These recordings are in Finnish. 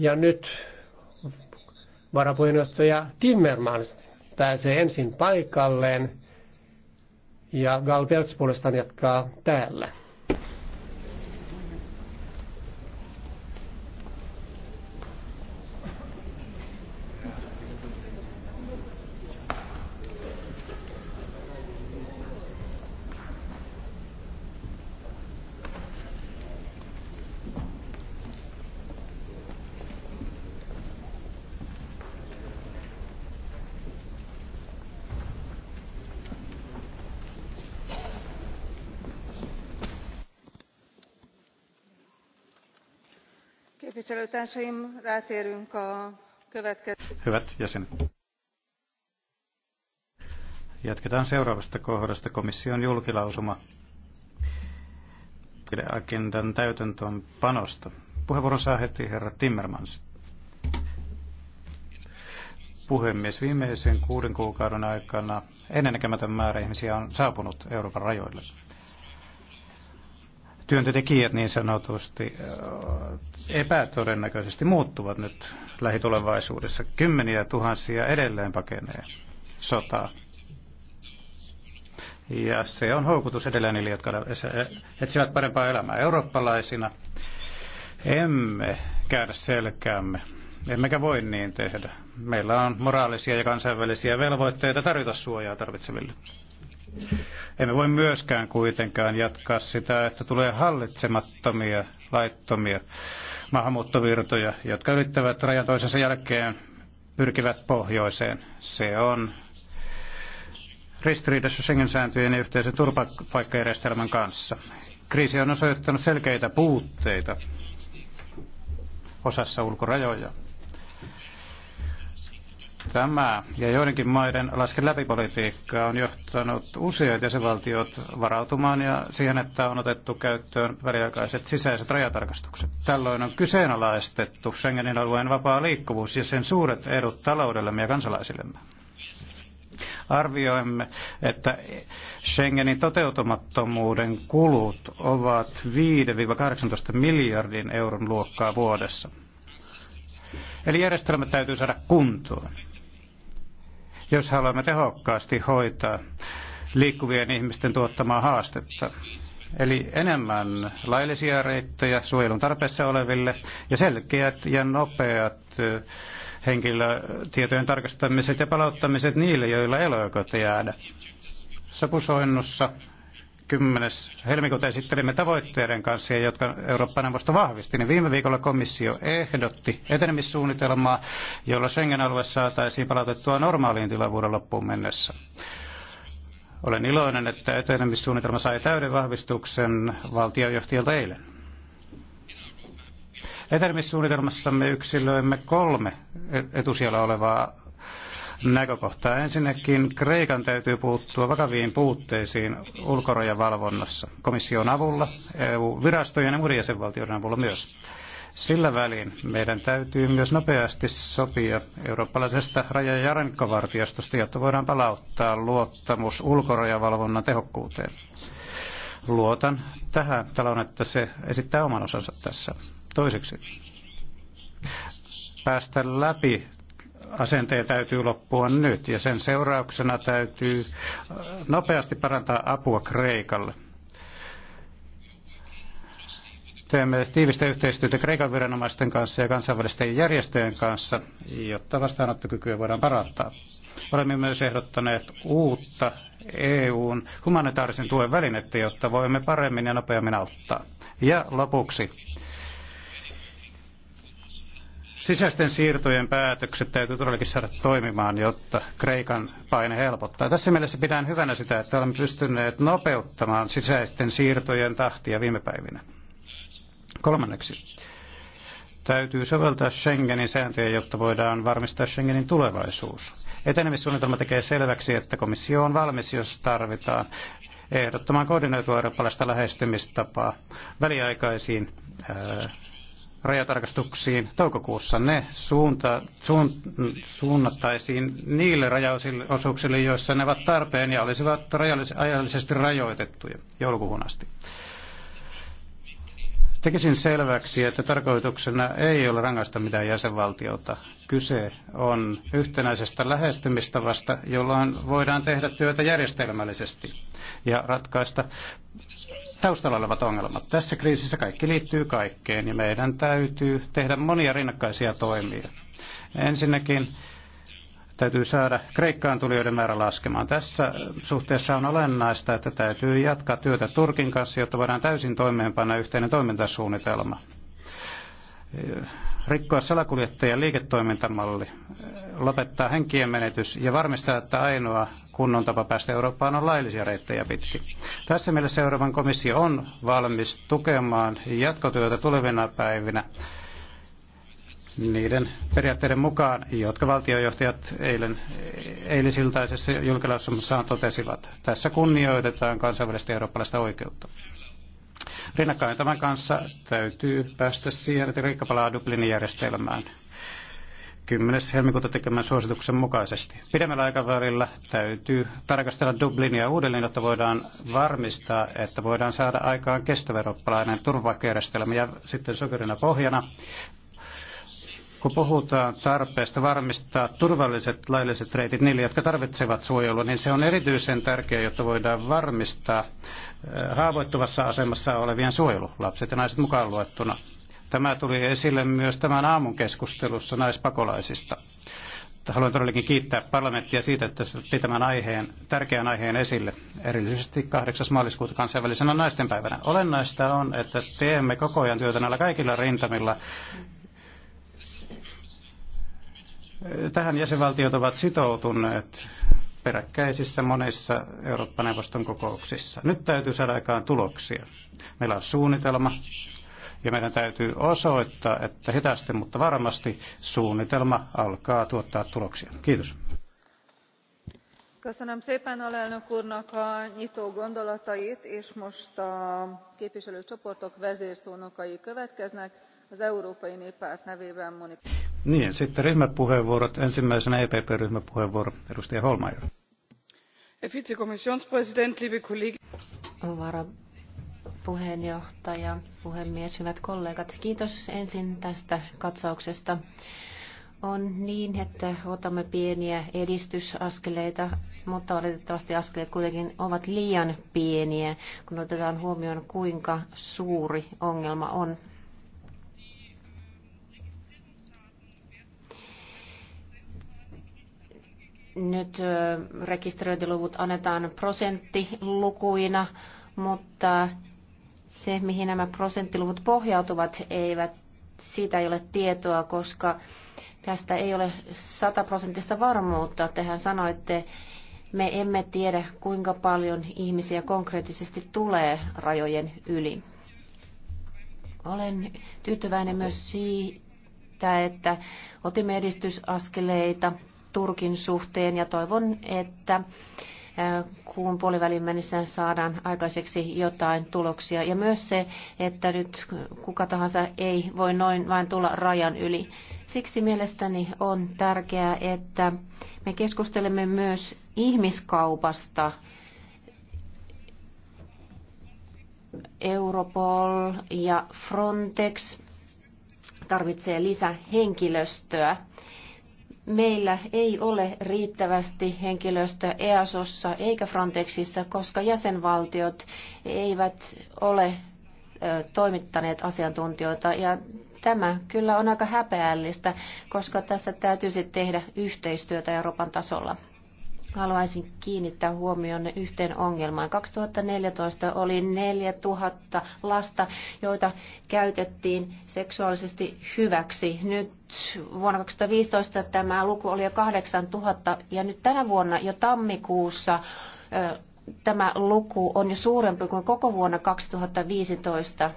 Ja nyt varapuheenjohtaja Timmermans pääsee ensin paikalleen ja Galbert puolestaan jatkaa täällä. Hyvät jäsenet. Jatketaan seuraavasta kohdasta komission julkilausuma agendan täytäntöön panosta. Puheenvuoron saa heti herra Timmermans. Puhemies, viimeisen kuuden kuukauden aikana ennennäkemätön määrä ihmisiä on saapunut Euroopan rajoille työntötekijät niin sanotusti epätodennäköisesti muuttuvat nyt lähitulevaisuudessa. Kymmeniä tuhansia edelleen pakenee sotaa. Ja se on houkutus edelleen niille, jotka etsivät parempaa elämää eurooppalaisina. Emme käydä selkäämme, emmekä voi niin tehdä. Meillä on moraalisia ja kansainvälisiä velvoitteita tarjota suojaa tarvitseville. Emme voi myöskään kuitenkaan jatkaa sitä, että tulee hallitsemattomia, laittomia maahanmuuttovirtoja, jotka ylittävät rajan toisensa jälkeen pyrkivät pohjoiseen. Se on ristiriidassa Schengen-sääntöjen ja yhteisen turvapaikkajärjestelmän kanssa. Kriisi on osoittanut selkeitä puutteita osassa ulkorajoja. Tämä ja joidenkin maiden lasken läpipolitiikka on johtanut useat jäsenvaltiot varautumaan ja siihen, että on otettu käyttöön väliaikaiset sisäiset rajatarkastukset. Tällöin on kyseenalaistettu Schengenin alueen vapaa liikkuvuus ja sen suuret edut taloudellemme ja kansalaisillemme. Arvioimme, että Schengenin toteutumattomuuden kulut ovat 5-18 miljardin euron luokkaa vuodessa. Eli järjestelmä täytyy saada kuntoon jos haluamme tehokkaasti hoitaa liikkuvien ihmisten tuottamaa haastetta. Eli enemmän laillisia reittejä suojelun tarpeessa oleville ja selkeät ja nopeat henkilötietojen tarkastamiset ja palauttamiset niille, joilla ei ole jäädä. Sopusoinnussa 10. helmikuuta esittelimme tavoitteiden kanssa, jotka Eurooppa-neuvosto vahvisti, niin viime viikolla komissio ehdotti etenemissuunnitelmaa, jolla Schengen-alue saataisiin palautettua normaaliin tilaan vuoden loppuun mennessä. Olen iloinen, että etenemissuunnitelma sai täyden vahvistuksen valtiojohtajalta eilen. Etenemissuunnitelmassamme yksilöimme kolme etusijalla olevaa näkökohtaa. Ensinnäkin Kreikan täytyy puuttua vakaviin puutteisiin valvonnassa komission avulla, EU-virastojen ja muiden jäsenvaltioiden avulla myös. Sillä välin meidän täytyy myös nopeasti sopia eurooppalaisesta raja- ja rankkavartiostosta, jotta voidaan palauttaa luottamus ulkorajavalvonnan tehokkuuteen. Luotan tähän talon, että se esittää oman osansa tässä. Toiseksi päästä läpi asenteen täytyy loppua nyt ja sen seurauksena täytyy äh, nopeasti parantaa apua Kreikalle. Teemme tiivistä yhteistyötä Kreikan viranomaisten kanssa ja kansainvälisten järjestöjen kanssa, jotta vastaanottokykyä voidaan parantaa. Olemme myös ehdottaneet uutta EUn humanitaarisen tuen välinettä, jotta voimme paremmin ja nopeammin auttaa. Ja lopuksi sisäisten siirtojen päätökset täytyy todellakin saada toimimaan, jotta Kreikan paine helpottaa. Tässä mielessä pidän hyvänä sitä, että olemme pystyneet nopeuttamaan sisäisten siirtojen tahtia viime päivinä. Kolmanneksi, täytyy soveltaa Schengenin sääntöjä, jotta voidaan varmistaa Schengenin tulevaisuus. Etenemissuunnitelma tekee selväksi, että komissio on valmis, jos tarvitaan ehdottamaan koordinoitua eurooppalaista lähestymistapaa väliaikaisiin ää, rajatarkastuksiin toukokuussa. Ne suunta, suun, suunnattaisiin niille rajaosuuksille, joissa ne ovat tarpeen ja olisivat ajallisesti rajoitettuja joulukuun asti. Tekisin selväksi, että tarkoituksena ei ole rangaista mitään jäsenvaltiota. Kyse on yhtenäisestä lähestymistavasta, jolloin voidaan tehdä työtä järjestelmällisesti ja ratkaista taustalla olevat ongelmat. Tässä kriisissä kaikki liittyy kaikkeen ja meidän täytyy tehdä monia rinnakkaisia toimia. Ensinnäkin täytyy saada Kreikkaan tulijoiden määrä laskemaan. Tässä suhteessa on olennaista, että täytyy jatkaa työtä Turkin kanssa, jotta voidaan täysin toimeenpanna yhteinen toimintasuunnitelma. Rikkoa salakuljettajien liiketoimintamalli, lopettaa henkien menetys ja varmistaa, että ainoa kunnon tapa päästä Eurooppaan on laillisia reittejä pitkin. Tässä mielessä Euroopan komissio on valmis tukemaan jatkotyötä tulevina päivinä niiden periaatteiden mukaan, jotka valtiojohtajat eilen, eilisiltaisessa julkilausumassaan totesivat. Tässä kunnioitetaan kansainvälistä eurooppalaista oikeutta. Rinnakkain tämän kanssa täytyy päästä siihen, että Riikka palaa Dublinin järjestelmään. 10. helmikuuta tekemän suosituksen mukaisesti. Pidemmällä aikavälillä täytyy tarkastella Dublinia uudelleen, jotta voidaan varmistaa, että voidaan saada aikaan kestävä eurooppalainen turvakierjestelmä ja sitten sokerina pohjana kun puhutaan tarpeesta varmistaa turvalliset lailliset reitit niille, jotka tarvitsevat suojelua, niin se on erityisen tärkeää, jotta voidaan varmistaa eh, haavoittuvassa asemassa olevien suojelu, lapset ja naiset mukaan luettuna. Tämä tuli esille myös tämän aamun keskustelussa naispakolaisista. Haluan todellakin kiittää parlamenttia siitä, että tämän aiheen, tärkeän aiheen esille, erityisesti 8. maaliskuuta kansainvälisenä naistenpäivänä. Olennaista on, että teemme koko ajan työtä näillä kaikilla rintamilla Tähän jäsenvaltiot ovat sitoutuneet peräkkäisissä monissa Eurooppa-neuvoston kokouksissa. Nyt täytyy saada aikaan tuloksia. Meillä on suunnitelma ja meidän täytyy osoittaa, että hitaasti, mutta varmasti suunnitelma alkaa tuottaa tuloksia. Kiitos. Köszönöm szépen alelnök úrnak a nyitó gondolatait, és most a képviselőcsoportok vezérszónokai következnek. Az Európai Néppárt nevében Monika. Niin, sitten ryhmäpuheenvuorot. Ensimmäisenä EPP-ryhmäpuheenvuoro, edustaja Holmaier. Herr Vizekommissionspräsident, liebe Kollegen. Vara puheenjohtaja, puhemies, hyvät kollegat. Kiitos ensin tästä katsauksesta. On niin, että otamme pieniä edistysaskeleita, mutta oletettavasti askeleet kuitenkin ovat liian pieniä, kun otetaan huomioon, kuinka suuri ongelma on Nyt rekisteröintiluvut annetaan prosenttilukuina, mutta se, mihin nämä prosenttiluvut pohjautuvat, eivät, siitä ei ole tietoa, koska tästä ei ole sataprosenttista varmuutta. Tehän sanoitte, me emme tiedä, kuinka paljon ihmisiä konkreettisesti tulee rajojen yli. Olen tyytyväinen myös siitä, että otimme edistysaskeleita Turkin suhteen ja toivon, että kuun puolivälin mennessä saadaan aikaiseksi jotain tuloksia. Ja myös se, että nyt kuka tahansa ei voi noin vain tulla rajan yli. Siksi mielestäni on tärkeää, että me keskustelemme myös ihmiskaupasta. Europol ja Frontex tarvitsee lisää henkilöstöä meillä ei ole riittävästi henkilöstö EASossa eikä Frontexissa, koska jäsenvaltiot eivät ole toimittaneet asiantuntijoita ja tämä kyllä on aika häpeällistä, koska tässä täytyisi tehdä yhteistyötä Euroopan tasolla. Haluaisin kiinnittää huomioon yhteen ongelmaan. 2014 oli 4000 lasta, joita käytettiin seksuaalisesti hyväksi. Nyt vuonna 2015 tämä luku oli jo 8000 ja nyt tänä vuonna jo tammikuussa tämä luku on jo suurempi kuin koko vuonna 2015.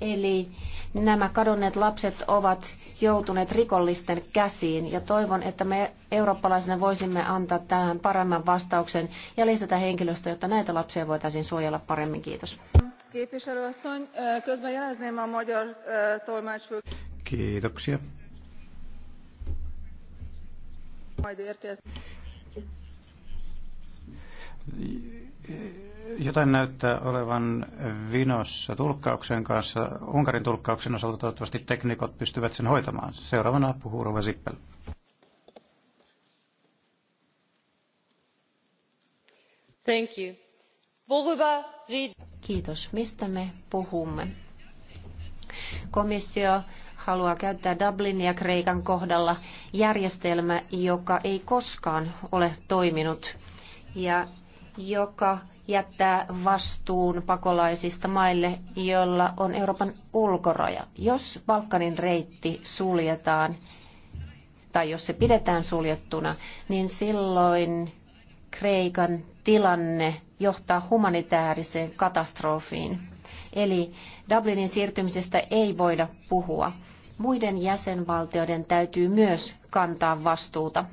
Eli Nämä kadonneet lapset ovat joutuneet rikollisten käsiin ja toivon, että me eurooppalaisina voisimme antaa tähän paremman vastauksen ja lisätä henkilöstöä, jotta näitä lapsia voitaisiin suojella paremmin. Kiitos. Kiitoksia jotain näyttää olevan vinossa tulkkauksen kanssa. Unkarin tulkkauksen osalta toivottavasti teknikot pystyvät sen hoitamaan. Seuraavana puhuu Rova Zippel. Thank you. Kiitos. Mistä me puhumme? Komissio haluaa käyttää Dublin ja Kreikan kohdalla järjestelmä, joka ei koskaan ole toiminut. Ja joka jättää vastuun pakolaisista maille, joilla on Euroopan ulkoraja. Jos Balkanin reitti suljetaan tai jos se pidetään suljettuna, niin silloin Kreikan tilanne johtaa humanitaariseen katastrofiin. Eli Dublinin siirtymisestä ei voida puhua. Muiden jäsenvaltioiden täytyy myös kantaa vastuuta.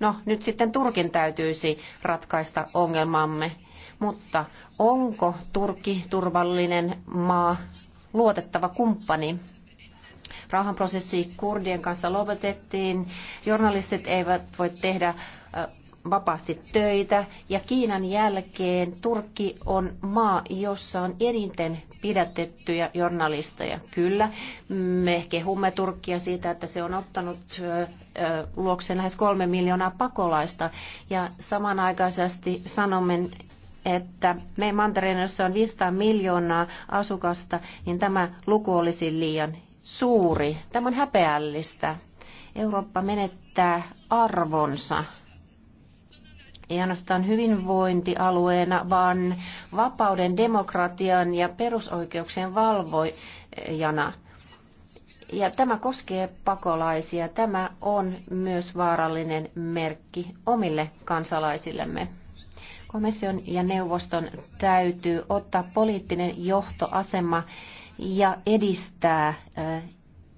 No nyt sitten Turkin täytyisi ratkaista ongelmamme. Mutta onko Turkki turvallinen maa, luotettava kumppani? Rauhanprosessi kurdien kanssa lopetettiin. Journalistit eivät voi tehdä vapaasti töitä ja Kiinan jälkeen Turkki on maa, jossa on eniten pidätettyjä journalisteja. Kyllä, me kehumme Turkkia siitä, että se on ottanut luokseen lähes kolme miljoonaa pakolaista ja samanaikaisesti sanomme, että me mantereen, jossa on 500 miljoonaa asukasta, niin tämä luku olisi liian suuri. Tämä on häpeällistä. Eurooppa menettää arvonsa ei ainoastaan hyvinvointialueena, vaan vapauden, demokratian ja perusoikeuksien valvojana. Ja tämä koskee pakolaisia. Tämä on myös vaarallinen merkki omille kansalaisillemme. Komission ja neuvoston täytyy ottaa poliittinen johtoasema ja edistää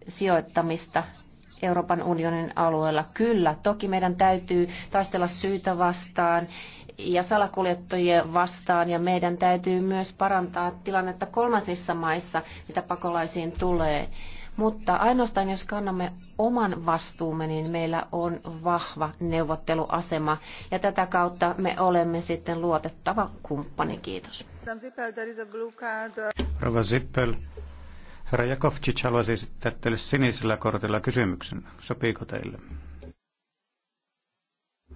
sijoittamista Euroopan unionin alueella. Kyllä, toki meidän täytyy taistella syytä vastaan ja salakuljettajia vastaan ja meidän täytyy myös parantaa tilannetta kolmansissa maissa, mitä pakolaisiin tulee. Mutta ainoastaan jos kannamme oman vastuumme, niin meillä on vahva neuvotteluasema ja tätä kautta me olemme sitten luotettava kumppani. Kiitos. Rava Zippel, Herra Jakovcic haluaisi esittää teille sinisellä kortilla kysymyksen. Sopiiko teille?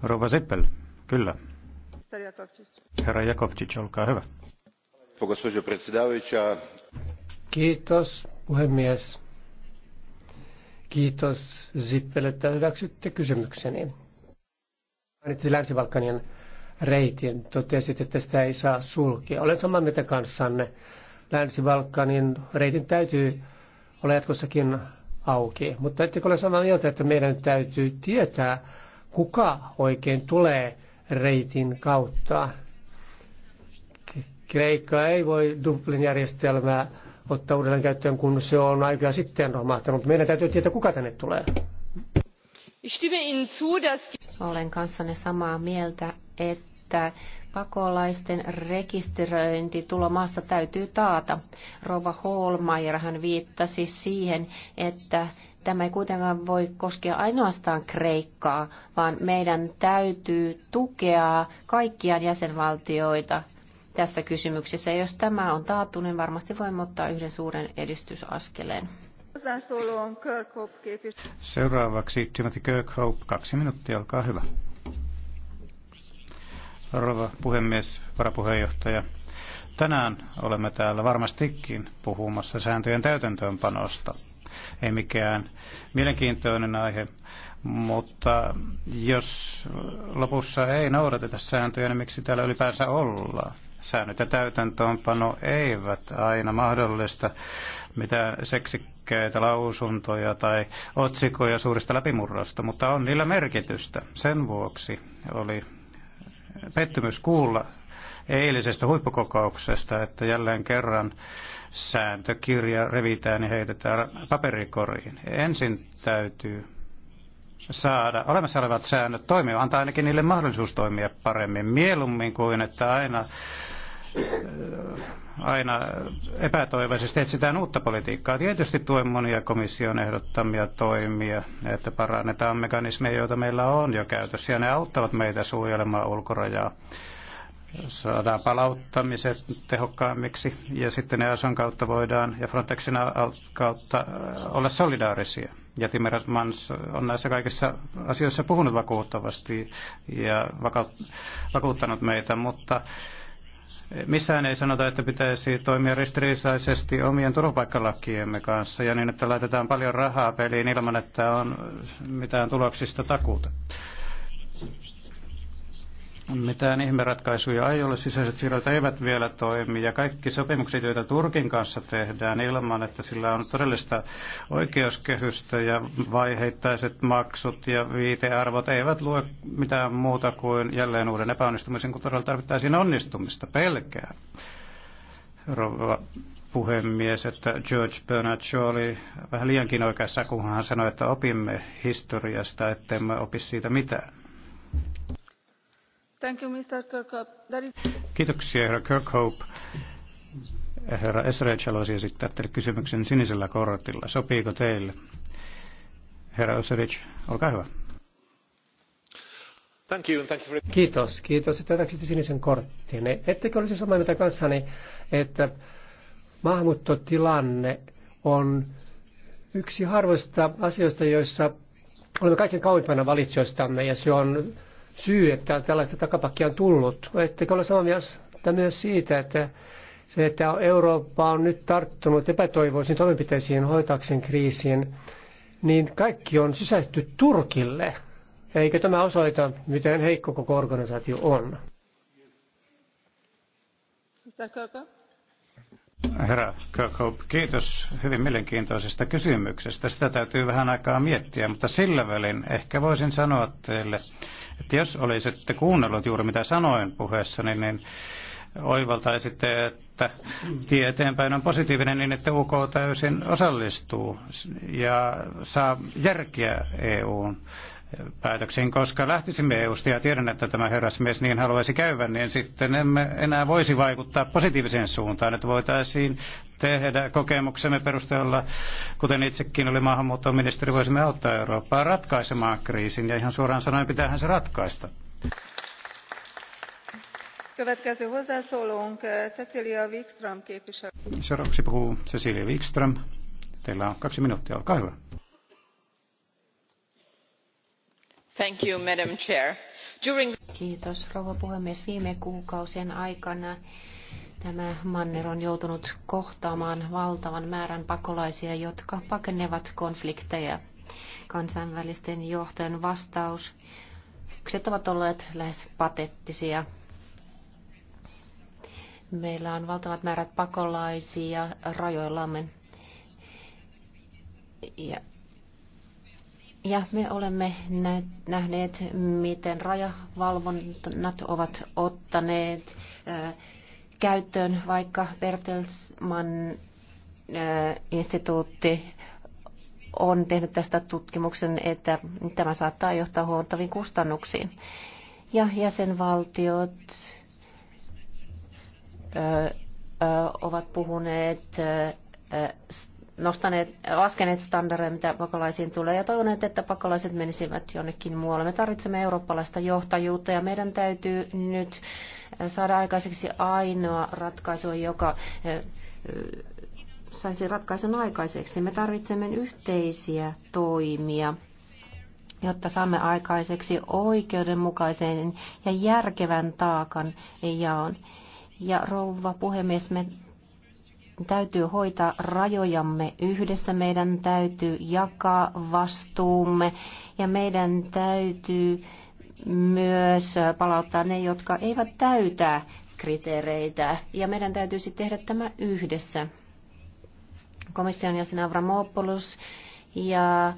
Rova Zippel, kyllä. Herra Jakovcic, olkaa hyvä. Kiitos, puhemies. Kiitos Zippel, että hyväksytte kysymykseni. Mainitsin länsi reitin. Totesit, että sitä ei saa sulkea. Olen samaa mieltä kanssanne Länsi-Balkanin reitin täytyy olla jatkossakin auki. Mutta ettekö ole samaa mieltä, että meidän täytyy tietää, kuka oikein tulee reitin kautta? Kreikka ei voi Dublin järjestelmää ottaa uudelleen käyttöön, kun se on aikaa sitten romahtanut. Meidän täytyy tietää, kuka tänne tulee. Olen kanssanne samaa mieltä, että että pakolaisten rekisteröinti tulomaassa täytyy taata. Rova Holmeier hän viittasi siihen, että tämä ei kuitenkaan voi koskea ainoastaan Kreikkaa, vaan meidän täytyy tukea kaikkia jäsenvaltioita tässä kysymyksessä. Ja jos tämä on taattu, niin varmasti voimme ottaa yhden suuren edistysaskeleen. Seuraavaksi Timothy Kirkhope, kaksi minuuttia, olkaa hyvä rouva puhemies, varapuheenjohtaja. Tänään olemme täällä varmastikin puhumassa sääntöjen täytäntöönpanosta. Ei mikään mielenkiintoinen aihe, mutta jos lopussa ei noudateta sääntöjä, niin miksi täällä ylipäänsä ollaan? Säännöt ja täytäntöönpano eivät aina mahdollista mitään seksikkäitä lausuntoja tai otsikoja suurista läpimurrosta, mutta on niillä merkitystä. Sen vuoksi oli pettymys kuulla eilisestä huippukokouksesta, että jälleen kerran sääntökirja revitään ja heitetään paperikoriin. Ensin täytyy saada olemassa olevat säännöt toimia, antaa ainakin niille mahdollisuus toimia paremmin, mieluummin kuin että aina aina epätoivoisesti etsitään uutta politiikkaa. Tietysti tuen monia komission ehdottamia toimia, että parannetaan mekanismeja, joita meillä on jo käytössä, ja ne auttavat meitä suojelemaan ulkorajaa. Saadaan palauttamiset tehokkaammiksi, ja sitten EASON kautta voidaan, ja Frontexin kautta olla solidaarisia. Ja Timmermans on näissä kaikissa asioissa puhunut vakuuttavasti ja vakuuttanut meitä, mutta Missään ei sanota, että pitäisi toimia ristiriisaisesti omien turvapaikkalakiemme kanssa ja niin, että laitetaan paljon rahaa peliin ilman, että on mitään tuloksista takuuta. Mitään ihmeratkaisuja ei ole. Sisäiset siirrot eivät vielä toimi ja kaikki sopimukset, joita Turkin kanssa tehdään ilman, että sillä on todellista oikeuskehystä ja vaiheittaiset maksut ja viitearvot eivät lue mitään muuta kuin jälleen uuden epäonnistumisen, kun todella tarvittaisiin onnistumista. Pelkää, Rova puhemies, että George Bernard Shaw oli vähän liiankin oikeassa, kun hän sanoi, että opimme historiasta, ettemme opi siitä mitään. Thank you, Mr. Kirkhope. Is... Kiitoksia, herra Kirkhope. Herra Esrech haluaisi esittää teille kysymyksen sinisellä kortilla. Sopiiko teille? Herra Esrech, olkaa hyvä. Thank you, thank you for... Kiitos, kiitos, että hyväksytte sinisen korttiin. Ettekö olisi samaa mieltä kanssani, että maahanmuuttotilanne on yksi harvoista asioista, joissa olemme kaiken kauimpana valitsijoistamme, ja se on syy, että tällaista takapakkia on tullut. Ettekö ole samaa mieltä myös siitä, että se, että Eurooppa on nyt tarttunut epätoivoisiin toimenpiteisiin hoitaakseen kriisiin, niin kaikki on sisäisty Turkille. Eikö tämä osoita, miten heikko koko organisaatio on? Mr. Kirkhope? Herra Kirkhope, kiitos hyvin mielenkiintoisesta kysymyksestä. Sitä täytyy vähän aikaa miettiä, mutta sillä välin ehkä voisin sanoa teille, että jos olisitte kuunnellut juuri mitä sanoin puheessani, niin oivaltaisitte, että tie eteenpäin on positiivinen niin, että UK täysin osallistuu ja saa järkeä EUn päätöksiin, koska lähtisimme EU-sta ja tiedän, että tämä herrasmies niin haluaisi käyvän, niin sitten emme enää voisi vaikuttaa positiiviseen suuntaan, että voitaisiin tehdä kokemuksemme perusteella, kuten itsekin oli maahanmuuttoministeri, voisimme auttaa Eurooppaa ratkaisemaan kriisin ja ihan suoraan sanoen pitäähän se ratkaista. Eh, Seuraavaksi puhuu Cecilia Wikström. Teillä on kaksi minuuttia, olkaa hyvä arvoisa Kiitos, rouva puhemies. Viime kuukausien aikana tämä manner on joutunut kohtaamaan valtavan määrän pakolaisia, jotka pakenevat konflikteja. Kansainvälisten johtajien vastaukset ovat olleet lähes patettisia. Meillä on valtavat määrät pakolaisia rajoillamme. Ja ja me olemme nähneet, miten rajavalvonnat ovat ottaneet äh, käyttöön, vaikka Bertelsmann äh, instituutti on tehnyt tästä tutkimuksen, että tämä saattaa johtaa huomattaviin kustannuksiin. Ja jäsenvaltiot äh, ovat puhuneet nostaneet, laskeneet standardeja, mitä pakolaisiin tulee, ja toivoneet, että pakolaiset menisivät jonnekin muualle. Me tarvitsemme eurooppalaista johtajuutta, ja meidän täytyy nyt eh, saada aikaiseksi ainoa ratkaisu, joka eh, eh, saisi ratkaisun aikaiseksi. Me tarvitsemme yhteisiä toimia, jotta saamme aikaiseksi oikeudenmukaisen ja järkevän taakan jaon. Ja rouva puhemies, me täytyy hoitaa rajojamme yhdessä, meidän täytyy jakaa vastuumme ja meidän täytyy myös palauttaa ne, jotka eivät täytä kriteereitä. Ja meidän täytyisi tehdä tämä yhdessä. Komission jäsen Avramopoulos ja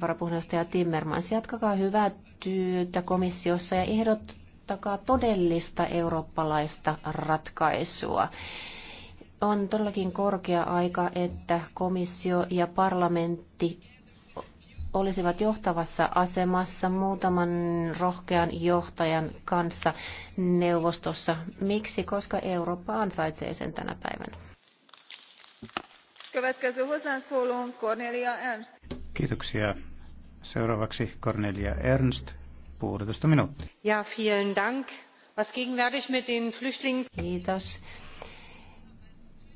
varapuheenjohtaja Timmermans, jatkakaa hyvää työtä komissiossa ja ehdottakaa todellista eurooppalaista ratkaisua. On todellakin korkea aika, että komissio ja parlamentti olisivat johtavassa asemassa muutaman rohkean johtajan kanssa neuvostossa. Miksi? Koska Eurooppa ansaitsee sen tänä päivänä. Kiitoksia. Seuraavaksi Cornelia Ernst, puolitoista minuuttia. Ja, vielen dank. Was gegenwärtig mit den Flüchtlingen... Kiitos.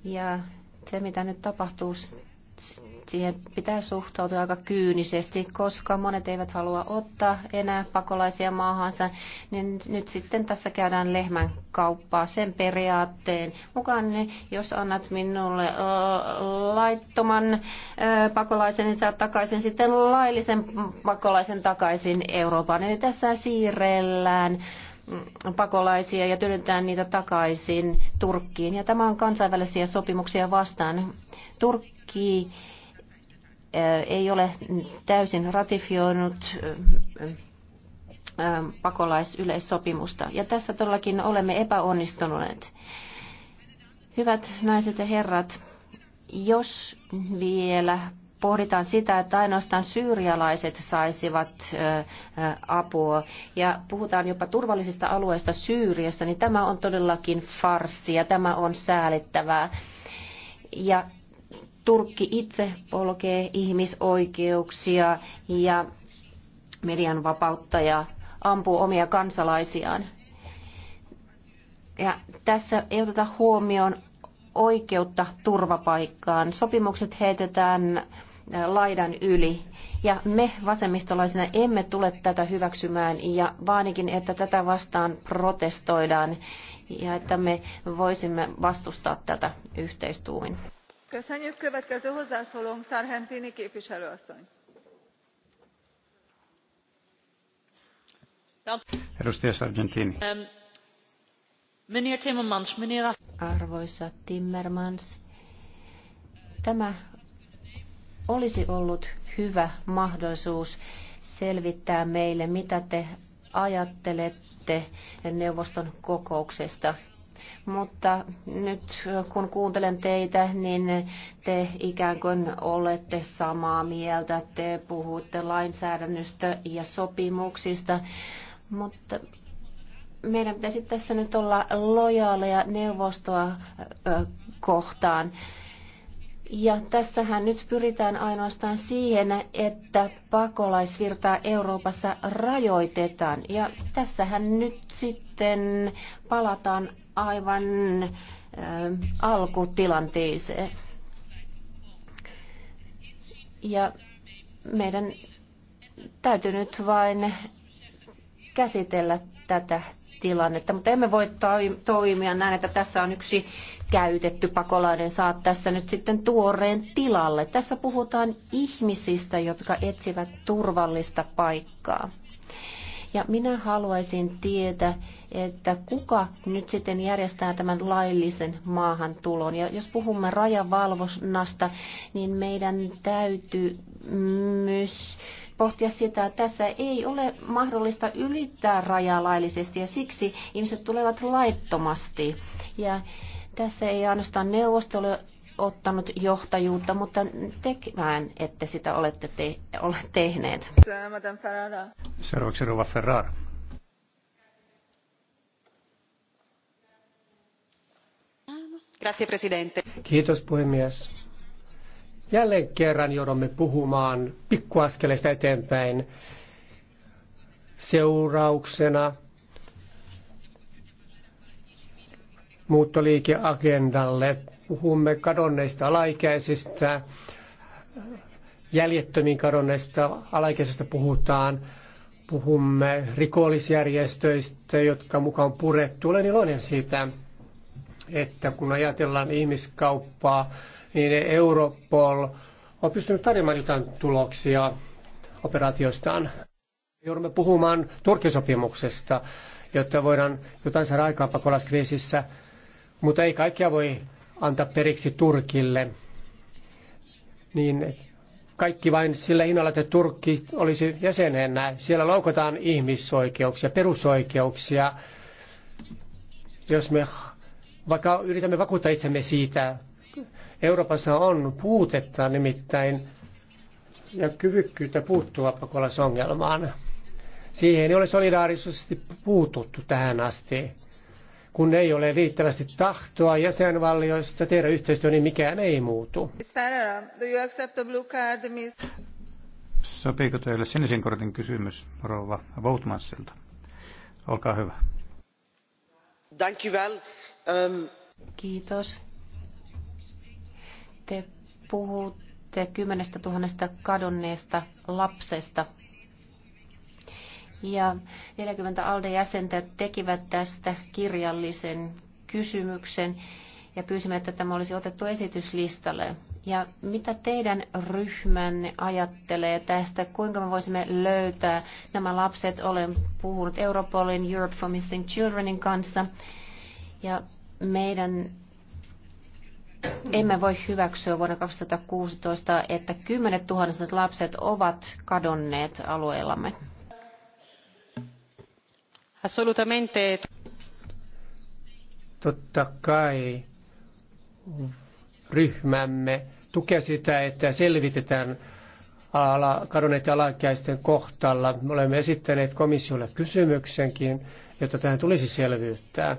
Ja se, mitä nyt tapahtuu, siihen pitää suhtautua aika kyynisesti, koska monet eivät halua ottaa enää pakolaisia maahansa, niin nyt sitten tässä käydään lehmän kauppaa sen periaatteen mukaan. Niin jos annat minulle laittoman pakolaisen, niin saat takaisin sitten laillisen pakolaisen takaisin Euroopan. Eli tässä siirrellään pakolaisia ja työnnetään niitä takaisin Turkkiin. Ja tämä on kansainvälisiä sopimuksia vastaan. Turkki äh, ei ole täysin ratifioinut äh, äh, pakolaisyleissopimusta. Ja tässä todellakin olemme epäonnistuneet. Hyvät naiset ja herrat, jos vielä pohditaan sitä, että ainoastaan syyrialaiset saisivat apua ja puhutaan jopa turvallisista alueista Syyriassa, niin tämä on todellakin farssi ja tämä on säälittävää. Ja Turkki itse polkee ihmisoikeuksia ja median vapautta ja ampuu omia kansalaisiaan. Ja tässä ei oteta huomioon oikeutta turvapaikkaan. Sopimukset heitetään laidan yli. Ja me vasemmistolaisina emme tule tätä hyväksymään ja vaanikin, että tätä vastaan protestoidaan ja että me voisimme vastustaa tätä yhteistuumin. Sargentini Edustaja Sargentini. Arvoisa Timmermans, tämä olisi ollut hyvä mahdollisuus selvittää meille, mitä te ajattelette neuvoston kokouksesta. Mutta nyt kun kuuntelen teitä, niin te ikään kuin olette samaa mieltä. Te puhutte lainsäädännöstä ja sopimuksista, mutta meidän pitäisi tässä nyt olla lojaaleja neuvostoa kohtaan. Ja tässähän nyt pyritään ainoastaan siihen, että pakolaisvirtaa Euroopassa rajoitetaan. Ja tässähän nyt sitten palataan aivan äh, alkutilanteeseen. Ja meidän täytyy nyt vain käsitellä tätä tilannetta, mutta emme voi toimia näin, että tässä on yksi käytetty pakolainen saa tässä nyt sitten tuoreen tilalle. Tässä puhutaan ihmisistä, jotka etsivät turvallista paikkaa. Ja minä haluaisin tietää, että kuka nyt sitten järjestää tämän laillisen maahantulon. Ja jos puhumme rajavalvonnasta, niin meidän täytyy myös pohtia sitä, että tässä ei ole mahdollista ylittää rajaa laillisesti ja siksi ihmiset tulevat laittomasti. Ja tässä ei ainoastaan neuvosto ole ottanut johtajuutta, mutta tekemään, että sitä olette te, ole tehneet. Seuraavaksi Rova Ferrara. Kiitos puhemies. Jälleen kerran joudumme puhumaan pikkuaskeleista eteenpäin seurauksena muuttoliikeagendalle. Puhumme kadonneista alaikäisistä, jäljettömiin kadonneista alaikäisistä puhutaan, puhumme rikollisjärjestöistä, jotka mukaan purettu. Olen iloinen siitä, että kun ajatellaan ihmiskauppaa, niin Europol on pystynyt tarjoamaan jotain tuloksia operaatioistaan. Joudumme puhumaan Turkisopimuksesta, jotta voidaan jotain saada aikaan pakolaiskriisissä. Mutta ei kaikkea voi antaa periksi Turkille. Niin kaikki vain sillä hinnalla, että Turkki olisi jäsenenä. Siellä loukataan ihmisoikeuksia, perusoikeuksia. Jos me vaikka yritämme vakuuttaa itsemme siitä, Euroopassa on puutetta nimittäin ja kyvykkyyttä puuttua pakolaisongelmaan. Siihen ei ole solidaarisesti puututtu tähän asti kun ei ole riittävästi tahtoa jäsenvaltioista tehdä yhteistyötä, niin mikään ei muutu. Sopiiko teille sinisen kortin kysymys rova Voutmansilta? Olkaa hyvä. Um, Kiitos. Te puhutte kymmenestä tuhannesta kadonneesta lapsesta ja 40 ALDE-jäsentä tekivät tästä kirjallisen kysymyksen ja pyysimme, että tämä olisi otettu esityslistalle. Ja mitä teidän ryhmänne ajattelee tästä, kuinka me voisimme löytää nämä lapset? Olen puhunut Europolin Europe for Missing Childrenin kanssa ja meidän emme voi hyväksyä vuonna 2016, että kymmenet tuhannet lapset ovat kadonneet alueellamme assolutamente. Totta kai ryhmämme tukee sitä, että selvitetään ala, kadonneiden alaikäisten kohtalla. Me olemme esittäneet komissiolle kysymyksenkin, jotta tähän tulisi selvyyttää.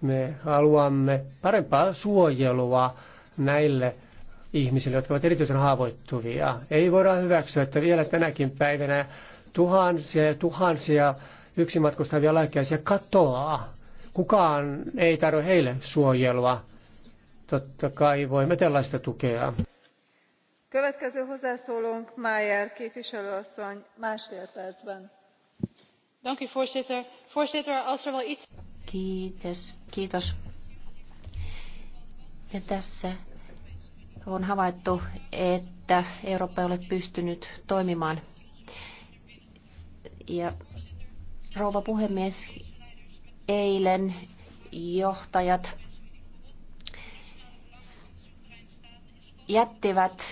Me haluamme parempaa suojelua näille ihmisille, jotka ovat erityisen haavoittuvia. Ei voida hyväksyä, että vielä tänäkin päivänä tuhansia ja tuhansia yksi matkustavia lääkkeisiä katoaa. Kukaan ei tarvitse heille suojelua. Totta kai voimme tällaista tukea. Mayer er Kiitos. Kiitos. Ja tässä on havaittu, että Eurooppa ei ole pystynyt toimimaan. Ja rouva puhemies. Eilen johtajat jättivät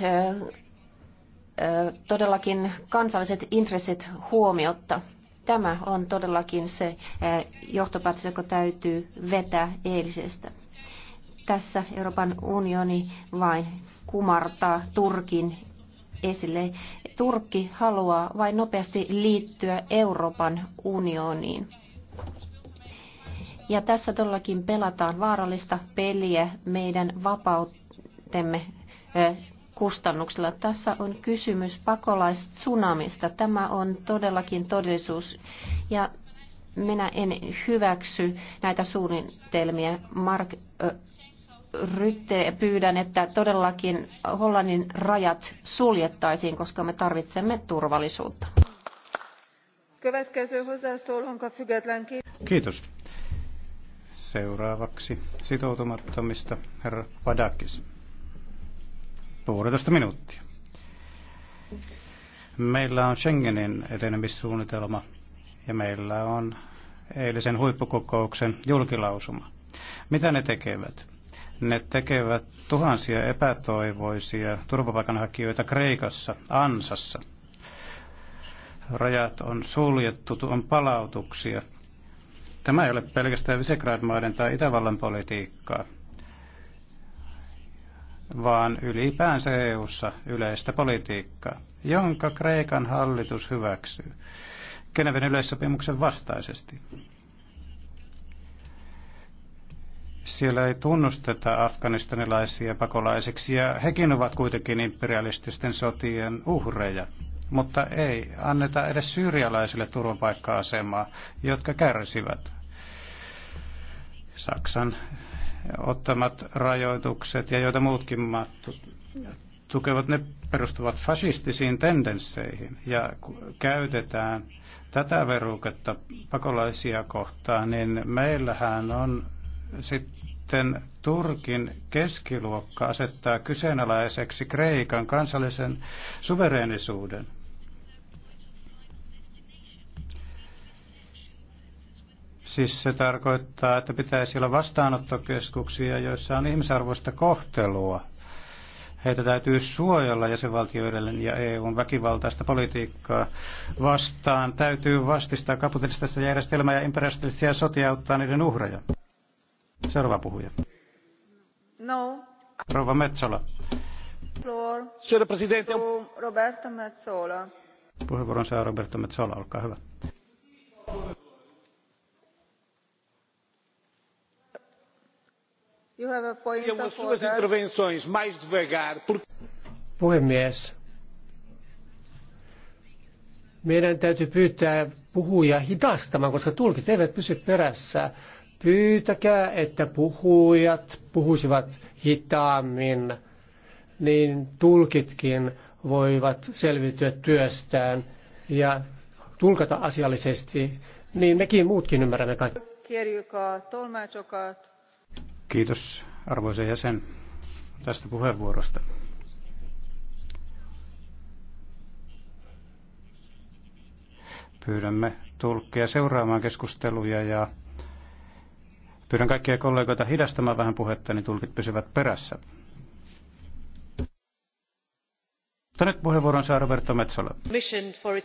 todellakin kansalliset intressit huomiotta. Tämä on todellakin se johtopäätös, joka täytyy vetää eilisestä. Tässä Euroopan unioni vain kumartaa Turkin esille. Turkki haluaa vain nopeasti liittyä Euroopan unioniin. Ja tässä todellakin pelataan vaarallista peliä meidän vapautemme kustannuksella. Tässä on kysymys pakolaistsunamista. Tämä on todellakin todellisuus. Ja minä en hyväksy näitä suunnitelmia. Mark rytte, pyydän, että todellakin Hollannin rajat suljettaisiin, koska me tarvitsemme turvallisuutta. Kiitos. Seuraavaksi sitoutumattomista herra Padakis. Puolitoista minuuttia. Meillä on Schengenin etenemissuunnitelma ja meillä on eilisen huippukokouksen julkilausuma. Mitä ne tekevät? Ne tekevät tuhansia epätoivoisia turvapaikanhakijoita Kreikassa, Ansassa. Rajat on suljettu, on palautuksia. Tämä ei ole pelkästään Visegrad-maiden tai Itävallan politiikkaa, vaan ylipäänsä EU-ssa yleistä politiikkaa, jonka Kreikan hallitus hyväksyy Geneven yleissopimuksen vastaisesti. Siellä ei tunnusteta afganistanilaisia pakolaisiksi ja hekin ovat kuitenkin imperialististen sotien uhreja. Mutta ei anneta edes syyrialaisille turvapaikka-asemaa, jotka kärsivät. Saksan ottamat rajoitukset ja joita muutkin maat tukevat, ne perustuvat fasistisiin tendensseihin ja käytetään tätä veruketta pakolaisia kohtaan, niin meillähän on sitten Turkin keskiluokka asettaa kyseenalaiseksi Kreikan kansallisen suvereenisuuden. Siis se tarkoittaa, että pitäisi olla vastaanottokeskuksia, joissa on ihmisarvoista kohtelua. Heitä täytyy suojella jäsenvaltioiden ja EUn väkivaltaista politiikkaa vastaan. Täytyy vastistaa kapitalistista järjestelmää ja imperialistisia sotia auttaa niiden uhreja. Seuraava puhuja. No. Rouva Metsola. Floor. Signora Presidente. Roberto Metsola. Puheenvuoron saa Roberto Metsola, olkaa hyvä. Puhemies, meidän täytyy pyytää puhuja hidastamaan, koska tulkit eivät pysy perässä. Pyytäkää, että puhujat puhuisivat hitaammin, niin tulkitkin voivat selviytyä työstään ja tulkata asiallisesti, niin mekin muutkin ymmärrämme kaikki. Kiitos arvoisa jäsen tästä puheenvuorosta. Pyydämme tulkkeja seuraamaan keskusteluja ja Pyydän kaikkia kollegoita hidastamaan vähän puhetta, niin tulkit pysyvät perässä. Mutta nyt puheenvuoron saa Roberto Metsola.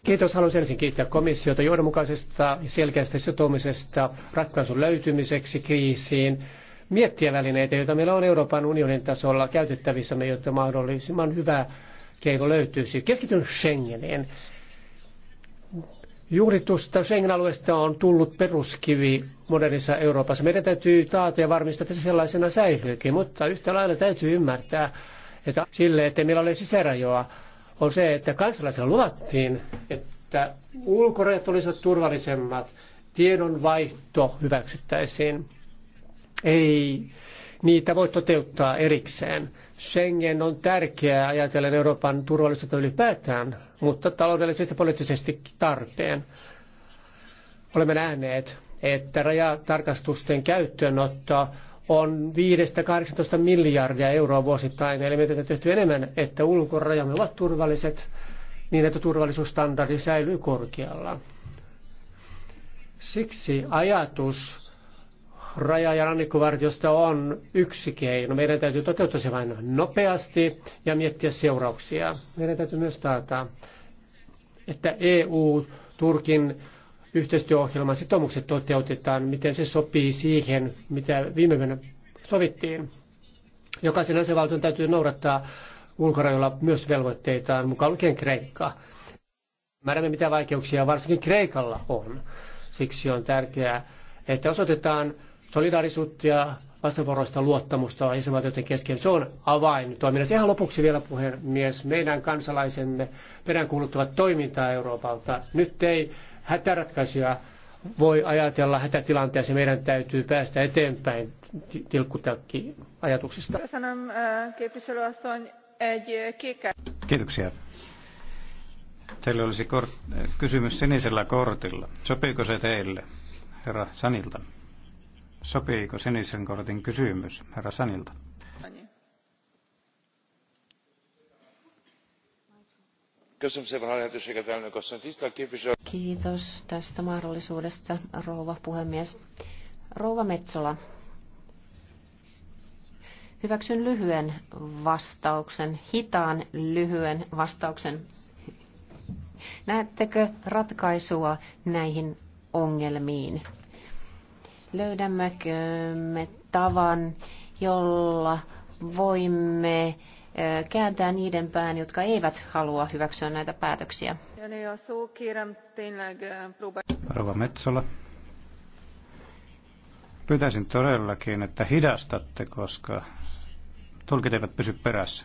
Kiitos. Haluaisin ensin kiittää komissiota johdonmukaisesta ja selkeästä sitoumisesta ratkaisun löytymiseksi kriisiin. Miettiä välineitä, joita meillä on Euroopan unionin tasolla käytettävissä, jotta mahdollisimman hyvä keino löytyisi. Keskityn Schengeniin. Juuri tuosta Schengen-alueesta on tullut peruskivi modernissa Euroopassa. Meidän täytyy taata ja varmistaa, että se sellaisena säilyykin, mutta yhtä lailla täytyy ymmärtää, että sille, että meillä ole sisärajoa, on se, että kansalaisilla luvattiin, että ulkorajat olisivat turvallisemmat, tiedonvaihto hyväksyttäisiin. Ei niitä voi toteuttaa erikseen. Schengen on tärkeää ajatellen Euroopan turvallisuutta ylipäätään, mutta taloudellisesti ja poliittisesti tarpeen. Olemme nähneet, että rajatarkastusten käyttöönotto on 5-18 miljardia euroa vuosittain, eli meitä on tehty enemmän, että ulkorajamme ovat turvalliset niin, että turvallisuusstandardi säilyy korkealla. Siksi ajatus raja- ja rannikkovartiosta on yksi keino. Meidän täytyy toteuttaa se vain nopeasti ja miettiä seurauksia. Meidän täytyy myös taata, että EU-Turkin yhteistyöohjelman sitoumukset toteutetaan, miten se sopii siihen, mitä viime vuonna sovittiin. Jokaisen asevaltion täytyy noudattaa ulkorajoilla myös velvoitteitaan, mukaan lukien Kreikka. Määrämme, mitä vaikeuksia varsinkin Kreikalla on. Siksi on tärkeää, että osoitetaan solidaarisuutta ja vastavuoroista luottamusta jäsenvaltioiden kesken. Se on avain toiminnassa. Ihan lopuksi vielä puhemies, meidän kansalaisemme peräänkuuluttavat toimintaa Euroopalta. Nyt ei hätäratkaisuja voi ajatella hätätilanteessa. Meidän täytyy päästä eteenpäin tilkkutakki ajatuksista. Kiitoksia. Teillä olisi kysymys sinisellä kortilla. Sopiiko se teille, herra Sanilta? Sopiiko sinisen kortin kysymys herra Sanilta? Kiitos tästä mahdollisuudesta, rouva puhemies. Rouva Metsola, hyväksyn lyhyen vastauksen, hitaan lyhyen vastauksen. Näettekö ratkaisua näihin ongelmiin? Löydämmekö me tavan, jolla voimme kääntää niiden pään, jotka eivät halua hyväksyä näitä päätöksiä. Rova Metsola. Pyytäisin todellakin, että hidastatte, koska tulkit eivät pysy perässä.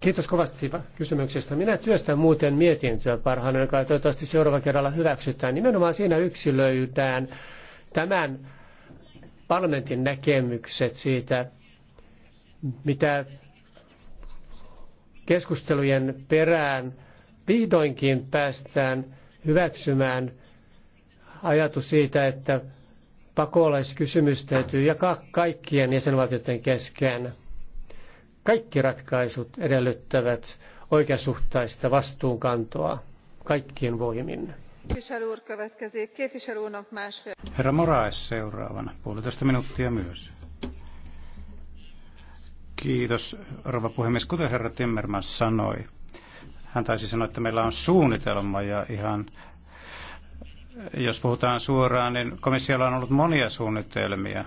Kiitos kovasti kysymyksestä. Minä työstän muuten mietintöä parhaan, joka toivottavasti seuraava kerralla hyväksytään. Nimenomaan siinä yksilöidään tämän parlamentin näkemykset siitä, mitä keskustelujen perään vihdoinkin päästään hyväksymään ajatus siitä, että pakolaiskysymys täytyy jakaa kaikkien jäsenvaltioiden kesken. Kaikki ratkaisut edellyttävät oikeasuhtaista vastuunkantoa kaikkien voimin. Herra Moraes seuraavana, minuuttia Kiitos, rouva puhemies. Kuten herra Timmermans sanoi, hän taisi sanoa, että meillä on suunnitelma ja ihan jos puhutaan suoraan, niin komissiolla on ollut monia suunnitelmia.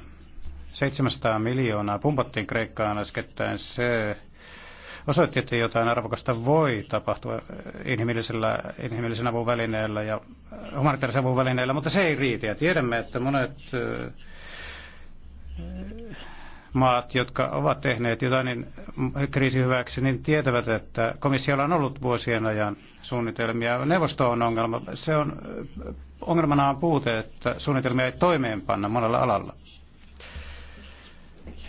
700 miljoonaa pumpattiin Kreikkaan äskettäin. Se osoitti, että jotain arvokasta voi tapahtua inhimillisellä, inhimillisen avun välineellä ja äh, humanitaarisen avun välineellä, mutta se ei riitä. Ja tiedämme, että monet äh, maat, jotka ovat tehneet jotain niin kriisi hyväksi, niin tietävät, että komissiolla on ollut vuosien ajan suunnitelmia. Neuvosto on ongelma. Se on, äh, ongelmana on puute, että suunnitelmia ei toimeenpanna monella alalla.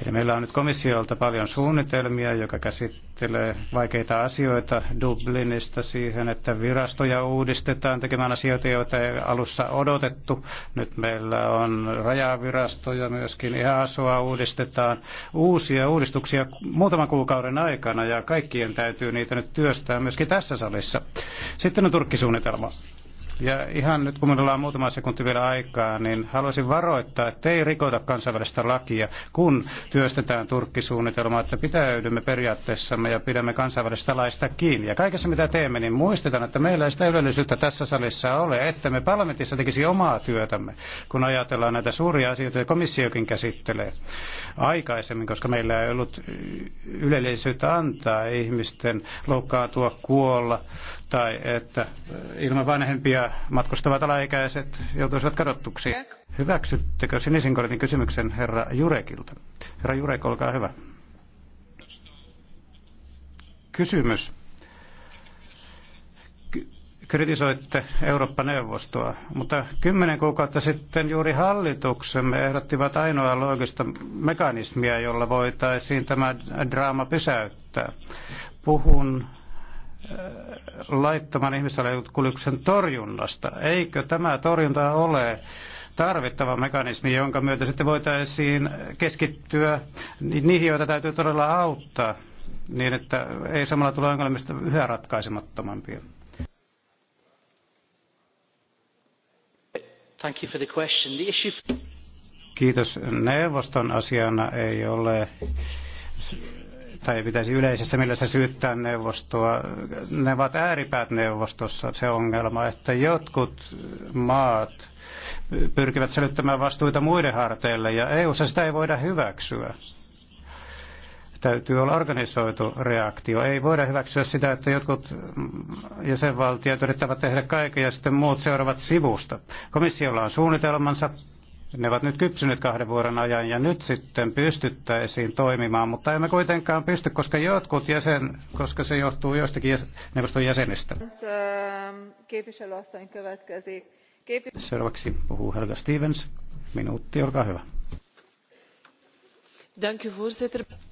Eli meillä on nyt komissiolta paljon suunnitelmia, joka käsittelee vaikeita asioita Dublinista siihen, että virastoja uudistetaan tekemään asioita, joita ei alussa odotettu. Nyt meillä on rajavirastoja myöskin, EASOa uudistetaan. Uusia uudistuksia muutaman kuukauden aikana ja kaikkien täytyy niitä nyt työstää myöskin tässä salissa. Sitten on turkkisuunnitelma. Ja ihan nyt kun meillä on muutama sekunti vielä aikaa, niin haluaisin varoittaa, että ei rikota kansainvälistä lakia, kun työstetään turkkisuunnitelmaa, että pitäydymme periaatteessamme ja pidämme kansainvälistä laista kiinni. Ja kaikessa mitä teemme, niin muistetaan, että meillä ei sitä ylellisyyttä tässä salissa ole, että me parlamentissa tekisi omaa työtämme, kun ajatellaan näitä suuria asioita, joita komissiokin käsittelee aikaisemmin, koska meillä ei ollut ylellisyyttä antaa ihmisten loukkaantua, kuolla, tai että ilman vanhempia matkustavat alaikäiset joutuisivat kadottuksi. Hyväksyttekö sinisen kortin kysymyksen herra Jurekilta? Herra Jurek, olkaa hyvä. Kysymys. Kritisoitte Eurooppa-neuvostoa, mutta kymmenen kuukautta sitten juuri hallituksemme ehdottivat ainoa loogista mekanismia, jolla voitaisiin tämä draama pysäyttää. Puhun laittoman ihmissalakuljetuksen torjunnasta. Eikö tämä torjunta ole tarvittava mekanismi, jonka myötä sitten voitaisiin keskittyä niihin, joita täytyy todella auttaa, niin että ei samalla tule ongelmista yhä ratkaisemattomampia? Thank you for the question. The issue... Kiitos. Neuvoston asiana ei ole tai ei pitäisi yleisessä mielessä syyttää neuvostoa. Ne ovat ääripäät neuvostossa se ongelma, että jotkut maat pyrkivät selittämään vastuita muiden harteille ja eu sitä ei voida hyväksyä täytyy olla organisoitu reaktio. Ei voida hyväksyä sitä, että jotkut jäsenvaltiot yrittävät tehdä kaiken ja sitten muut seuraavat sivusta. Komissiolla on suunnitelmansa, ne ovat nyt kypsyneet kahden vuoden ajan ja nyt sitten pystyttäisiin toimimaan, mutta emme kuitenkaan pysty, koska jotkut jäsen, koska se johtuu joistakin jäsen, neuvoston jäsenistä. Seuraavaksi puhuu Helga Stevens. Minuutti, olkaa hyvä.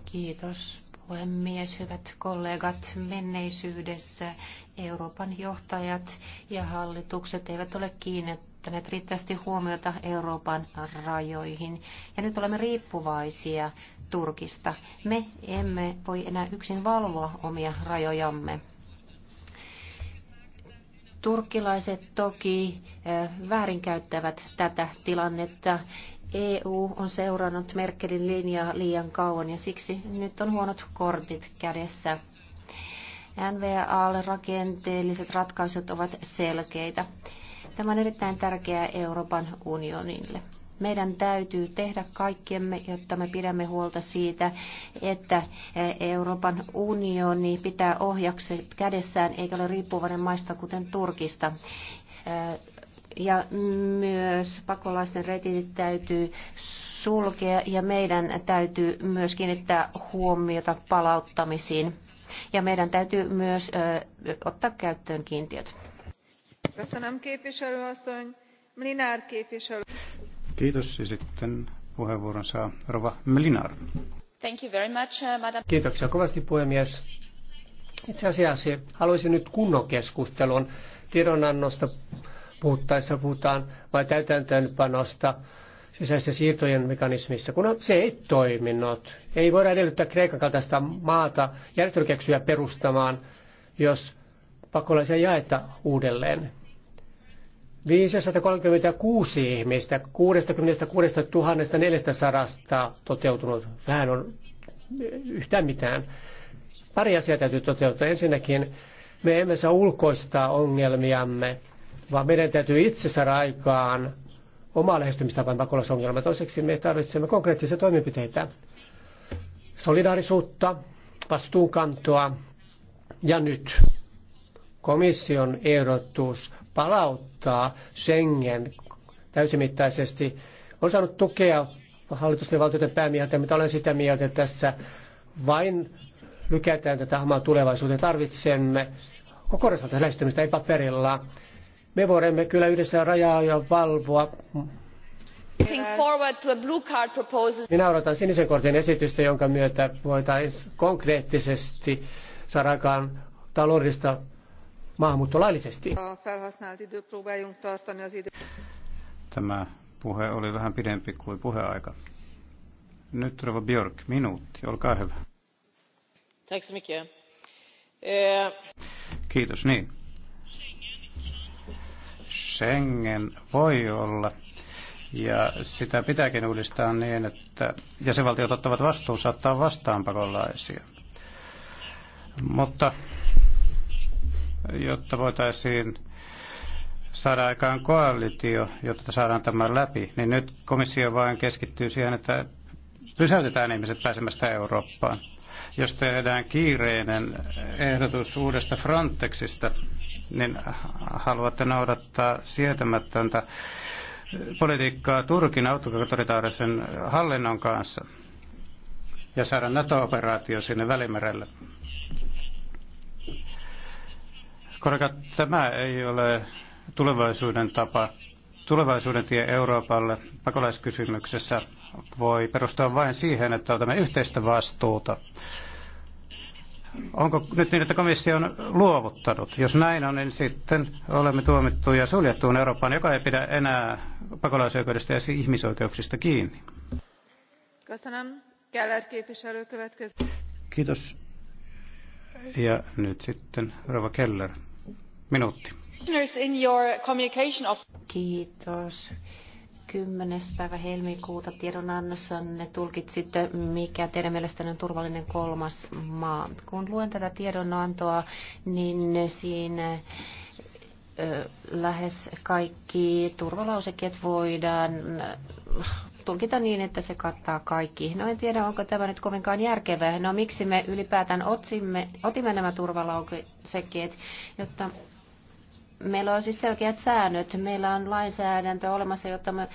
Kiitos puhemies, hyvät kollegat, menneisyydessä Euroopan johtajat ja hallitukset eivät ole kiinnittäneet riittävästi huomiota Euroopan rajoihin. Ja nyt olemme riippuvaisia Turkista. Me emme voi enää yksin valvoa omia rajojamme. Turkkilaiset toki eh, väärinkäyttävät tätä tilannetta EU on seurannut Merkelin linjaa liian kauan ja siksi nyt on huonot kortit kädessä. NVAlle rakenteelliset ratkaisut ovat selkeitä. Tämä on erittäin tärkeää Euroopan unionille. Meidän täytyy tehdä kaikkemme, jotta me pidämme huolta siitä, että Euroopan unioni pitää ohjakset kädessään eikä ole riippuvainen maista kuten Turkista ja myös pakolaisten reitit täytyy sulkea ja meidän täytyy myös kiinnittää huomiota palauttamisiin. Ja meidän täytyy myös ö, ottaa käyttöön kiintiöt. Kiitos. Ja sitten puheenvuoron saa Rova Mlinar. Thank you very much, uh, madam. Kiitoksia kovasti puhemies. Itse asiassa haluaisin nyt kunnon keskustelun tiedonannosta puhuttaessa puhutaan vain täytäntöönpanosta sisäisten siirtojen mekanismissa, kun se ei toiminut. Ei voida edellyttää Kreikan kaltaista maata järjestelykeksyjä perustamaan, jos pakolaisia jaetta uudelleen. 536 ihmistä, 66 400 toteutunut, vähän on yhtään mitään. Pari asiaa täytyy toteuttaa. Ensinnäkin me emme saa ulkoistaa ongelmiamme vaan meidän täytyy itse saada aikaan oma lähestymistapaan pakolaisongelma. Toiseksi me tarvitsemme konkreettisia toimenpiteitä, solidaarisuutta, vastuunkantoa ja nyt komission ehdotus palauttaa Schengen täysimittaisesti on saanut tukea hallitusten ja valtioiden päämieltä, mutta olen sitä mieltä, että tässä vain lykätään tätä hamaa tulevaisuuteen. Tarvitsemme kokonaisvaltaista lähestymistä, ei paperilla. Me voimme kyllä yhdessä rajaa ja valvoa. Minä odotan sinisen kortin esitystä, jonka myötä voitaisiin konkreettisesti saada aikaan taloudellista maahanmuutto laillisesti. Tämä puhe oli vähän pidempi kuin puheaika. Nyt Rova Björk, minuutti, olkaa hyvä. Eh, Kiitos, niin Schengen voi olla ja sitä pitääkin uudistaa niin, että jäsenvaltiot ottavat vastuun saattaa vastaan pakolaisia. Mutta jotta voitaisiin saada aikaan koalitio, jotta saadaan tämä läpi, niin nyt komissio vain keskittyy siihen, että pysäytetään ihmiset pääsemästä Eurooppaan. Jos tehdään kiireinen ehdotus uudesta Frontexista, niin haluatte noudattaa sietämättöntä politiikkaa Turkin autokatoritaarisen hallinnon kanssa ja saada NATO-operaatio sinne Välimerelle. Kollega, tämä ei ole tulevaisuuden tapa. Tulevaisuuden tie Euroopalle pakolaiskysymyksessä voi perustua vain siihen, että otamme yhteistä vastuuta Onko nyt niin, että komissio on luovuttanut? Jos näin on, niin sitten olemme tuomittuja suljettuun Eurooppaan, joka ei pidä enää pakolaisoikeudesta ja ihmisoikeuksista kiinni. Kiitos. Ja nyt sitten Rova Keller. Minuutti. Kiitos. 10. päivä helmikuuta tiedonannossanne tulkitsitte, mikä teidän mielestänne on turvallinen kolmas maa. Kun luen tätä tiedonantoa, niin siinä lähes kaikki turvalausekkeet voidaan tulkita niin, että se kattaa kaikki. No en tiedä, onko tämä nyt kovinkaan järkevää. No miksi me ylipäätään otimme, otimme nämä turvalausekkeet, jotta Meillä on siis selkeät säännöt, meillä on lainsäädäntö olemassa, jotta me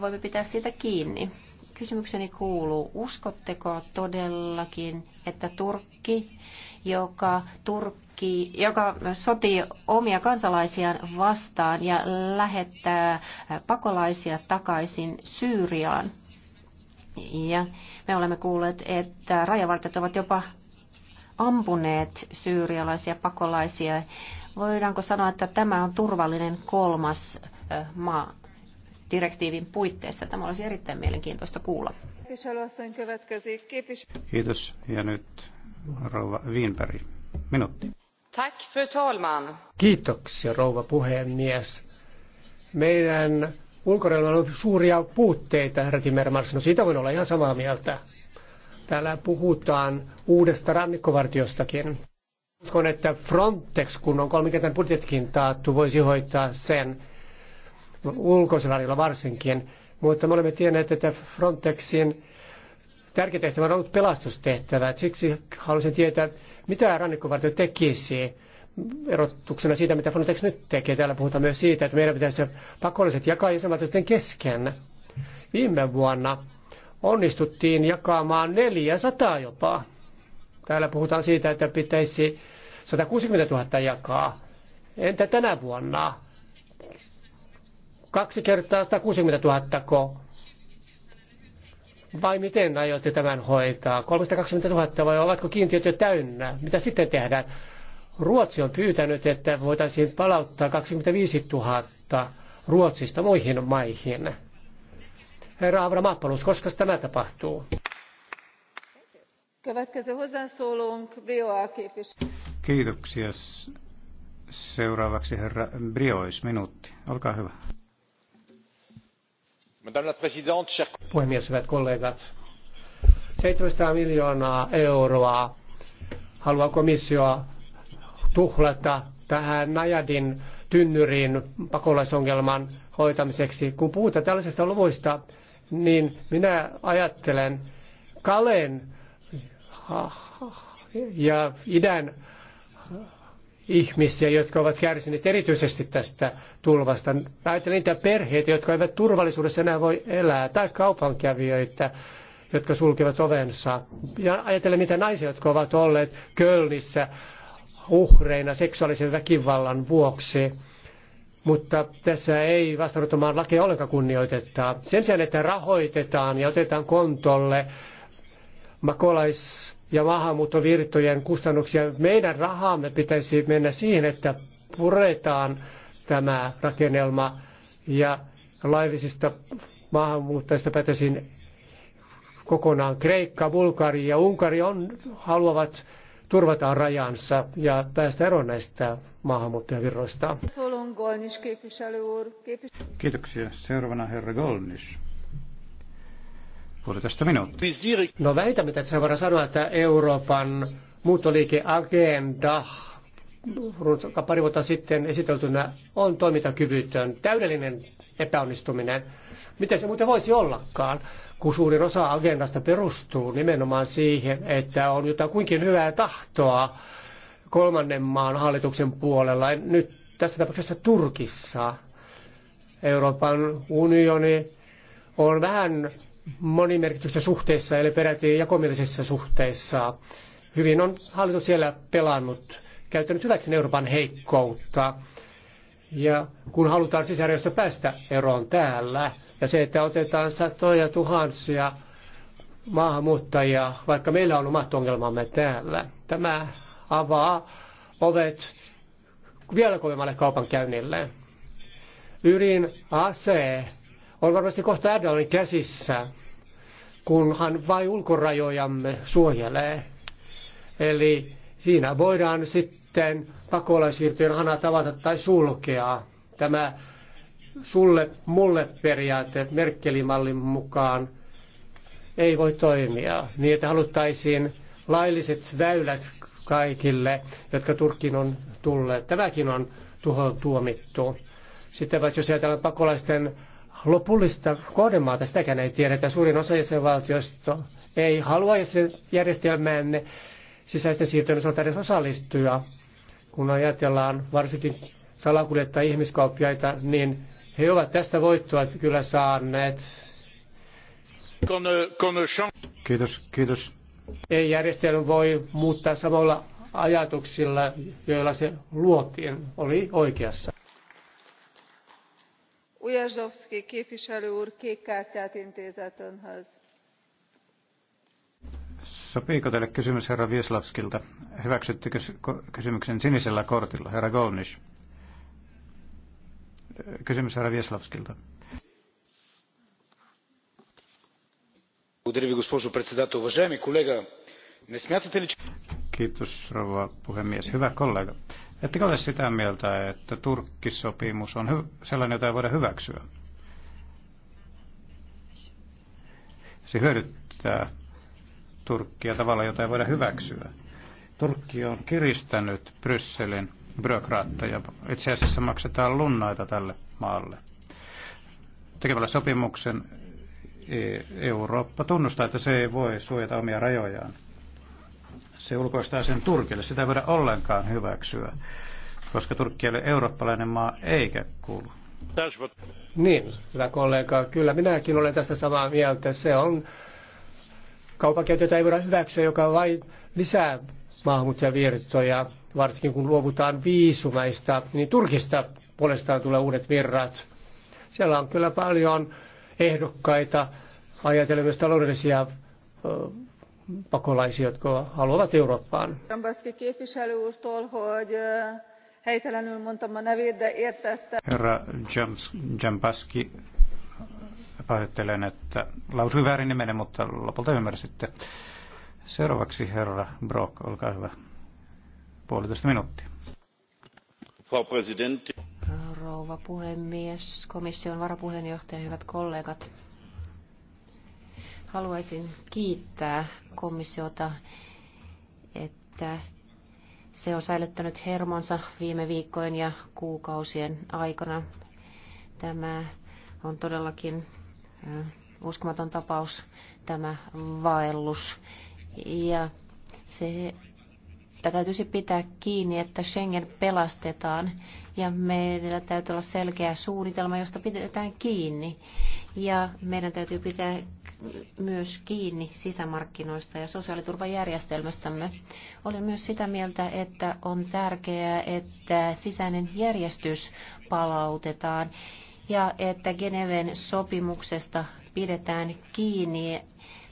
voimme pitää siitä kiinni. Kysymykseni kuuluu, uskotteko todellakin, että Turkki, joka, Turkki, joka sotii omia kansalaisiaan vastaan ja lähettää pakolaisia takaisin Syyriaan, ja me olemme kuulleet, että rajavartijat ovat jopa ampuneet syyrialaisia pakolaisia. Voidaanko sanoa, että tämä on turvallinen kolmas maa direktiivin puitteissa? Tämä olisi erittäin mielenkiintoista kuulla. Kiitos. Ja nyt rouva Wienberg. Minuutti. Tack, för talman. Kiitoksia, rouva puhemies. Meidän ulkorajalla on suuria puutteita, herra Timmermans. No siitä voin olla ihan samaa mieltä. Täällä puhutaan uudesta rannikkovartiostakin. Uskon, että Frontex, kun on kolmikentän budjetkin taattu, voisi hoitaa sen ulkoisella varsinkin. Mutta me olemme tienneet, että Frontexin tärkeä tehtävä on ollut pelastustehtävä. Siksi haluaisin tietää, mitä rannikkovartio tekisi erotuksena siitä, mitä Frontex nyt tekee. Täällä puhutaan myös siitä, että meidän pitäisi pakolliset jakaa jäsenvaltioiden kesken. Viime vuonna onnistuttiin jakamaan 400 jopa. Täällä puhutaan siitä, että pitäisi 160 000 jakaa. Entä tänä vuonna? Kaksi kertaa 160 000 ko? Vai miten aiotte tämän hoitaa? 320 000 vai ovatko kiintiöt jo täynnä? Mitä sitten tehdään? Ruotsi on pyytänyt, että voitaisiin palauttaa 25 000 Ruotsista muihin maihin. Herra Avramopoulos, koska tämä tapahtuu? Kiitoksia. Seuraavaksi herra Briois, minuutti. Olkaa hyvä. Puhemies, hyvät kollegat. 700 miljoonaa euroa haluaa komissio tuhlata tähän Najadin tynnyriin pakolaisongelman hoitamiseksi. Kun puhutaan tällaisesta luvuista, niin minä ajattelen Kalen ja idän ihmisiä, jotka ovat kärsineet erityisesti tästä tulvasta. Ajattelen niitä perheitä, jotka eivät turvallisuudessa enää voi elää, tai kaupankävijöitä, jotka sulkevat ovensa. Ja ajattelen niitä naisia, jotka ovat olleet Kölnissä uhreina seksuaalisen väkivallan vuoksi. Mutta tässä ei vastaanottomaan lakia ollenkaan kunnioitetta. Sen sijaan, että rahoitetaan ja otetaan kontolle makolais ja maahanmuuttovirtojen kustannuksia. Meidän rahamme pitäisi mennä siihen, että puretaan tämä rakennelma ja laivisista maahanmuuttajista päätäisin kokonaan Kreikka, Bulgari ja Unkari on, haluavat turvata rajansa ja päästä eroon näistä maahanmuuttajavirroista. Kiitoksia. Seuraavana herra Golnish puolitoista minuuttia. No väitämme, että se voidaan sanoa, että Euroopan muuttoliikeagenda pari vuotta sitten esiteltynä on toimintakyvytön, täydellinen epäonnistuminen. Miten se muuten voisi ollakaan, kun suurin osa agendasta perustuu nimenomaan siihen, että on jotakuinkin hyvää tahtoa kolmannen maan hallituksen puolella, nyt tässä tapauksessa Turkissa. Euroopan unioni on vähän monimerkitystä suhteessa, eli peräti jakomielisessä suhteessa. Hyvin on hallitus siellä pelannut, käyttänyt hyväksi Euroopan heikkoutta. Ja kun halutaan sisärajoista päästä eroon täällä, ja se, että otetaan satoja tuhansia maahanmuuttajia, vaikka meillä on omat ongelmamme täällä, tämä avaa ovet vielä kovemmalle kaupankäynnille. Ydin ase on varmasti kohta Erdoganin käsissä, hän vain ulkorajojamme suojelee. Eli siinä voidaan sitten pakolaisvirtojen hanat avata tai sulkea. Tämä sulle mulle periaate Merkelin mallin mukaan ei voi toimia niin, että haluttaisiin lailliset väylät kaikille, jotka Turkkiin on tulleet. Tämäkin on tuhoon tuomittu. Sitten jos ajatellaan pakolaisten lopullista kohdemaata, sitäkään ei tiedetä. Suurin osa jäsenvaltioista ei halua järjestelmäänne sisäisten siirtojen osalta edes osallistua. Kun ajatellaan varsinkin salakuljettaja ihmiskauppiaita, niin he ovat tästä voittoa kyllä saaneet. Kiitos, kiitos. Ei järjestelmä voi muuttaa samalla ajatuksilla, joilla se luotiin, oli oikeassa ujazdowski képviselő úr kék kártyát intézett önhöz. Sopiiko teille kysymys herra Vieslavskilta? Hyväksyttekö kysymyksen sinisellä kortilla, herra Golnish? Kysymys herra Vieslavskilta. Kiitos, rouva puhemies. Hyvä kollega. Ettekö ole sitä mieltä, että Turkkisopimus on hy- sellainen, jota ei voida hyväksyä? Se hyödyttää Turkkia tavalla, jota ei voida hyväksyä. Turkki on kiristänyt Brysselin byrokraatteja. Itse asiassa maksetaan lunnaita tälle maalle. Tekemällä sopimuksen e- Eurooppa tunnustaa, että se ei voi suojata omia rajojaan se ulkoistaa sen Turkille. Sitä ei voida ollenkaan hyväksyä, koska Turkki ei ole eurooppalainen maa eikä kuulu. Niin, hyvä kollega, kyllä minäkin olen tästä samaa mieltä. Se on kaupankäynti, jota ei voida hyväksyä, joka vain lisää maahanmuuttajavirtoja, varsinkin kun luovutaan viisumaista, niin Turkista puolestaan tulee uudet virrat. Siellä on kyllä paljon ehdokkaita, ajatellen myös taloudellisia pakolaisia, jotka haluavat Eurooppaan. Herra Jambaski, pahoittelen, että lausui väärin nimen, mutta lopulta ymmärsitte. Seuraavaksi herra Brock, olkaa hyvä. Puolitoista minuuttia. Rouva puhemies, komission varapuheenjohtaja, hyvät kollegat. Haluaisin kiittää komissiota, että se on säilyttänyt hermonsa viime viikkojen ja kuukausien aikana. Tämä on todellakin uskomaton tapaus, tämä vaellus. Ja se, että täytyisi pitää kiinni, että Schengen pelastetaan ja meillä täytyy olla selkeä suunnitelma, josta pidetään kiinni. Ja meidän täytyy pitää myös kiinni sisämarkkinoista ja sosiaaliturvajärjestelmästämme. Olen myös sitä mieltä, että on tärkeää, että sisäinen järjestys palautetaan ja että Geneven sopimuksesta pidetään kiinni.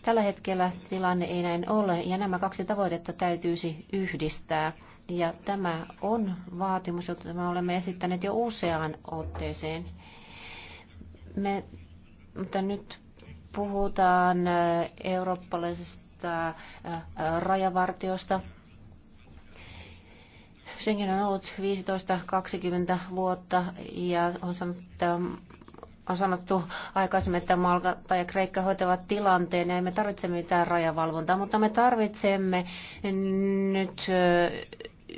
Tällä hetkellä tilanne ei näin ole ja nämä kaksi tavoitetta täytyisi yhdistää. Ja tämä on vaatimus, jota me olemme esittäneet jo useaan otteeseen. Me, mutta nyt puhutaan äh, eurooppalaisesta äh, rajavartiosta. Schengen on ollut 15-20 vuotta ja on sanottu, että on sanottu aikaisemmin, että Malta ja Kreikka hoitavat tilanteen ja emme tarvitse mitään rajavalvontaa, mutta me tarvitsemme nyt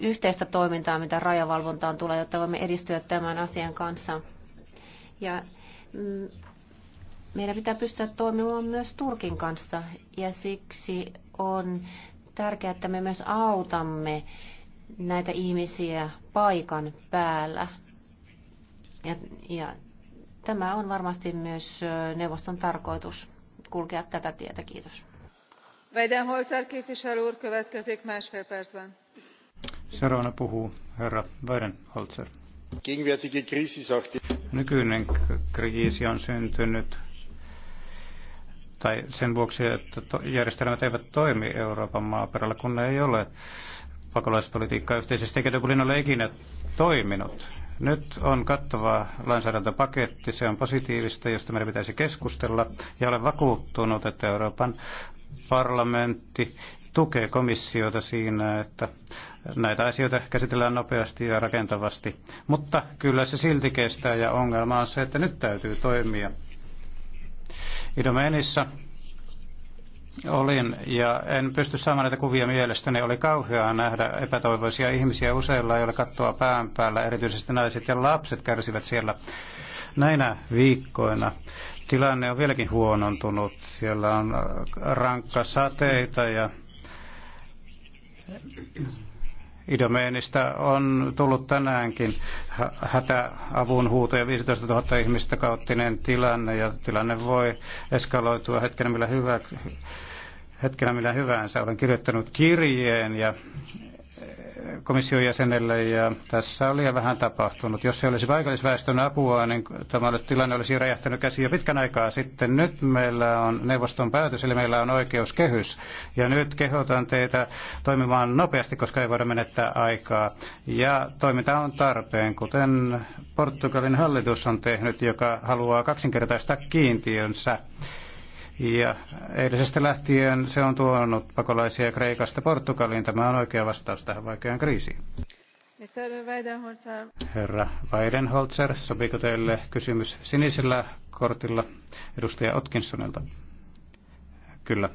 yhteistä toimintaa, mitä rajavalvontaan tulee, jotta voimme edistyä tämän asian kanssa. Ja mm, meidän pitää pystyä toimimaan myös Turkin kanssa ja siksi on tärkeää, että me myös autamme näitä ihmisiä paikan päällä. Ja, ja tämä on varmasti myös neuvoston tarkoitus kulkea tätä tietä. Kiitos. Weidenholzer képviselő következik másfél percben. Seuraavana puhuu herra Weidenholzer. Nykyinen kriisi on syntynyt tai sen vuoksi, että järjestelmät eivät toimi Euroopan maaperällä, kun ne ei ole pakolaispolitiikkaa yhteisesti, eikä Dublin ole ikinä toiminut. Nyt on kattava lainsäädäntöpaketti, se on positiivista, josta meidän pitäisi keskustella, ja olen vakuuttunut, että Euroopan parlamentti tukee komissiota siinä, että näitä asioita käsitellään nopeasti ja rakentavasti. Mutta kyllä se silti kestää ja ongelma on se, että nyt täytyy toimia. Idomenissa olin ja en pysty saamaan näitä kuvia mielestäni. Oli kauheaa nähdä epätoivoisia ihmisiä. Useilla joilla kattoa pään päällä. Erityisesti naiset ja lapset kärsivät siellä näinä viikkoina. Tilanne on vieläkin huonontunut. Siellä on rankka sateita ja Idomenista on tullut tänäänkin hätäavun huutoja 15 000 ihmistä kauttinen tilanne ja tilanne voi eskaloitua hetken millä hyvä, hetkellä millä hyvänsä. Olen kirjoittanut kirjeen ja eh, komission jäsenelle ja tässä oli jo vähän tapahtunut. Jos se olisi paikallisväestön apua, niin tämä tilanne olisi räjähtänyt käsiin jo pitkän aikaa sitten. Nyt meillä on neuvoston päätös, eli meillä on oikeuskehys. Ja nyt kehotan teitä toimimaan nopeasti, koska ei voida menettää aikaa. Ja toiminta on tarpeen, kuten Portugalin hallitus on tehnyt, joka haluaa kaksinkertaistaa kiintiönsä ja eilisestä lähtien se on tuonut pakolaisia Kreikasta Portugaliin. Tämä on oikea vastaus tähän vaikeaan kriisiin. Herra Weidenholzer, sopiiko teille kysymys sinisellä kortilla edustaja Otkinsonilta? Kyllä.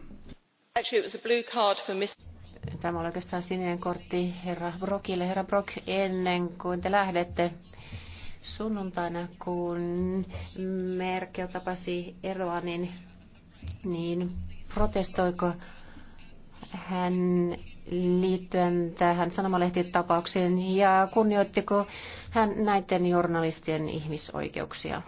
Tämä on oikeastaan sininen kortti herra Brokille. Herra Brok, ennen kuin te lähdette sunnuntaina, kun Merkel tapasi eroa, niin niin protestoiko hän liittyen tähän sanomalehtitapaukseen ja kunnioittiko hän näiden journalistien ihmisoikeuksia?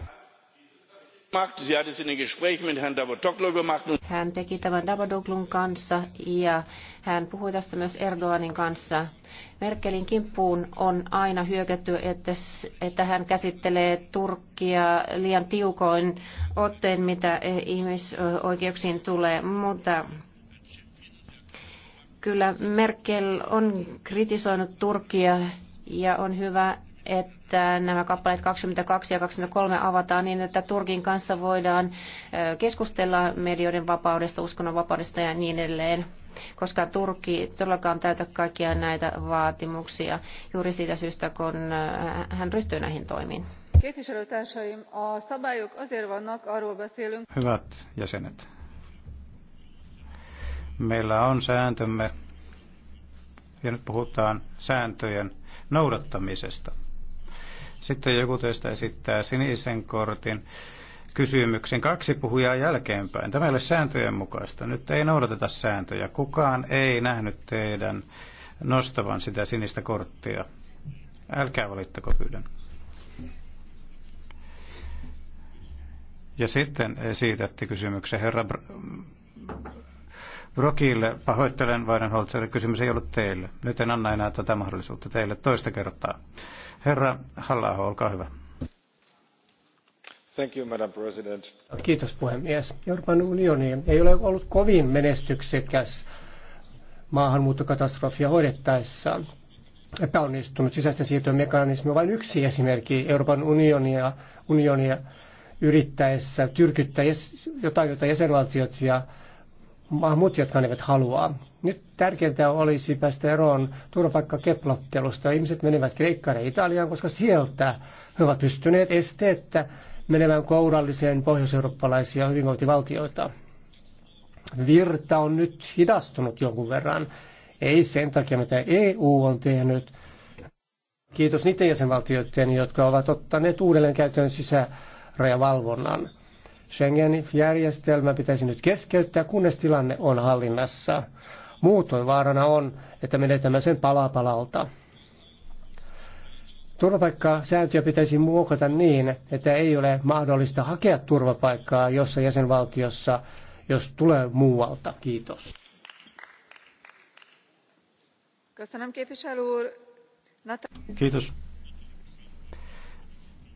Hän teki tämän Davutoglun kanssa ja hän puhui tästä myös Erdoganin kanssa. Merkelin kimppuun on aina hyökätty, että, että hän käsittelee Turkkia liian tiukoin otteen, mitä e- ihmisoikeuksiin tulee, mutta kyllä Merkel on kritisoinut Turkia ja on hyvä, että nämä kappaleet 22 ja 23 avataan niin, että Turkin kanssa voidaan keskustella medioiden vapaudesta, uskonnonvapaudesta ja niin edelleen, koska Turkki todellakaan täytä kaikkia näitä vaatimuksia juuri siitä syystä, kun hän ryhtyy näihin toimiin. Hyvät jäsenet, meillä on sääntömme ja nyt puhutaan sääntöjen noudattamisesta. Sitten joku teistä esittää sinisen kortin kysymyksen kaksi puhujaa jälkeenpäin. Tämä ei ole sääntöjen mukaista. Nyt ei noudateta sääntöjä. Kukaan ei nähnyt teidän nostavan sitä sinistä korttia. Älkää valittako pyydän. Ja sitten esitätti kysymyksen herra Br- Brokille. Pahoittelen Weidenholzerille, kysymys ei ollut teille. Nyt en anna enää tätä mahdollisuutta teille toista kertaa. Herra Hallaho, olkaa hyvä. Thank you, Madam President. Kiitos puhemies. Euroopan unioni ei ole ollut kovin menestyksekäs maahanmuuttokatastrofia hoidettaessa. Epäonnistunut sisäisten siirtojen mekanismi on vain yksi esimerkki Euroopan unionia, unionia yrittäessä tyrkyttää jotain, jota jäsenvaltiot ja maahanmuuttajatkaan eivät halua. Nyt tärkeintä olisi päästä eroon turvapaikkakeplottelusta. Ihmiset menevät Kreikkaan ja Italiaan, koska sieltä he ovat pystyneet esteettä menemään kouralliseen pohjoiseurooppalaisia hyvinvointivaltioita. Virta on nyt hidastunut jonkun verran. Ei sen takia, mitä EU on tehnyt. Kiitos niiden jäsenvaltioiden, jotka ovat ottaneet uudelleen käyttöön sisärajavalvonnan. Schengen-järjestelmä pitäisi nyt keskeyttää, kunnes tilanne on hallinnassa. Muutoin vaarana on, että menetämme sen palapalalta. Turvapaikkasääntöjä pitäisi muokata niin, että ei ole mahdollista hakea turvapaikkaa jossa jäsenvaltiossa, jos tulee muualta. Kiitos. Kiitos.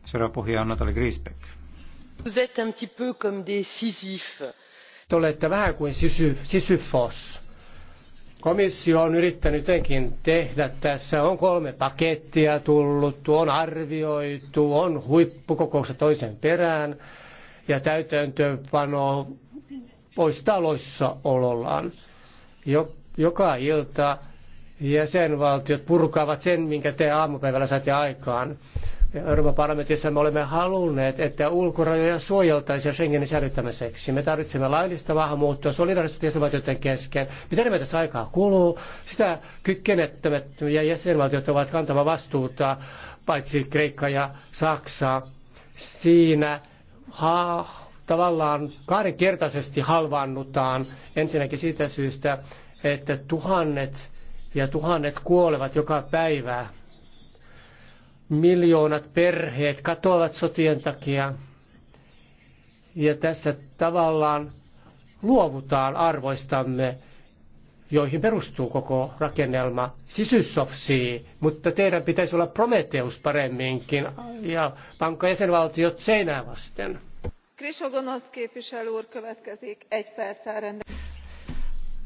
Seuraava puhuja on Natalie Griesbeck. Te olette vähän kuin Sisy Komissio on yrittänyt jotenkin tehdä tässä. On kolme pakettia tullut, on arvioitu, on huippukokoukset toisen perään ja täytäntöönpano poistaa olollaan. joka ilta jäsenvaltiot purkavat sen, minkä te aamupäivällä saatte aikaan. Euroopan parlamentissa me olemme halunneet, että ulkorajoja suojeltaisiin Schengenin säilyttämiseksi. Me tarvitsemme laillista maahanmuuttoa solidaarisuutta jäsenvaltioiden kesken. Mitä enemmän tässä aikaa kuluu, sitä ja jäsenvaltiot ovat kantamaan vastuuta, paitsi Kreikka ja Saksa. Siinä ha, tavallaan kahdenkertaisesti halvaannutaan ensinnäkin siitä syystä, että tuhannet ja tuhannet kuolevat joka päivä miljoonat perheet katoavat sotien takia. Ja tässä tavallaan luovutaan arvoistamme, joihin perustuu koko rakennelma. Sisys mutta teidän pitäisi olla Prometeus paremminkin ja pankka jäsenvaltiot seinää vasten.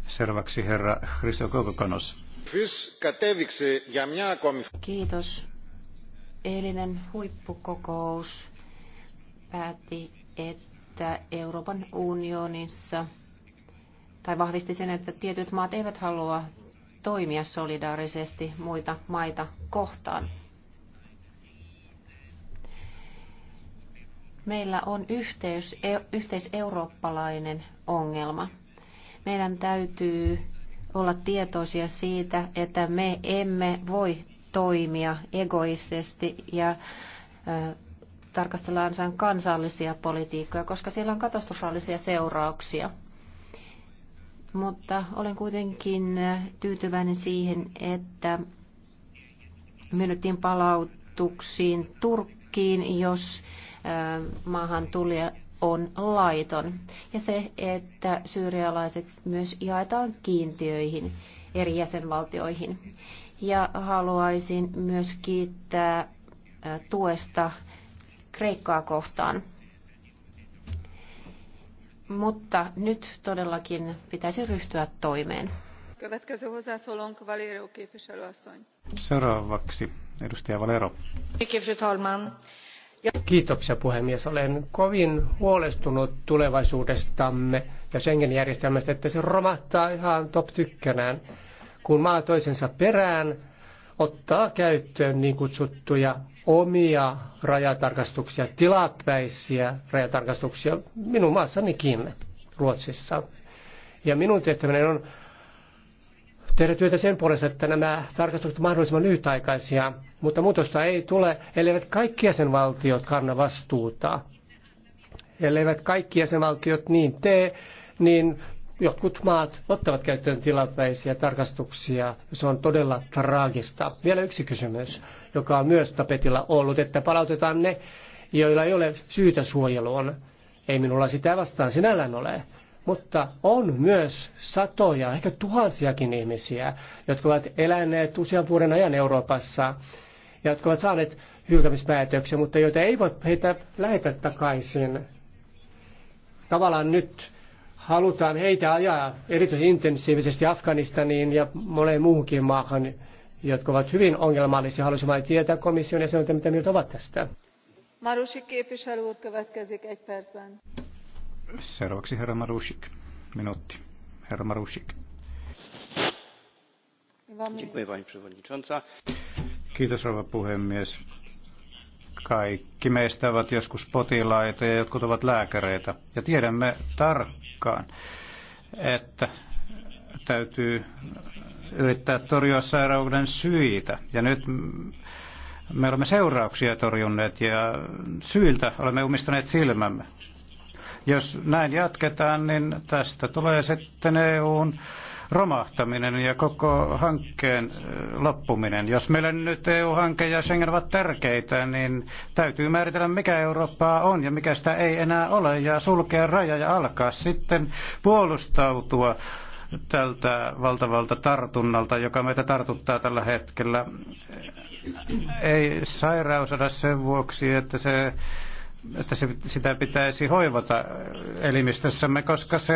Seuraavaksi herra Christo Kokokonos. Kiitos Eilinen huippukokous päätti, että Euroopan unionissa tai vahvisti sen, että tietyt maat eivät halua toimia solidaarisesti muita maita kohtaan. Meillä on yhteys, e, yhteiseurooppalainen ongelma. Meidän täytyy olla tietoisia siitä, että me emme voi toimia egoisesti ja tarkastellaan sen kansallisia politiikkoja, koska siellä on katastrofaalisia seurauksia. Mutta olen kuitenkin tyytyväinen siihen, että myönnettiin palautuksiin Turkkiin, jos maahan tuli on laiton. Ja se, että syyrialaiset myös jaetaan kiintiöihin eri jäsenvaltioihin ja haluaisin myös kiittää tuesta Kreikkaa kohtaan. Mutta nyt todellakin pitäisi ryhtyä toimeen. Seuraavaksi edustaja Valero. Kiitoksia puhemies. Olen kovin huolestunut tulevaisuudestamme ja Schengen-järjestelmästä, että se romahtaa ihan top tykkänään kun maa toisensa perään ottaa käyttöön niin kutsuttuja omia rajatarkastuksia, tilapäisiä rajatarkastuksia minun maassanikin Ruotsissa. Ja minun tehtäväni on tehdä työtä sen puolesta, että nämä tarkastukset ovat mahdollisimman lyhytaikaisia, mutta muutosta ei tule, elleivät kaikki jäsenvaltiot kanna vastuuta. Elleivät kaikki jäsenvaltiot niin tee, niin jotkut maat ottavat käyttöön tilapäisiä tarkastuksia. Se on todella traagista. Vielä yksi kysymys, joka on myös tapetilla ollut, että palautetaan ne, joilla ei ole syytä suojeluun. Ei minulla sitä vastaan sinällään ole. Mutta on myös satoja, ehkä tuhansiakin ihmisiä, jotka ovat eläneet usean vuoden ajan Euroopassa ja jotka ovat saaneet hylkämispäätöksen, mutta joita ei voi heitä lähetä takaisin. Tavallaan nyt halutaan heitä ajaa erityisen intensiivisesti Afganistaniin ja moneen muuhunkin maahan, jotka ovat hyvin ongelmallisia. Haluaisin vain tietää komission jäseniltä, mitä mieltä ovat tästä. Marusik képviselő úr következik egy Seuraavaksi herra Marusik. Minuutti. Herra Marusik. Kiitos rouva puhemies. Kaikki meistä ovat joskus potilaita ja jotkut ovat lääkäreitä. Ja tiedämme tarkkaan, koskaan. että täytyy yrittää torjua sairauden syitä. Ja nyt me olemme seurauksia torjunneet ja syiltä olemme umistaneet silmämme. Jos näin jatketaan, niin tästä tulee sitten EUn romahtaminen ja koko hankkeen loppuminen. Jos meillä nyt EU-hanke ja Schengen ovat tärkeitä, niin täytyy määritellä, mikä Eurooppaa on ja mikä sitä ei enää ole, ja sulkea raja ja alkaa sitten puolustautua tältä valtavalta tartunnalta, joka meitä tartuttaa tällä hetkellä. Ei sairaus ole sen vuoksi, että se että sitä pitäisi hoivata elimistössämme, koska se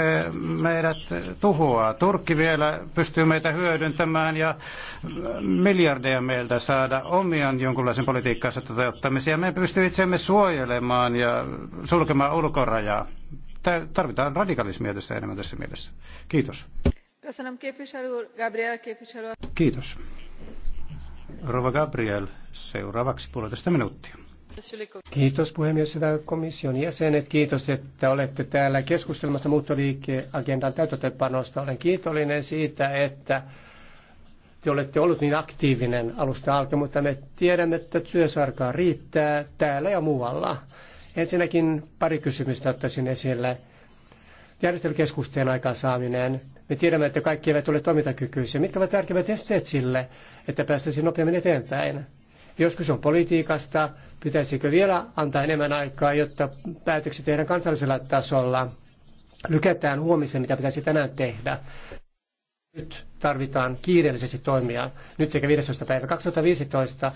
meidät tuhoaa. Turkki vielä pystyy meitä hyödyntämään ja miljardeja meiltä saada omian jonkunlaisen politiikkaansa toteuttamiseen. Me pystyy itseämme suojelemaan ja sulkemaan ulkorajaa. Tarvitaan radikalismia tässä enemmän tässä mielessä. Kiitos. Kiitos. Rova Gabriel, seuraavaksi puolitoista minuuttia. Kiitos puhemies, hyvä komission jäsenet. Kiitos, että olette täällä keskustelmassa muuttoliikeagendan täytäntöönpanosta. Olen kiitollinen siitä, että te olette ollut niin aktiivinen alusta alkaen, mutta me tiedämme, että työsarkaa riittää täällä ja muualla. Ensinnäkin pari kysymystä ottaisin esille. Järjestelykeskusten aikaansaaminen. Me tiedämme, että kaikki eivät ole toimintakykyisiä. Mitkä ovat tärkeimmät esteet sille, että päästäisiin nopeammin eteenpäin? Joskus on politiikasta, pitäisikö vielä antaa enemmän aikaa, jotta päätökset tehdään kansallisella tasolla. Lykätään huomisen, mitä pitäisi tänään tehdä. Nyt tarvitaan kiireellisesti toimia. Nyt eikä 15. päivä 2015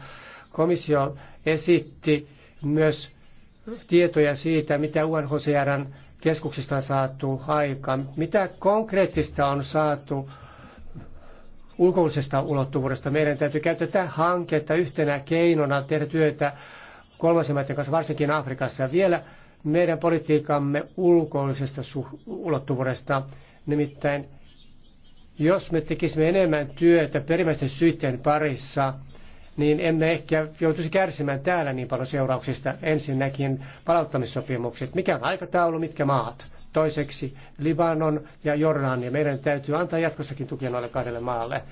komissio esitti myös tietoja siitä, mitä UNHCRn keskuksista on saatu aikaan. Mitä konkreettista on saatu ulkoisesta ulottuvuudesta. Meidän täytyy käyttää tätä hanketta yhtenä keinona tehdä työtä kolmansien kanssa, varsinkin Afrikassa. Ja vielä meidän politiikamme ulkoisesta ulottuvuudesta, nimittäin jos me tekisimme enemmän työtä perimmäisten syytteen parissa, niin emme ehkä joutuisi kärsimään täällä niin paljon seurauksista. Ensinnäkin palauttamissopimukset, mikä on aikataulu, mitkä maat. Toiseksi Libanon ja Jordania. Meidän täytyy antaa jatkossakin tukea noille kahdelle maalle.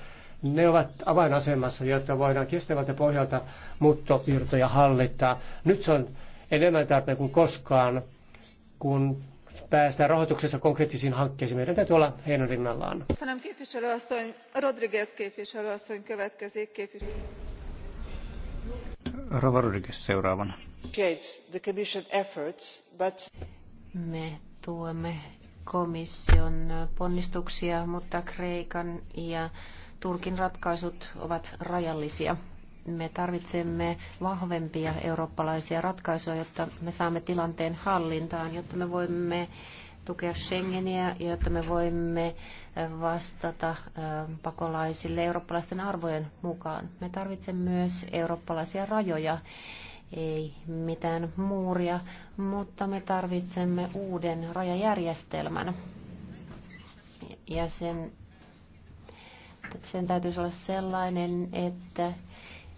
Ne ovat avainasemassa, jotta voidaan kestävältä pohjalta muuttovirtoja hallittaa. Nyt se on enemmän tarpeen kuin koskaan, kun päästään rahoituksessa konkreettisiin hankkeisiin. Meidän täytyy olla heidän rinnallaan. Rodriguez Rova Rodriguez seuraavana. Me tuemme komission ponnistuksia, mutta Kreikan ja Turkin ratkaisut ovat rajallisia. Me tarvitsemme vahvempia eurooppalaisia ratkaisuja, jotta me saamme tilanteen hallintaan, jotta me voimme tukea Schengeniä ja jotta me voimme eh, vastata eh, pakolaisille eurooppalaisten arvojen mukaan. Me tarvitsemme myös eurooppalaisia rajoja ei mitään muuria, mutta me tarvitsemme uuden rajajärjestelmän. Ja sen, sen täytyisi olla sellainen, että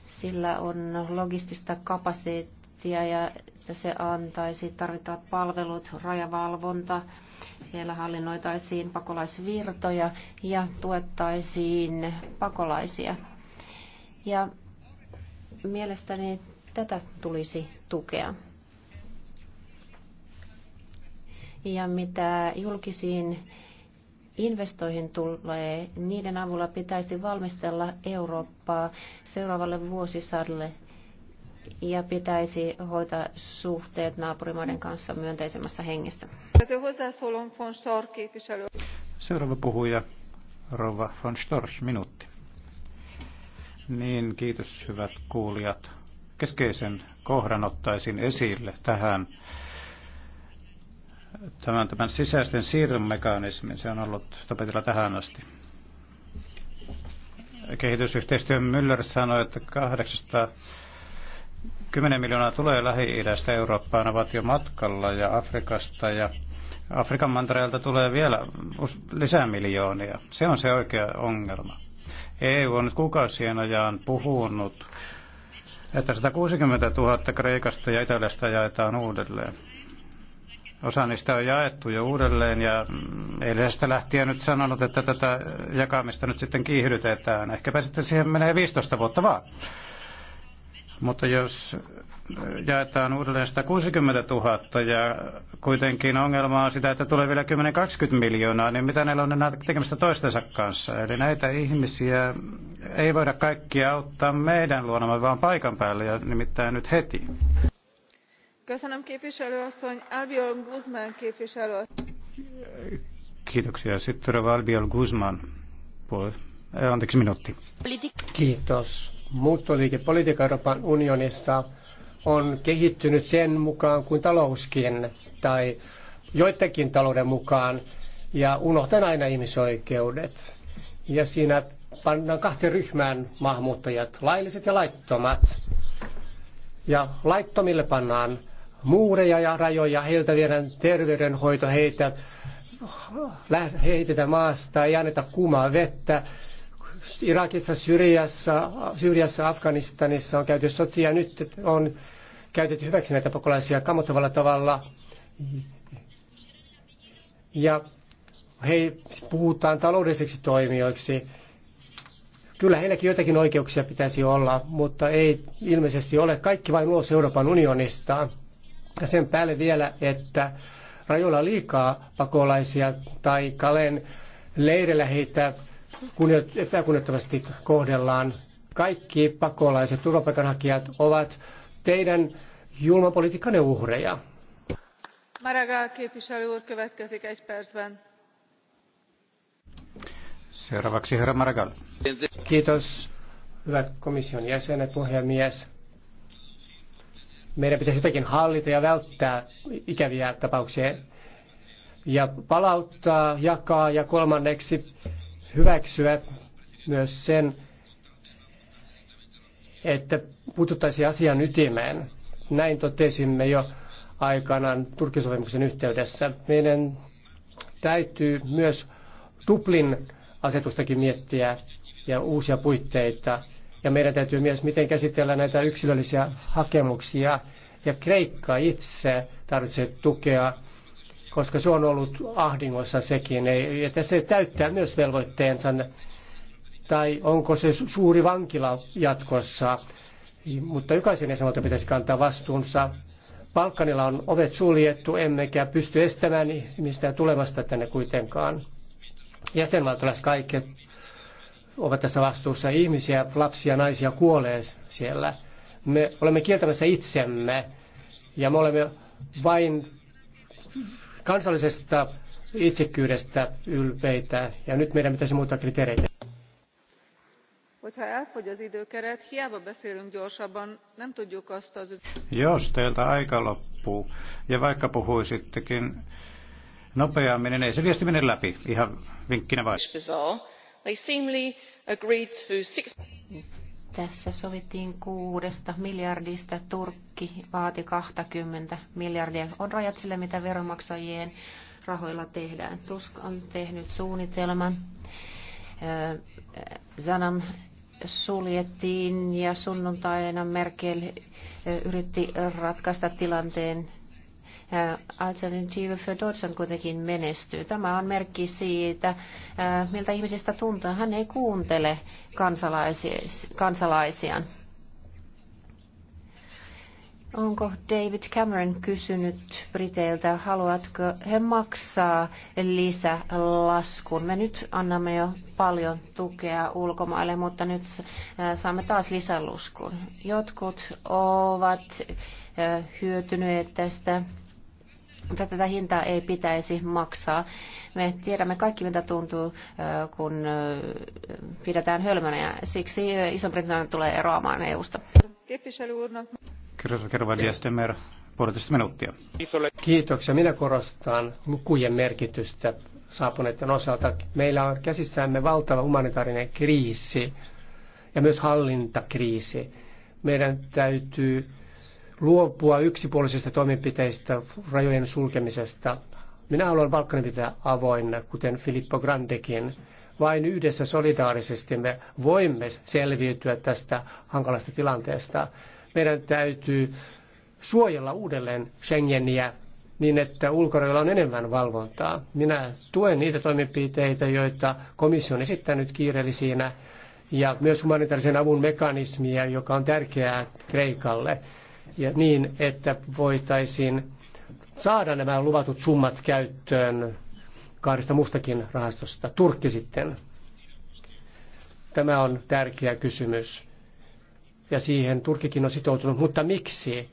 sillä on logistista kapasiteettia ja että se antaisi tarvittavat palvelut, rajavalvonta, siellä hallinnoitaisiin pakolaisvirtoja ja tuettaisiin pakolaisia. Ja mielestäni Tätä tulisi tukea. Ja mitä julkisiin investoihin tulee, niiden avulla pitäisi valmistella Eurooppaa seuraavalle vuosisadalle ja pitäisi hoitaa suhteet naapurimaiden kanssa myönteisemmässä hengessä. Seuraava puhuja, Rova von Storch, minuutti. Niin, kiitos hyvät kuulijat keskeisen kohdan ottaisin esille tähän tämän, tämän sisäisten siirron mekanismin. Se on ollut tapetilla tähän asti. Kehitysyhteistyön Müller sanoi, että 810 miljoonaa tulee Lähi-idästä Eurooppaan, ovat jo matkalla ja Afrikasta ja Afrikan mantereelta tulee vielä lisää miljoonia. Se on se oikea ongelma. EU on nyt kuukausien ajan puhunut että 160 000 Kreikasta ja Italiasta jaetaan uudelleen. Osa niistä on jaettu jo uudelleen ja mm, eilisestä lähtien nyt sanonut, että tätä jakamista nyt sitten kiihdytetään. Ehkäpä sitten siihen menee 15 vuotta vaan. Mutta jos jaetaan uudelleen 160 000 ja kuitenkin ongelma on sitä, että tulee vielä 10-20 miljoonaa, niin mitä neillä on enää tekemistä toistensa kanssa? Eli näitä ihmisiä ei voida kaikkia auttaa meidän luonamme, vaan paikan päällä ja nimittäin nyt heti. Kiitoksia. Sitten Rova Albiol Guzman. Eh, anteeksi, minuutti. Kiitos. Politiikan Euroopan unionissa on kehittynyt sen mukaan kuin talouskin tai joidenkin talouden mukaan ja unohtan aina ihmisoikeudet. Ja siinä pannaan kahteen ryhmään maahanmuuttajat, lailliset ja laittomat. Ja laittomille pannaan muureja ja rajoja, heiltä viedään terveydenhoito, heitä heitetään maasta, ei anneta kuumaa vettä, Irakissa, Syriassa, Syriassa, Afganistanissa on käyty sotia. Nyt on käytetty hyväksi näitä pakolaisia kamottavalla tavalla. Ja he puhutaan taloudelliseksi toimijoiksi. Kyllä heilläkin joitakin oikeuksia pitäisi olla, mutta ei ilmeisesti ole. Kaikki vain ulos Euroopan unionista. Ja sen päälle vielä, että rajoilla liikaa pakolaisia tai Kalen leirillä heitä epäkunnettavasti kohdellaan. Kaikki pakolaiset, turvapaikanhakijat ovat teidän julman uhreja. Maraga Seuraavaksi herra Maragall. Kiitos, hyvät komission jäsenet, puhemies. Meidän pitäisi jotenkin hallita ja välttää ikäviä tapauksia ja palauttaa, jakaa ja kolmanneksi hyväksyä myös sen, että puututtaisiin asian ytimeen. Näin totesimme jo aikanaan Turkisopimuksen yhteydessä. Meidän täytyy myös tuplin asetustakin miettiä ja uusia puitteita. Ja meidän täytyy myös, miten käsitellä näitä yksilöllisiä hakemuksia. Ja Kreikka itse tarvitsee tukea koska se on ollut ahdingossa sekin, että se täyttää myös velvoitteensa, tai onko se suuri vankila jatkossa, mutta jokaisen jäsenvaltion pitäisi kantaa vastuunsa. Balkanilla on ovet suljettu, emmekä pysty estämään ihmistä tulemasta tänne kuitenkaan. Jäsenvaltiolaiset kaikki ovat tässä vastuussa. Ihmisiä, lapsia, naisia kuolee siellä. Me olemme kieltämässä itsemme ja me olemme vain kansallisesta itsekyydestä ylpeitä ja nyt meidän pitäisi muuttaa kriteereitä. Jos teiltä aika loppuu ja vaikka puhuisittekin nopeammin, niin ei se viesti mene läpi. Ihan vinkkinä vain. Tässä sovittiin kuudesta miljardista. Turkki vaati 20 miljardia. On rajat sille, mitä veronmaksajien rahoilla tehdään. Tusk on tehnyt suunnitelman. Zanam suljettiin ja sunnuntaina Merkel yritti ratkaista tilanteen Alternative for Deutschland kuitenkin menestyy. Tämä on merkki siitä, miltä ihmisistä tuntuu. Hän ei kuuntele kansalaisiaan. Onko David Cameron kysynyt Briteiltä, haluatko he maksaa lisälaskun? Me nyt annamme jo paljon tukea ulkomaille, mutta nyt saamme taas lisälaskun. Jotkut ovat hyötyneet tästä mutta tätä hintaa ei pitäisi maksaa. Me tiedämme kaikki, mitä tuntuu, kun pidetään hölmönä, ja siksi Iso-Britannia tulee eroamaan EU-sta. Kiitoksia. Minä korostan lukujen merkitystä saapuneiden osalta. Meillä on käsissämme valtava humanitaarinen kriisi ja myös hallintakriisi. Meidän täytyy luopua yksipuolisista toimenpiteistä, rajojen sulkemisesta. Minä haluan Balkanin pitää avoinna, kuten Filippo Grandekin. Vain yhdessä solidaarisesti me voimme selviytyä tästä hankalasta tilanteesta. Meidän täytyy suojella uudelleen Schengeniä niin, että ulkorajoilla on enemmän valvontaa. Minä tuen niitä toimenpiteitä, joita komissio on esittänyt kiireellisinä ja myös humanitaarisen avun mekanismia, joka on tärkeää Kreikalle ja niin, että voitaisiin saada nämä luvatut summat käyttöön kahdesta mustakin rahastosta. Turkki sitten. Tämä on tärkeä kysymys. Ja siihen Turkikin on sitoutunut. Mutta miksi?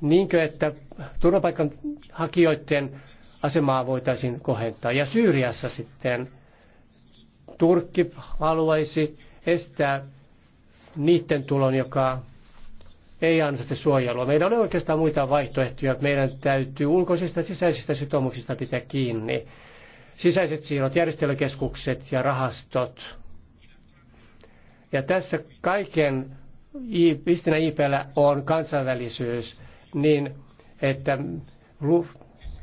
Niinkö, että turvapaikanhakijoiden asemaa voitaisiin kohentaa. Ja Syyriassa sitten Turkki haluaisi estää niiden tulon, joka ei ansaitse suojelua. Meillä on oikeastaan muita vaihtoehtoja. Meidän täytyy ulkoisista ja sisäisistä sitoumuksista pitää kiinni. Sisäiset siirrot, järjestelykeskukset ja rahastot. Ja tässä kaiken pistinä IPllä on kansainvälisyys, niin että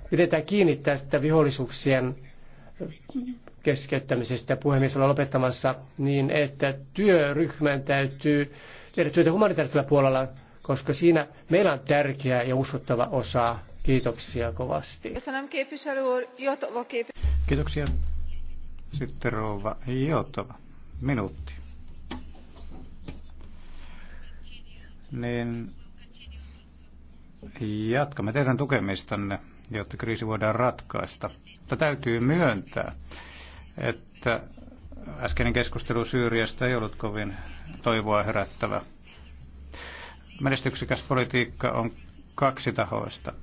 pidetään kiinni tästä vihollisuuksien keskeyttämisestä. Puhemies on lopettamassa niin, että työryhmän täytyy tehdä työtä humanitaarisella puolella koska siinä meillä on tärkeä ja uskottava osa. Kiitoksia kovasti. Kiitoksia. Sitten rouva Jotova. Minuutti. Niin jatkamme teidän tukemistanne, jotta kriisi voidaan ratkaista. Mutta täytyy myöntää, että äskeinen keskustelu Syyriasta ei ollut kovin toivoa herättävä. Menestyksekäs politiikka on kaksi tahoista.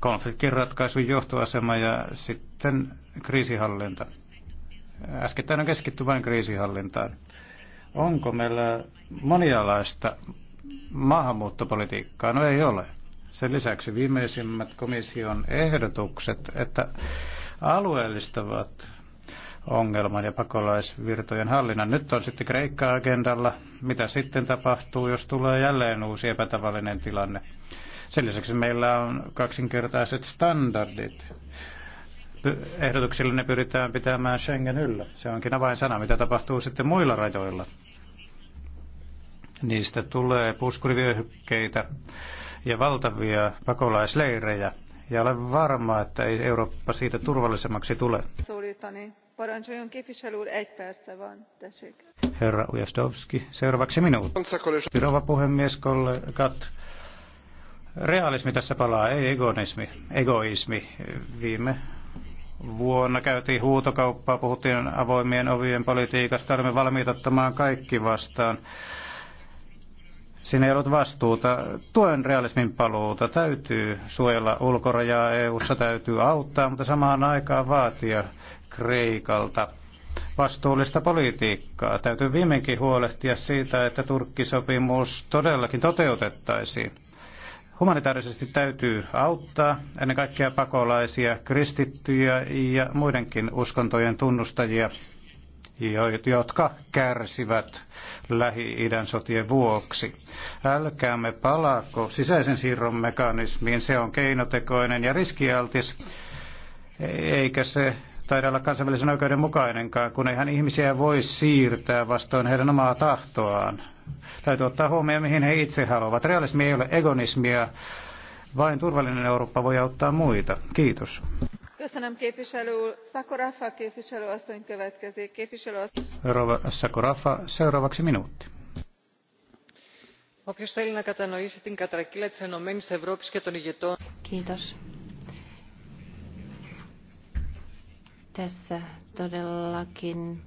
Konfliktin ratkaisun johtoasema ja sitten kriisihallinta. Äskettäin on keskitty vain kriisihallintaan. Onko meillä monialaista maahanmuuttopolitiikkaa? No ei ole. Sen lisäksi viimeisimmät komission ehdotukset, että alueellistavat ongelman ja pakolaisvirtojen hallinnan. Nyt on sitten Kreikka-agendalla. Mitä sitten tapahtuu, jos tulee jälleen uusi epätavallinen tilanne? Sen lisäksi meillä on kaksinkertaiset standardit. Ehdotuksilla ne pyritään pitämään Schengen yllä. Se onkin avainsana, mitä tapahtuu sitten muilla rajoilla. Niistä tulee puskurivyöhykkeitä ja valtavia pakolaisleirejä – ja olen varma, että ei Eurooppa siitä turvallisemmaksi tule. Herra Ujastovski, seuraavaksi minuutti. Rouva puhemies, kollegat. Realismi tässä palaa, ei egoismi. egoismi. Viime vuonna käytiin huutokauppaa, puhuttiin avoimien ovien politiikasta, olemme valmiit ottamaan kaikki vastaan. Siinä ei ollut vastuuta. Tuen realismin paluuta täytyy suojella ulkorajaa EU-ssa, täytyy auttaa, mutta samaan aikaan vaatia Kreikalta vastuullista politiikkaa. Täytyy viimeinkin huolehtia siitä, että Turkkisopimus todellakin toteutettaisiin. Humanitaarisesti täytyy auttaa ennen kaikkea pakolaisia, kristittyjä ja muidenkin uskontojen tunnustajia jotka kärsivät Lähi-idän sotien vuoksi. Älkäämme palaako sisäisen siirron mekanismiin, se on keinotekoinen ja riskialtis, eikä se taida olla kansainvälisen oikeuden mukainenkaan, kun eihän ihmisiä voi siirtää vastoin heidän omaa tahtoaan. Täytyy ottaa huomioon, mihin he itse haluavat. Realismi ei ole egonismia, vain turvallinen Eurooppa voi auttaa muita. Kiitos θέλει να κατανοήσει την κατρακύλα της ενωμένης ευρώπης και των ηγετών. Kiitos. Tässä todellakin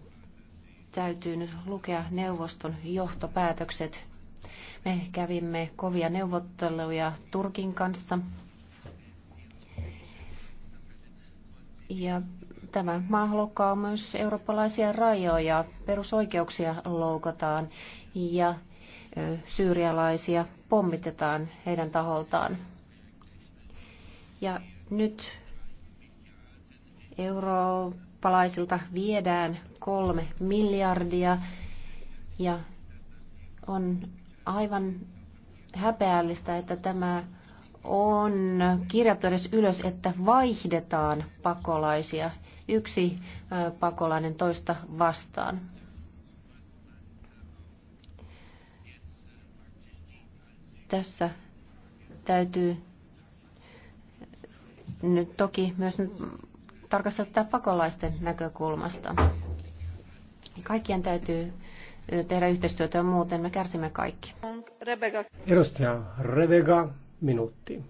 täytyy nyt lukea neuvoston johtopäätökset. Me kävimme kovia neuvotteluja Turkin kanssa Ja tämä maa loukkaa myös eurooppalaisia rajoja, perusoikeuksia loukataan ja syyrialaisia pommitetaan heidän taholtaan. Ja nyt eurooppalaisilta viedään kolme miljardia ja on aivan häpeällistä, että tämä on kirjattu edes ylös, että vaihdetaan pakolaisia yksi pakolainen toista vastaan. Tässä täytyy nyt toki myös tarkastella tätä pakolaisten näkökulmasta. Kaikkien täytyy tehdä yhteistyötä ja muuten me kärsimme kaikki. Rebega. Edustaja Rebega minuuttiin.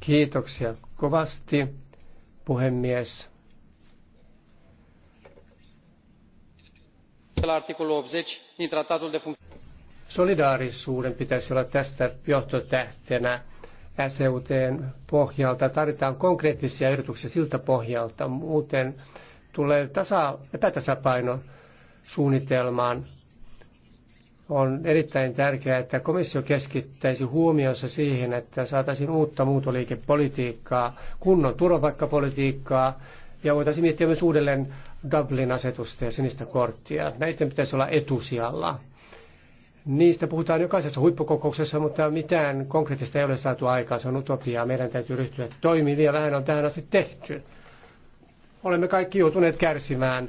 Kiitoksia kovasti, puhemies. Solidaarisuuden pitäisi olla tästä johtotähtenä SEUTn pohjalta. Tarvitaan konkreettisia ehdotuksia siltä pohjalta. Muuten tulee tasa, epätasapaino suunnitelmaan on erittäin tärkeää, että komissio keskittäisi huomionsa siihen, että saataisiin uutta muutoliikepolitiikkaa, kunnon turvapaikkapolitiikkaa ja voitaisiin miettiä myös uudelleen Dublin-asetusta ja sinistä korttia. Näiden pitäisi olla etusijalla. Niistä puhutaan jokaisessa huippukokouksessa, mutta mitään konkreettista ei ole saatu aikaan. Se on utopiaa. Meidän täytyy ryhtyä toimiin. Vielä vähän on tähän asti tehty. Olemme kaikki joutuneet kärsimään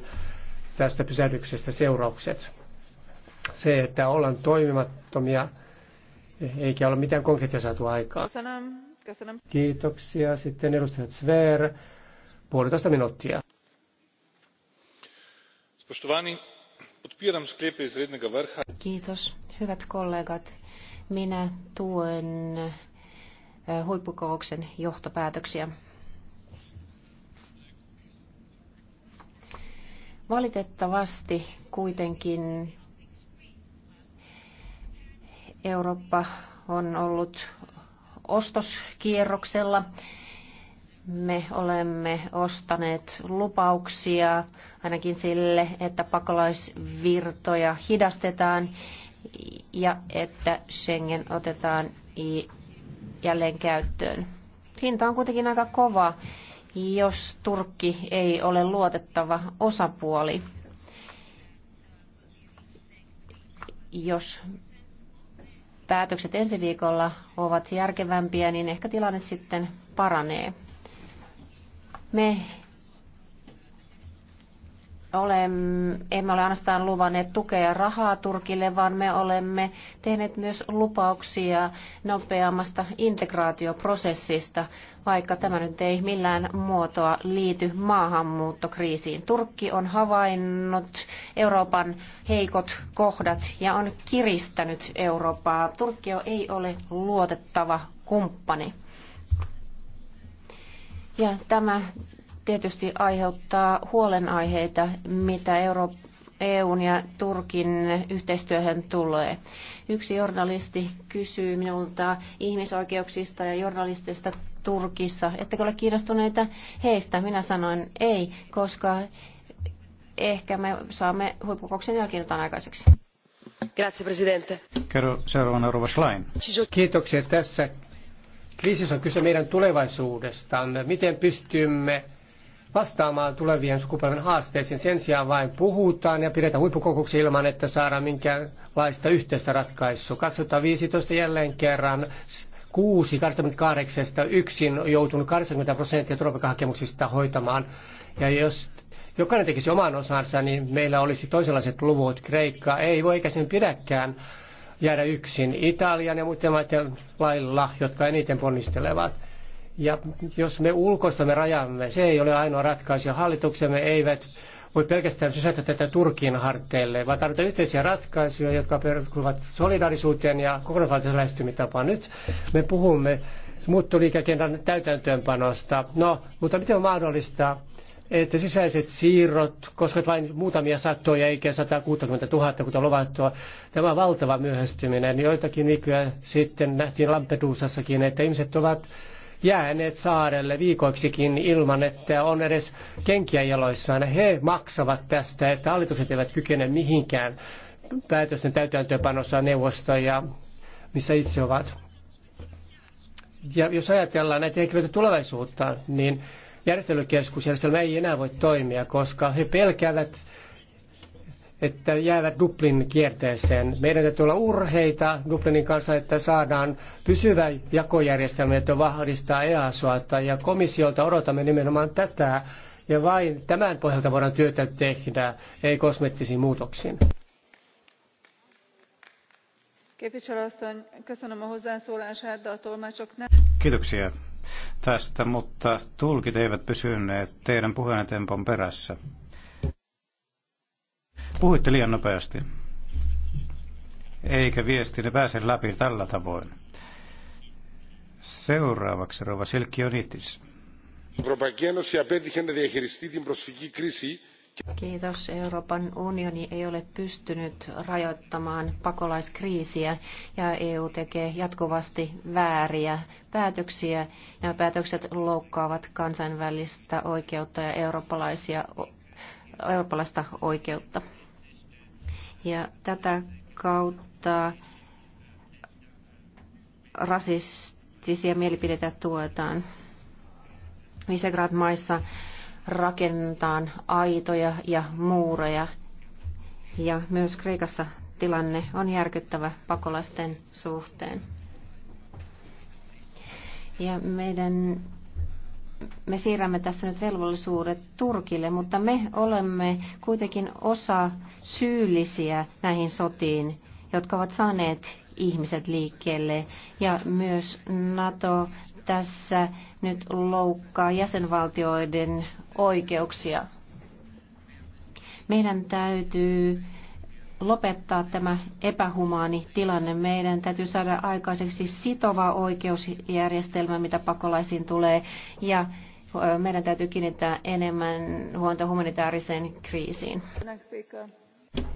tästä pysähdyksestä seuraukset se, että ollaan toimimattomia eikä ole mitään konkreettia saatu aikaan. Kiitoksia. Sitten edustaja Sver, puolitoista minuuttia. Kiitos. Hyvät kollegat, minä tuen eh, huippukokouksen johtopäätöksiä. Valitettavasti kuitenkin Eurooppa on ollut ostoskierroksella. Me olemme ostaneet lupauksia ainakin sille, että pakolaisvirtoja hidastetaan ja että Schengen otetaan jälleen käyttöön. Hinta on kuitenkin aika kova, jos Turkki ei ole luotettava osapuoli. Jos päätökset ensi viikolla ovat järkevämpiä, niin ehkä tilanne sitten paranee. Me olemme, emme ole ainoastaan luvanneet tukea rahaa Turkille, vaan me olemme tehneet myös lupauksia nopeammasta integraatioprosessista vaikka tämä nyt ei millään muotoa liity maahanmuuttokriisiin. Turkki on havainnut Euroopan heikot kohdat ja on kiristänyt Eurooppaa. Turkki ei ole luotettava kumppani. Ja tämä tietysti aiheuttaa huolenaiheita, mitä Eurooppa EUn ja Turkin yhteistyöhön tulee. Yksi journalisti kysyy minulta ihmisoikeuksista ja journalistista Turkissa. Ettekö ole kiinnostuneita heistä? Minä sanoin ei, koska ehkä me saamme huippukoksen jälkeen jotain aikaiseksi. Grazie, presidente. Kerro seuraavana Rova Schlein. Kiitoksia tässä. Kriisissä on kyse meidän tulevaisuudestamme. Miten pystymme vastaamaan tulevien sukupolven haasteisiin. Sen sijaan vain puhutaan ja pidetään huippukokouksia ilman, että saadaan minkäänlaista yhteistä ratkaisua. 2015 jälleen kerran 6, 28 yksin joutunut 80 prosenttia turvapaikkahakemuksista hoitamaan. Ja jos jokainen tekisi oman osansa, niin meillä olisi toisenlaiset luvut. Kreikka ei voi eikä sen pidäkään jäädä yksin Italian ja muiden maiden lailla, jotka eniten ponnistelevat. Ja jos me ulkoistamme rajamme, se ei ole ainoa ratkaisu. Hallituksemme eivät voi pelkästään sysätä tätä Turkin harteille, vaan tarvitaan yhteisiä ratkaisuja, jotka perustuvat solidaarisuuteen ja kokonaisvaltaisen lähestymistapaan. Nyt me puhumme muuttoliikekendan täytäntöönpanosta. No, mutta miten on mahdollista, että sisäiset siirrot koskevat vain muutamia satoja eikä 160 000, kuten luvattua. Tämä on valtava myöhästyminen. Joitakin viikkoja sitten nähtiin Lampedusassakin, että ihmiset ovat jääneet saarelle viikoiksikin ilman, että on edes kenkiä jaloissaan. He maksavat tästä, että hallitukset eivät kykene mihinkään päätösten täytäntöönpanossa neuvosta ja missä itse ovat. Ja jos ajatellaan näitä henkilöitä tulevaisuutta, niin järjestelykeskusjärjestelmä ei enää voi toimia, koska he pelkäävät että jäävät Dublin kierteeseen. Meidän täytyy olla urheita Dublinin kanssa, että saadaan pysyvä jakojärjestelmä, että vahvistaa EASOa. Ja komissiolta odotamme nimenomaan tätä. Ja vain tämän pohjalta voidaan työtä tehdä, ei kosmettisiin muutoksiin. Kiitoksia tästä, mutta tulkit eivät pysyneet teidän puheen tempon perässä. Puhuitte liian nopeasti. Eikä ne pääse läpi tällä tavoin. Seuraavaksi Rova Silkionitis. Kiitos. Euroopan unioni ei ole pystynyt rajoittamaan pakolaiskriisiä ja EU tekee jatkuvasti vääriä päätöksiä. Nämä päätökset loukkaavat kansainvälistä oikeutta ja eurooppalaisia, eurooppalaista oikeutta. Ja tätä kautta rasistisia mielipiteitä tuetaan. Visegrad-maissa rakennetaan aitoja ja muureja. Ja myös Kreikassa tilanne on järkyttävä pakolaisten suhteen. Ja meidän me siirrämme tässä nyt velvollisuudet Turkille, mutta me olemme kuitenkin osa syyllisiä näihin sotiin, jotka ovat saaneet ihmiset liikkeelle. Ja myös NATO tässä nyt loukkaa jäsenvaltioiden oikeuksia. Meidän täytyy lopettaa tämä epähumaani tilanne. Meidän täytyy saada aikaiseksi sitova oikeusjärjestelmä, mitä pakolaisiin tulee, ja meidän täytyy kiinnittää enemmän huonta humanitaariseen kriisiin.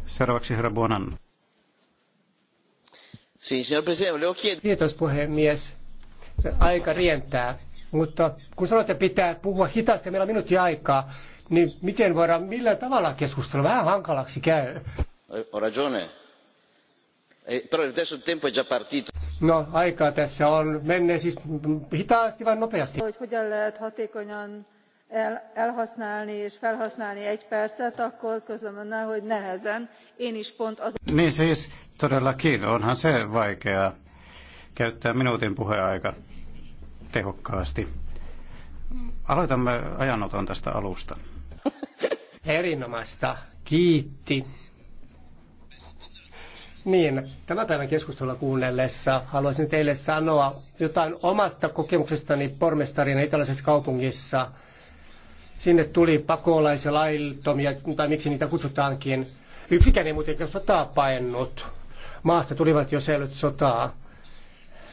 Seuraavaksi herra Buonan. Kiitos puhemies. Aika rientää. Mutta kun sanotte, että pitää puhua hitaasti, meillä on minuutti aikaa, niin miten voidaan millä tavalla keskustella? Vähän hankalaksi käy. Ho ragione. Eh, però adesso il tempo è già partito. No, aikaa tässä on. Menne siis hitaasti vai nopeasti? Hogy hogyan lehet hatékonyan el, elhasználni és felhasználni egy percet, akkor közlöm önnel, hogy nehezen. Én is pont az... Niin siis todellakin, onhan se vaikeaa käyttää minuutin puheaika tehokkaasti. Aloitamme ajanoton tästä alusta. Erinomaista. Kiitti. Niin, tämän päivän keskustelua kuunnellessa haluaisin teille sanoa jotain omasta kokemuksestani pormestarina itäläisessä kaupungissa. Sinne tuli pakolaisia laittomia, tai miksi niitä kutsutaankin. Yksikään ei muuten sotaa paennut. Maasta tulivat jo selvät sotaa.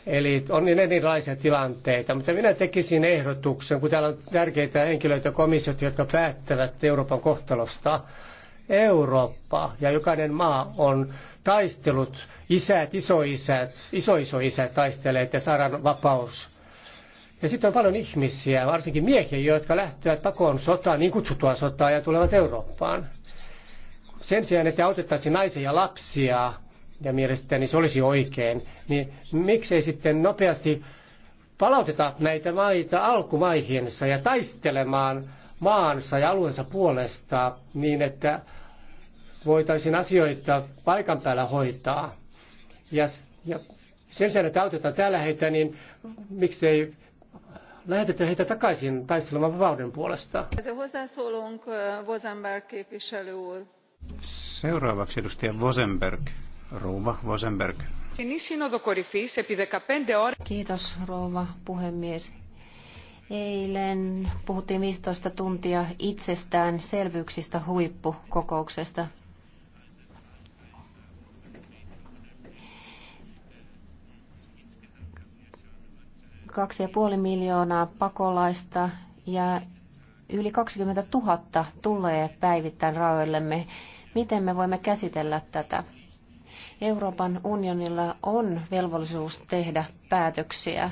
Eli on niin erilaisia tilanteita, mutta minä tekisin ehdotuksen, kun täällä on tärkeitä henkilöitä komissiot, jotka päättävät Euroopan kohtalosta. Eurooppa ja jokainen maa on taistellut, isät, isoisät, isoisoisät taistelee, että saadaan vapaus. Ja sitten on paljon ihmisiä, varsinkin miehiä, jotka lähtevät pakoon sotaan, niin kutsutua sotaa, ja tulevat Eurooppaan. Sen sijaan, että autettaisiin naisia ja lapsia, ja mielestäni se olisi oikein, niin miksei sitten nopeasti palauteta näitä maita alkumaihinsa ja taistelemaan maansa ja alueensa puolesta niin, että voitaisiin asioita paikan päällä hoitaa. Ja, ja sen sijaan, että autetaan täällä heitä, niin miksei lähetetä heitä takaisin taistelemaan vapauden puolesta. Seuraavaksi edustaja Vosenberg. Rouva Vosenberg. Kiitos rouva puhemies. Eilen puhuttiin 15 tuntia itsestään selvyyksistä huippukokouksesta. Kaksi ja puoli miljoonaa pakolaista ja yli 20 000 tulee päivittäin raoillemme. Miten me voimme käsitellä tätä? Euroopan unionilla on velvollisuus tehdä päätöksiä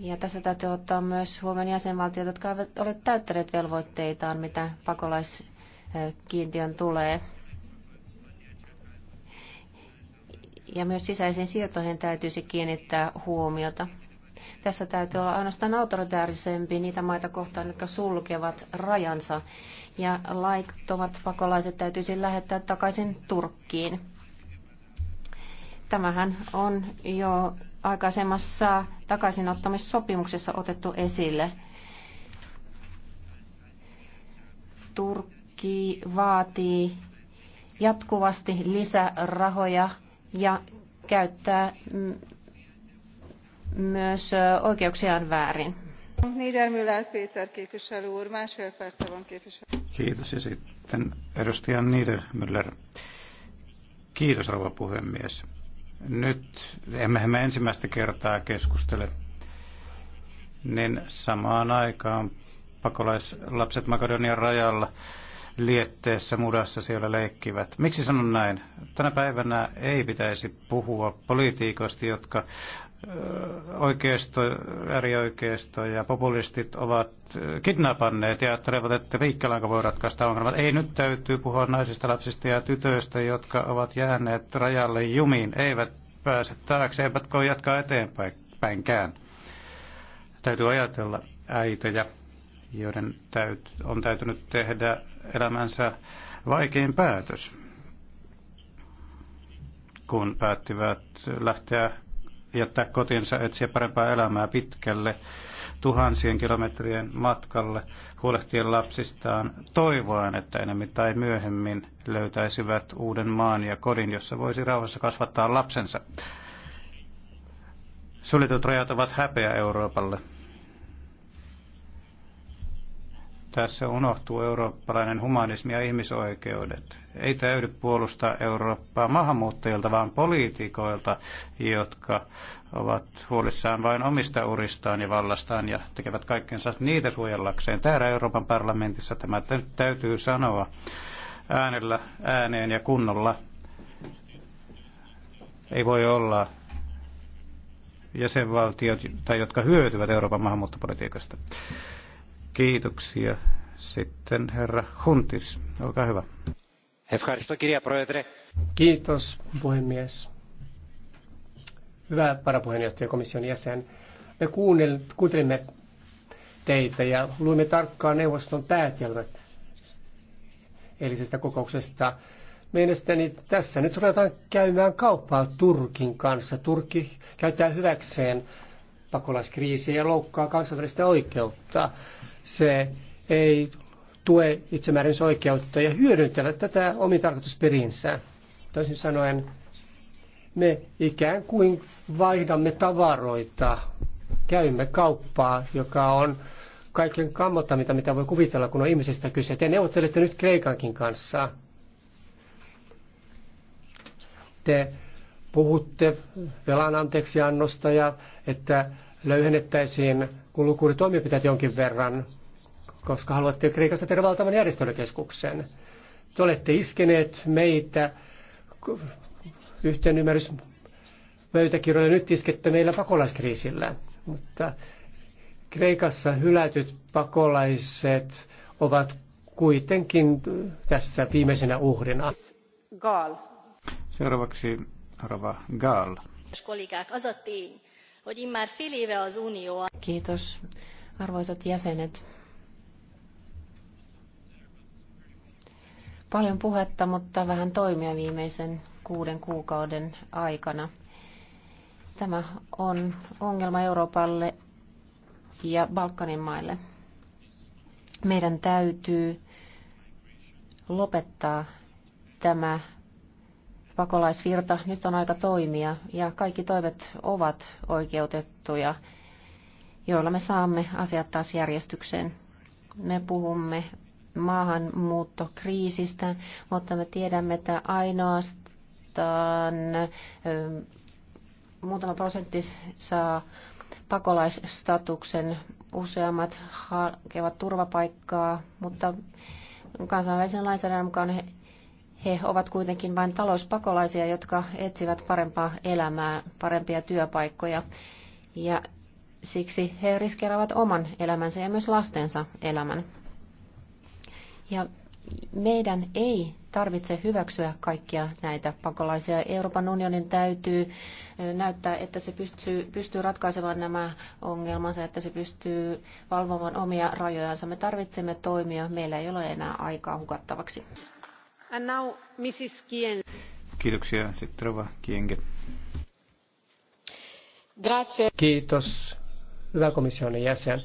ja tässä täytyy ottaa myös huomioon jäsenvaltiot, jotka eivät ole täyttäneet velvoitteitaan, mitä pakolaiskiintiön tulee. Ja myös sisäisiin siirtoihin täytyisi kiinnittää huomiota. Tässä täytyy olla ainoastaan autoritäärisempi niitä maita kohtaan, jotka sulkevat rajansa. Ja laittomat pakolaiset täytyisi lähettää takaisin Turkkiin. Tämähän on jo aikaisemmassa takaisinottamissopimuksessa otettu esille. Turkki vaatii jatkuvasti lisärahoja ja käyttää myös oikeuksiaan väärin. Kiitos ja sitten edustaja Niedermüller. Kiitos rouva puhemies nyt, emmehän me ensimmäistä kertaa keskustele, niin samaan aikaan pakolaislapset Makedonian rajalla lietteessä mudassa siellä leikkivät. Miksi sanon näin? Tänä päivänä ei pitäisi puhua poliitikoista, jotka oikeisto, äärioikeisto ja populistit ovat kidnapanneet ja ajattelevat, että viikkelanko voi ratkaista ongelmat. Ei nyt täytyy puhua naisista, lapsista ja tytöistä, jotka ovat jääneet rajalle jumiin, eivät pääse taakse, eivät voi jatkaa eteenpäinkään. Täytyy ajatella äitejä, joiden täyt, on täytynyt tehdä elämänsä vaikein päätös, kun päättivät lähteä jättää kotinsa, etsiä parempaa elämää pitkälle tuhansien kilometrien matkalle, huolehtien lapsistaan, toivoen, että enemmän tai myöhemmin löytäisivät uuden maan ja kodin, jossa voisi rauhassa kasvattaa lapsensa. Suljetut rajat ovat häpeä Euroopalle. Tässä unohtuu eurooppalainen humanismi ja ihmisoikeudet. Ei täydy puolustaa Eurooppaa maahanmuuttajilta, vaan poliitikoilta, jotka ovat huolissaan vain omista uristaan ja vallastaan ja tekevät kaikkensa niitä suojellakseen. Täällä Euroopan parlamentissa tämä täytyy sanoa äänellä, ääneen ja kunnolla. Ei voi olla jäsenvaltiot, tai jotka hyötyvät Euroopan maahanmuuttopolitiikasta. Kiitoksia. Sitten herra Huntis, olkaa hyvä. Kiitos puhemies. Hyvä varapuheenjohtaja komission jäsen. Me kuuntelimme teitä ja luimme tarkkaan neuvoston päätelmät eilisestä kokouksesta. Mielestäni tässä nyt ruvetaan käymään kauppaa Turkin kanssa. Turkki käyttää hyväkseen pakolaiskriisiä ja loukkaa kansainvälistä oikeutta se ei tue itsemääräämisoikeutta ja hyödyntävät tätä omiin tarkoitusperinsä. Toisin sanoen, me ikään kuin vaihdamme tavaroita, käymme kauppaa, joka on kaiken kammottamista, mitä voi kuvitella, kun on ihmisistä kyse. Te neuvottelette nyt Kreikankin kanssa. Te puhutte velan anteeksiannosta ja että löyhennettäisiin kulukuri jonkin verran, koska haluatte Kreikasta tehdä valtavan järjestelykeskuksen. Te olette iskeneet meitä ymmärrys pöytäkirjoille nyt iskette meillä pakolaiskriisillä. Mutta Kreikassa hylätyt pakolaiset ovat kuitenkin tässä viimeisenä uhrina. Gaal. Seuraavaksi Rova Gaal. Kiitos, arvoisat jäsenet. paljon puhetta, mutta vähän toimia viimeisen kuuden kuukauden aikana. Tämä on ongelma Euroopalle ja Balkanin maille. Meidän täytyy lopettaa tämä pakolaisvirta. Nyt on aika toimia ja kaikki toivet ovat oikeutettuja, joilla me saamme asiat taas järjestykseen. Me puhumme maahanmuuttokriisistä, mutta me tiedämme, että ainoastaan muutama prosentti saa pakolaisstatuksen. Useammat hakevat turvapaikkaa, mutta kansainvälisen lainsäädännön mukaan he, he ovat kuitenkin vain talouspakolaisia, jotka etsivät parempaa elämää, parempia työpaikkoja. Ja siksi he riskeeraavat oman elämänsä ja myös lastensa elämän. Ja meidän ei tarvitse hyväksyä kaikkia näitä pakolaisia. Euroopan unionin täytyy näyttää, että se pystyy, pystyy ratkaisemaan nämä ongelmansa, että se pystyy valvomaan omia rajojansa. Me tarvitsemme toimia. Meillä ei ole enää aikaa hukattavaksi. And now Mrs. Kien. Kiitoksia. Sitten Rova Kienge. Grazie. Kiitos, hyvä komission jäsen.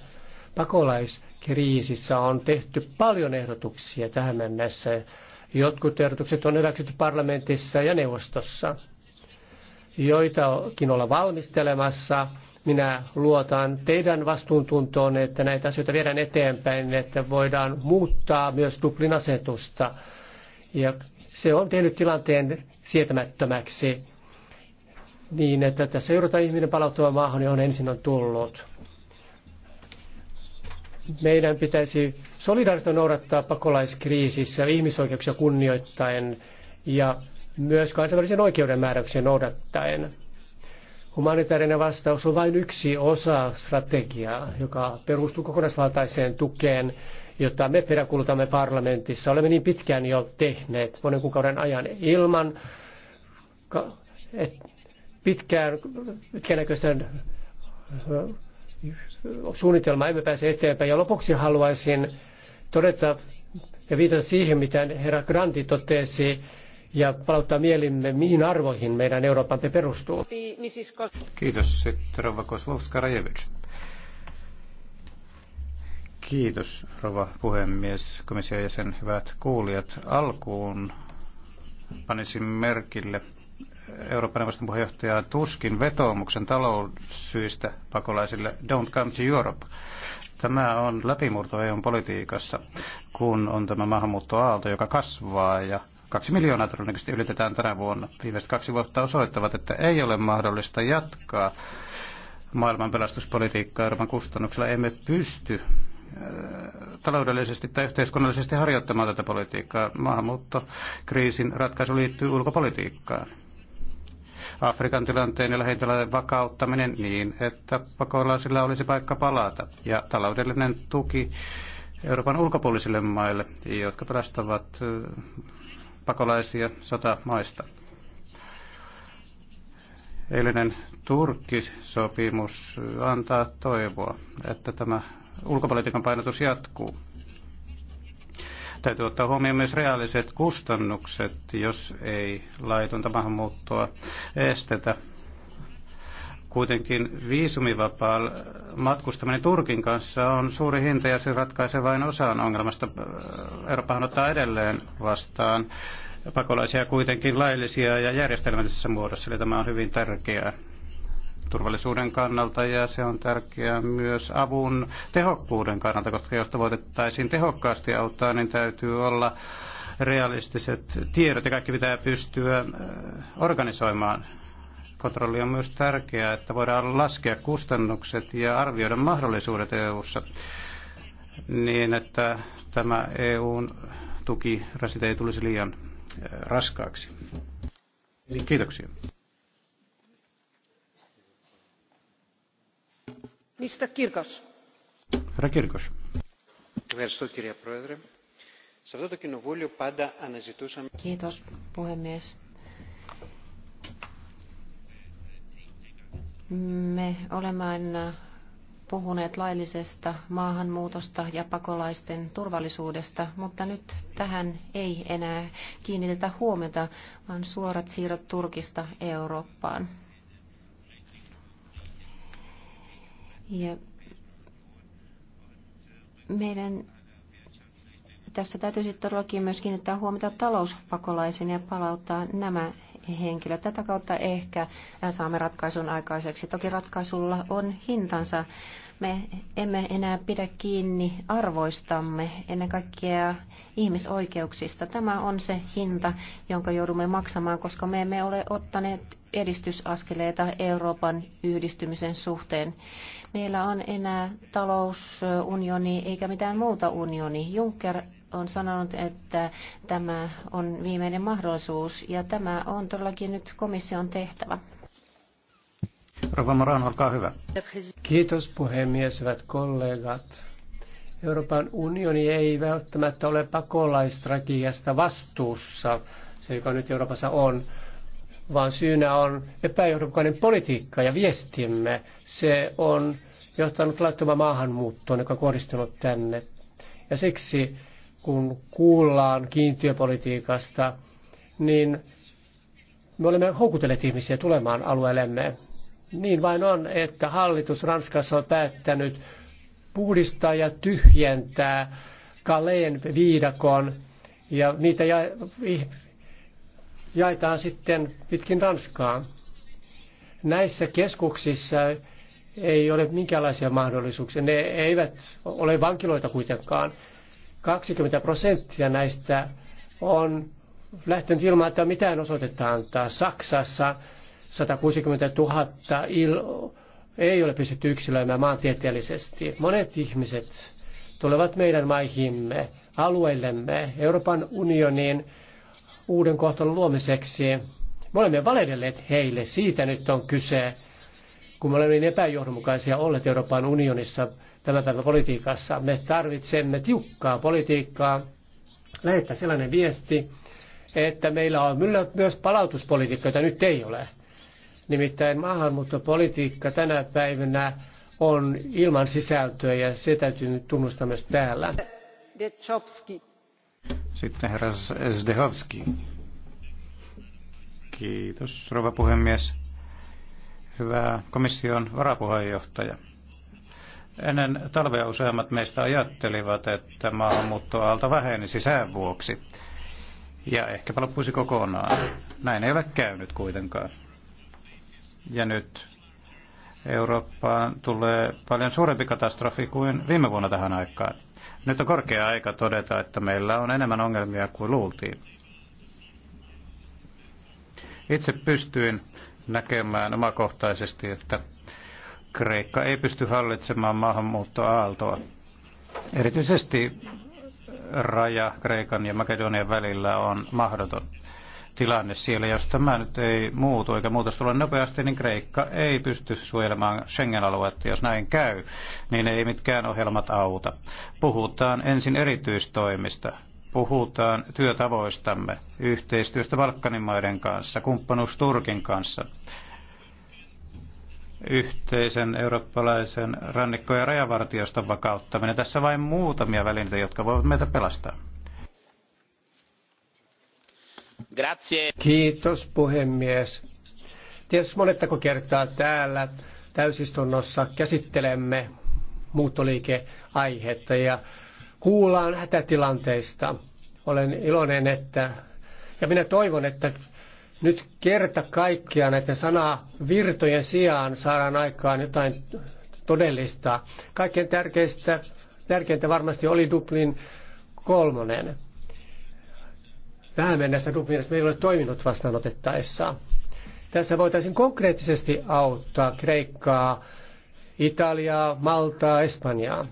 Pakolais kriisissä on tehty paljon ehdotuksia tähän mennessä. Jotkut ehdotukset on hyväksytty parlamentissa ja neuvostossa. Joitakin olla valmistelemassa. Minä luotan teidän vastuuntuntoon, että näitä asioita viedään eteenpäin, että voidaan muuttaa myös Dublin asetusta. Ja se on tehnyt tilanteen sietämättömäksi niin, että tässä joudutaan ihminen palauttamaan maahan, johon ensin on tullut meidän pitäisi solidaarista noudattaa pakolaiskriisissä ihmisoikeuksia kunnioittaen ja myös kansainvälisen oikeuden määräyksiä noudattaen. Humanitaarinen vastaus on vain yksi osa strategiaa, joka perustuu kokonaisvaltaiseen tukeen, jota me peräkulutamme parlamentissa. Olemme niin pitkään jo tehneet monen kuukauden ajan ilman pitkään, pitkänäköisen suunnitelmaa emme pääse eteenpäin. Ja lopuksi haluaisin todeta ja viitata siihen, mitä herra Granti totesi, ja palauttaa mielimme, mihin arvoihin meidän Euroopan perustuu. Kiitos, Rova Koslovska-Rajevic. Kiitos, rouva puhemies, komission jäsen, hyvät kuulijat. Alkuun panisin merkille Euroopan neuvoston puheenjohtaja Tuskin vetoomuksen taloussyistä pakolaisille Don't come to Europe. Tämä on läpimurto EUn politiikassa, kun on tämä maahanmuuttoaalto, joka kasvaa ja kaksi miljoonaa todennäköisesti ylitetään tänä vuonna. Viimeiset kaksi vuotta osoittavat, että ei ole mahdollista jatkaa maailman pelastuspolitiikkaa Euroopan kustannuksella. Emme pysty äh, taloudellisesti tai yhteiskunnallisesti harjoittamaan tätä politiikkaa. Maahanmuuttokriisin ratkaisu liittyy ulkopolitiikkaan. Afrikan tilanteen ja lähitilanteen vakauttaminen niin, että pakolaisilla olisi paikka palata ja taloudellinen tuki Euroopan ulkopuolisille maille, jotka pelastavat pakolaisia sotamaista. Eilinen Turkki-sopimus antaa toivoa, että tämä ulkopolitiikan painotus jatkuu. Täytyy ottaa huomioon myös reaaliset kustannukset, jos ei laitonta maahanmuuttoa estetä. Kuitenkin viisumivapaa matkustaminen Turkin kanssa on suuri hinta ja se ratkaisee vain osan ongelmasta. Euroopan ottaa edelleen vastaan pakolaisia kuitenkin laillisia ja järjestelmällisessä muodossa, eli tämä on hyvin tärkeää turvallisuuden kannalta ja se on tärkeää myös avun tehokkuuden kannalta, koska jotta voitettaisiin tehokkaasti auttaa, niin täytyy olla realistiset tiedot ja kaikki pitää pystyä äh, organisoimaan. Kontrolli on myös tärkeää, että voidaan laskea kustannukset ja arvioida mahdollisuudet EU-ssa niin, että tämä EUn tukirasite ei tulisi liian äh, raskaaksi. Kiitoksia. Kiitos, puhemies. Me olemme aina puhuneet laillisesta maahanmuutosta ja pakolaisten turvallisuudesta, mutta nyt tähän ei enää kiinnitetä huomiota, vaan suorat siirrot Turkista Eurooppaan. Ja meidän tässä täytyisi todellakin myös kiinnittää huomiota talouspakolaisiin ja palauttaa nämä henkilöt. Tätä kautta ehkä saamme ratkaisun aikaiseksi. Toki ratkaisulla on hintansa. Me emme enää pidä kiinni arvoistamme, ennen kaikkea ihmisoikeuksista. Tämä on se hinta, jonka joudumme maksamaan, koska me emme ole ottaneet edistysaskeleita Euroopan yhdistymisen suhteen. Meillä on enää talousunioni eikä mitään muuta unioni. Juncker on sanonut, että tämä on viimeinen mahdollisuus ja tämä on todellakin nyt komission tehtävä. Rova Moran, olkaa hyvä. Kiitos puhemies, hyvät kollegat. Euroopan unioni ei välttämättä ole pakolaistragiasta vastuussa, se joka nyt Euroopassa on, vaan syynä on epäjohdonmukainen politiikka ja viestimme. Se on johtanut laittomaan maahanmuuttoon, joka on kohdistunut tänne. Ja siksi, kun kuullaan kiintiöpolitiikasta, niin me olemme houkutelleet ihmisiä tulemaan alueellemme. Niin vain on, että hallitus Ranskassa on päättänyt puhdistaa ja tyhjentää Kaleen viidakon ja niitä ja, jaetaan sitten pitkin Ranskaa. Näissä keskuksissa ei ole minkäänlaisia mahdollisuuksia. Ne eivät ole vankiloita kuitenkaan. 20 prosenttia näistä on lähtenyt ilman, että mitään osoitetta antaa. Saksassa 160 000 il- ei ole pystytty yksilöimään maantieteellisesti. Monet ihmiset tulevat meidän maihimme, alueillemme, Euroopan unionin uuden kohtalon luomiseksi. Me olemme valedelleet heille, siitä nyt on kyse, kun me olemme niin epäjohdonmukaisia olleet Euroopan unionissa tämän päivän politiikassa. Me tarvitsemme tiukkaa politiikkaa, lähettää sellainen viesti, että meillä on myös palautuspolitiikka, jota nyt ei ole. Nimittäin maahanmuuttopolitiikka tänä päivänä on ilman sisältöä ja se täytyy nyt tunnustaa myös täällä. Sitten herra Zdehovski. Kiitos, rouva puhemies. Hyvä komission varapuheenjohtaja. Ennen talvea useammat meistä ajattelivat, että maahanmuuttoaalto vähenisi sään vuoksi ja ehkäpä loppuisi kokonaan. Näin ei ole käynyt kuitenkaan. Ja nyt Eurooppaan tulee paljon suurempi katastrofi kuin viime vuonna tähän aikaan. Nyt on korkea aika todeta, että meillä on enemmän ongelmia kuin luultiin. Itse pystyin näkemään omakohtaisesti, että Kreikka ei pysty hallitsemaan maahanmuuttoaaltoa. Erityisesti raja Kreikan ja Makedonian välillä on mahdoton tilanne siellä. Jos tämä nyt ei muutu eikä muutos tule nopeasti, niin Kreikka ei pysty suojelemaan Schengen-aluetta. Jos näin käy, niin ei mitkään ohjelmat auta. Puhutaan ensin erityistoimista. Puhutaan työtavoistamme, yhteistyöstä Balkanin maiden kanssa, kumppanuus Turkin kanssa, yhteisen eurooppalaisen rannikko- ja rajavartioston vakauttaminen. Tässä vain muutamia välineitä, jotka voivat meitä pelastaa. Grazie. Kiitos puhemies. Ties monettako kertaa täällä täysistunnossa käsittelemme muuttoliikeaihetta ja kuullaan hätätilanteista. Olen iloinen, että ja minä toivon, että nyt kerta kaikkiaan näiden sanavirtojen sijaan saadaan aikaan jotain todellista. Kaikkein tärkeintä varmasti oli Dublin kolmonen. Tähän mennessä Dublinas meillä ei ole toiminut vastaanotettaessa. Tässä voitaisiin konkreettisesti auttaa Kreikkaa, Italiaa, Maltaa, Espanjaa.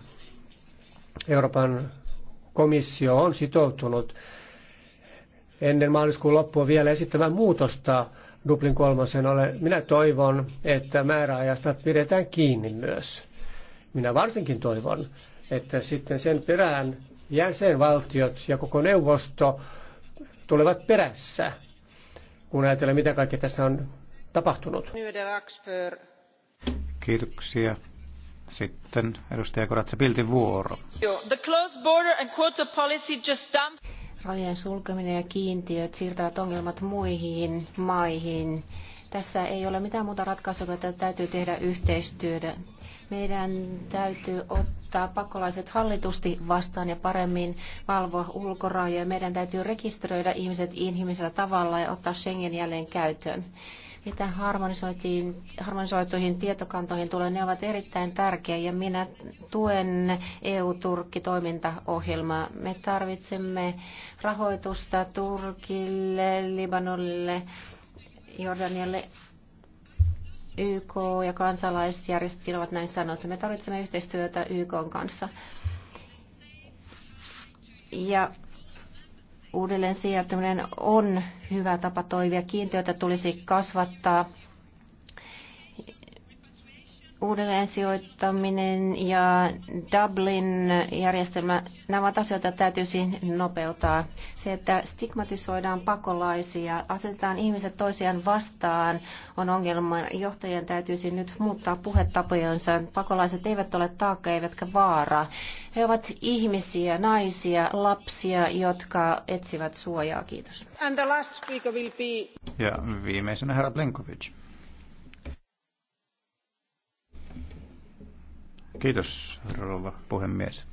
Euroopan komissio on sitoutunut ennen maaliskuun loppua vielä esittämään muutosta Dublin kolmosen ole. Minä toivon, että määräajasta pidetään kiinni myös. Minä varsinkin toivon, että sitten sen perään jäsenvaltiot ja koko neuvosto tulevat perässä, kun ajatellaan, mitä kaikkea tässä on tapahtunut. Kiitoksia. Sitten edustaja Koratsa Piltin vuoro. The border and quota policy just dumps... Rajojen sulkeminen ja kiintiöt siirtävät ongelmat muihin maihin. Tässä ei ole mitään muuta ratkaisua, että täytyy tehdä yhteistyötä. Meidän täytyy ottaa pakolaiset hallitusti vastaan ja paremmin valvoa ulkorajoja. Meidän täytyy rekisteröidä ihmiset ihmisellä tavalla ja ottaa Schengen jälleen käyttöön. Mitä harmonisoituihin tietokantoihin tulee, ne ovat erittäin tärkeä ja minä tuen EU-Turkki-toimintaohjelmaa. Me tarvitsemme rahoitusta Turkille, Libanonille, Jordanialle YK ja kansalaisjärjestöt ovat näin sanoneet, että me tarvitsemme yhteistyötä YK kanssa. Ja uudelleen sijoittaminen on hyvä tapa toimia. Kiintiötä tulisi kasvattaa uudelleen sijoittaminen ja Dublin-järjestelmä, nämä ovat asioita, joita täytyisi nopeuttaa. Se, että stigmatisoidaan pakolaisia, asetetaan ihmiset toisiaan vastaan, on ongelma. Johtajien täytyisi nyt muuttaa puhetapojansa. Pakolaiset eivät ole taakka eivätkä vaara. He ovat ihmisiä, naisia, lapsia, jotka etsivät suojaa. Kiitos. And the last speaker will be... Ja viimeisenä herra Blenkovic. Kiitos, rouva puhemies.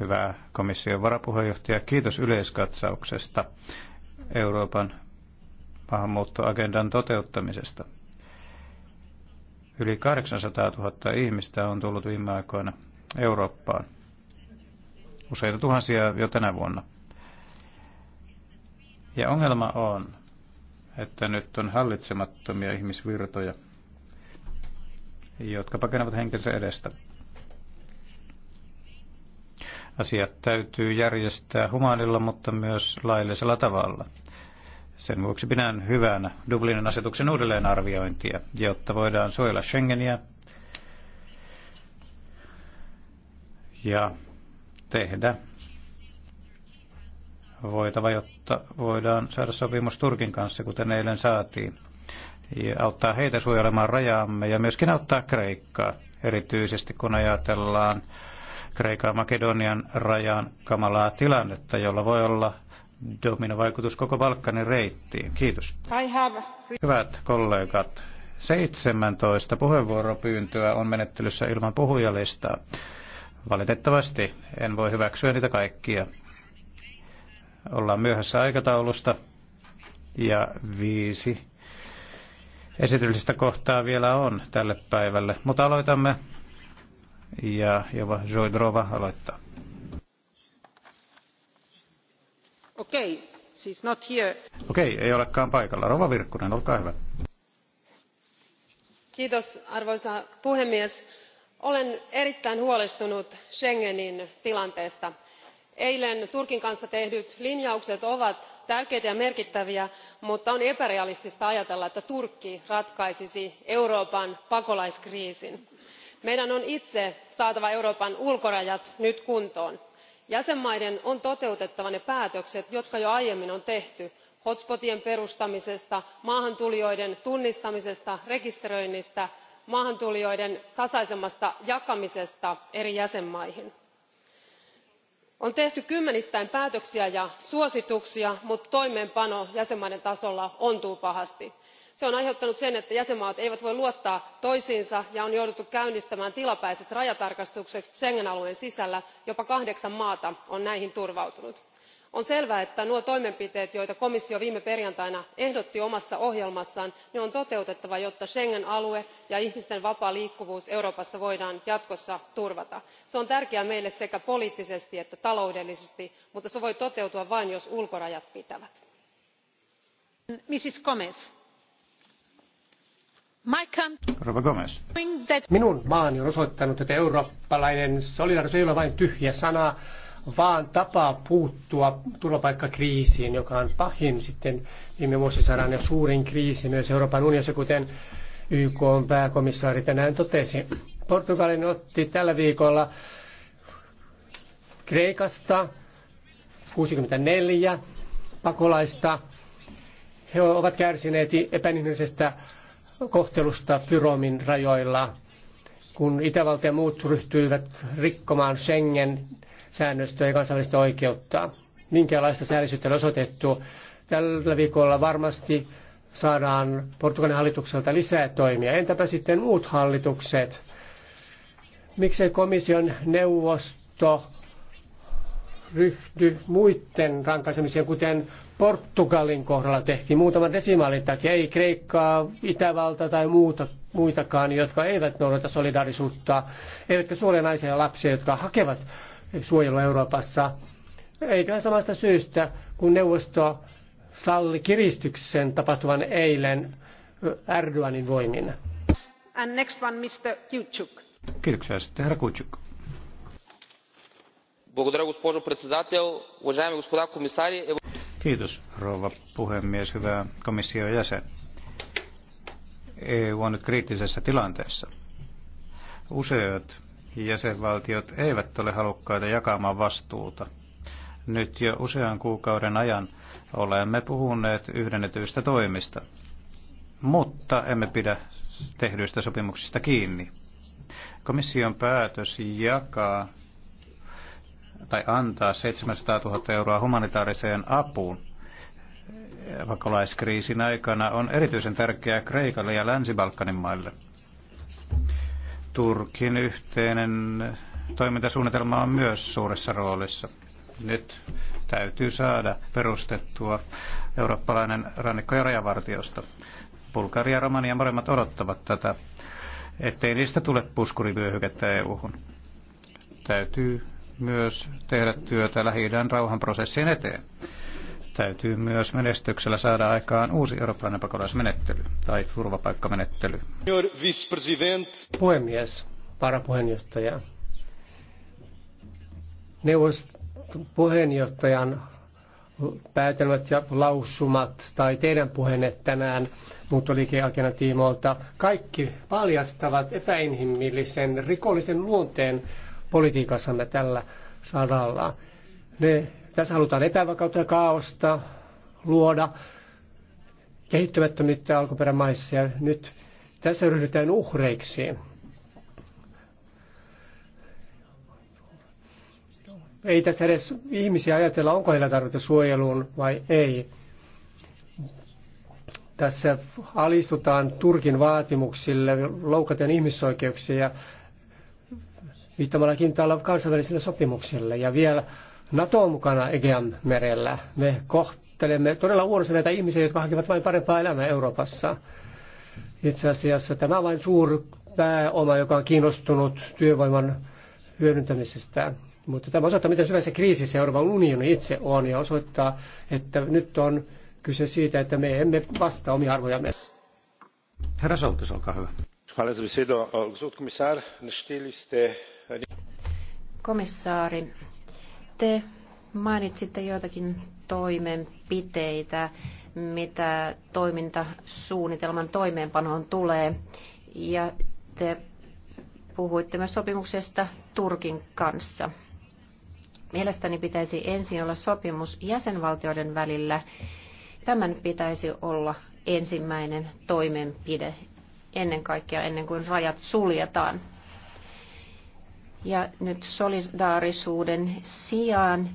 Hyvä komission varapuheenjohtaja, kiitos yleiskatsauksesta Euroopan maahanmuuttoagendan toteuttamisesta. Yli 800 000 ihmistä on tullut viime aikoina Eurooppaan. Useita tuhansia jo tänä vuonna. Ja ongelma on, että nyt on hallitsemattomia ihmisvirtoja – jotka pakenevat henkensä edestä. Asiat täytyy järjestää humaanilla, mutta myös laillisella tavalla. Sen vuoksi pidän hyvänä Dublinin asetuksen uudelleenarviointia, jotta voidaan suojella Schengeniä ja tehdä voitava, jotta voidaan saada sopimus Turkin kanssa, kuten eilen saatiin ja auttaa heitä suojelemaan rajaamme ja myöskin auttaa Kreikkaa, erityisesti kun ajatellaan Kreikan Makedonian rajan kamalaa tilannetta, jolla voi olla dominovaikutus koko Balkanin reittiin. Kiitos. Have... Hyvät kollegat, 17 puheenvuoropyyntöä on menettelyssä ilman puhujalistaa. Valitettavasti en voi hyväksyä niitä kaikkia. Ollaan myöhässä aikataulusta ja viisi esityllistä kohtaa vielä on tälle päivälle, mutta aloitamme ja Jova Joidrova aloittaa. Okei, okay, siis not here. Okei, okay, ei olekaan paikalla. Rova Virkkunen, olkaa hyvä. Kiitos, arvoisa puhemies olen erittäin huolestunut schengenin tilanteesta eilen turkin kanssa tehdyt linjaukset ovat tärkeitä ja merkittäviä mutta on epärealistista ajatella että turkki ratkaisisi euroopan pakolaiskriisin. meidän on itse saatava euroopan ulkorajat nyt kuntoon. jäsenvaltioiden on toteutettava ne päätökset jotka jo aiemmin on tehty hotspotien perustamisesta maahantulijoiden tunnistamisesta rekisteröinnistä maahantulijoiden tasaisemmasta jakamisesta eri jäsenvaltioihin on tehty kymmenittäin päätöksiä ja suosituksia mutta toimeenpano jäsenvaltioiden tasolla ontuu pahasti. se on aiheuttanut sen että jäsenvaltiot eivät voi luottaa toisiinsa ja on jouduttu käynnistämään tilapäiset rajatarkastukset schengen alueen sisällä jopa kahdeksan maata on näihin turvautunut on selvää että nuo toimenpiteet joita komissio viime perjantaina ehdotti omassa ohjelmassaan on toteutettava jotta schengen alue ja ihmisten vapaa liikkuvuus euroopassa voidaan jatkossa turvata. se on tärkeää meille sekä poliittisesti että taloudellisesti mutta se voi toteutua vain jos ulkorajat pitävät. minun maani on osoittanut että eurooppalainen solidaarisuus ei ole vain tyhjä sana vaan tapa puuttua turvapaikkakriisiin, joka on pahin sitten viime vuosisadan ja suurin kriisi myös Euroopan unionissa, kuten YK on pääkomissaari tänään totesi. Portugalin otti tällä viikolla Kreikasta 64 pakolaista. He ovat kärsineet epäinhimillisestä kohtelusta pyromin rajoilla, kun Itävalta ja muut ryhtyivät rikkomaan Schengen säännöstöä ja kansainvälistä oikeutta. Minkälaista säällisyyttä on osoitettu. Tällä viikolla varmasti saadaan Portugalin hallitukselta lisää toimia. Entäpä sitten muut hallitukset? Miksei komission neuvosto ryhdy muiden rankaisemiseen, kuten Portugalin kohdalla tehtiin muutaman desimaalin takia, ei Kreikkaa, Itävalta tai muuta, muitakaan, jotka eivät noudata solidaarisuutta, eivätkä suoja naisia ja lapsia, jotka hakevat suojelua Euroopassa. Eikä samasta syystä, kun neuvosto salli kiristyksen tapahtuvan eilen Erdoganin voimin. And next one, Mr. Kyuchuk. Kiitoksia, sitten herra Kutsuk. Kiitos, rouva puhemies, hyvä komission jäsen. EU on nyt kriittisessä tilanteessa. Useat jäsenvaltiot eivät ole halukkaita jakamaan vastuuta. Nyt jo usean kuukauden ajan olemme puhuneet yhdennetyistä toimista, mutta emme pidä tehdyistä sopimuksista kiinni. Komission päätös jakaa tai antaa 700 000 euroa humanitaariseen apuun pakolaiskriisin aikana on erityisen tärkeää Kreikalle ja Länsi-Balkanin maille – Turkin yhteinen toimintasuunnitelma on myös suuressa roolissa. Nyt täytyy saada perustettua eurooppalainen rannikko- ja rajavartiosto. Bulgaria ja Romania molemmat odottavat tätä, ettei niistä tule puskurivyöhykettä EU-hun. Täytyy myös tehdä työtä lähi rauhanprosessin eteen täytyy myös menestyksellä saada aikaan uusi eurooppalainen pakolaismenettely tai turvapaikkamenettely. Puhemies, varapuheenjohtaja. Neuvoston puheenjohtajan päätelmät ja lausumat tai teidän puheenne tänään muuttoliikeagena tiimoilta, kaikki paljastavat epäinhimillisen rikollisen luonteen politiikassamme tällä saralla. Ne tässä halutaan epävakautta ja kaaosta luoda kehittymättömyyttä alkuperämaissa ja nyt tässä ryhdytään uhreiksi. Ei tässä edes ihmisiä ajatella, onko heillä tarvetta suojeluun vai ei. Tässä alistutaan Turkin vaatimuksille, loukaten ihmisoikeuksia viittamalla kintaalla kansainvälisille sopimuksille. Ja vielä NATO on mukana Egean merellä. Me kohtelemme todella huonosti näitä ihmisiä, jotka hakevat vain parempaa elämää Euroopassa. Itse asiassa tämä on vain suur pääoma, joka on kiinnostunut työvoiman hyödyntämisestä. Mutta tämä osoittaa, miten syvässä kriisissä Euroopan unioni itse on ja osoittaa, että nyt on kyse siitä, että me emme vastaa omia arvojamme. Herra Soltis, olkaa hyvä. Komissaari, te mainitsitte joitakin toimenpiteitä, mitä toimintasuunnitelman toimeenpanoon tulee, ja te puhuitte myös sopimuksesta Turkin kanssa. Mielestäni pitäisi ensin olla sopimus jäsenvaltioiden välillä. Tämän pitäisi olla ensimmäinen toimenpide ennen kaikkea ennen kuin rajat suljetaan. Ja nyt solidaarisuuden sijaan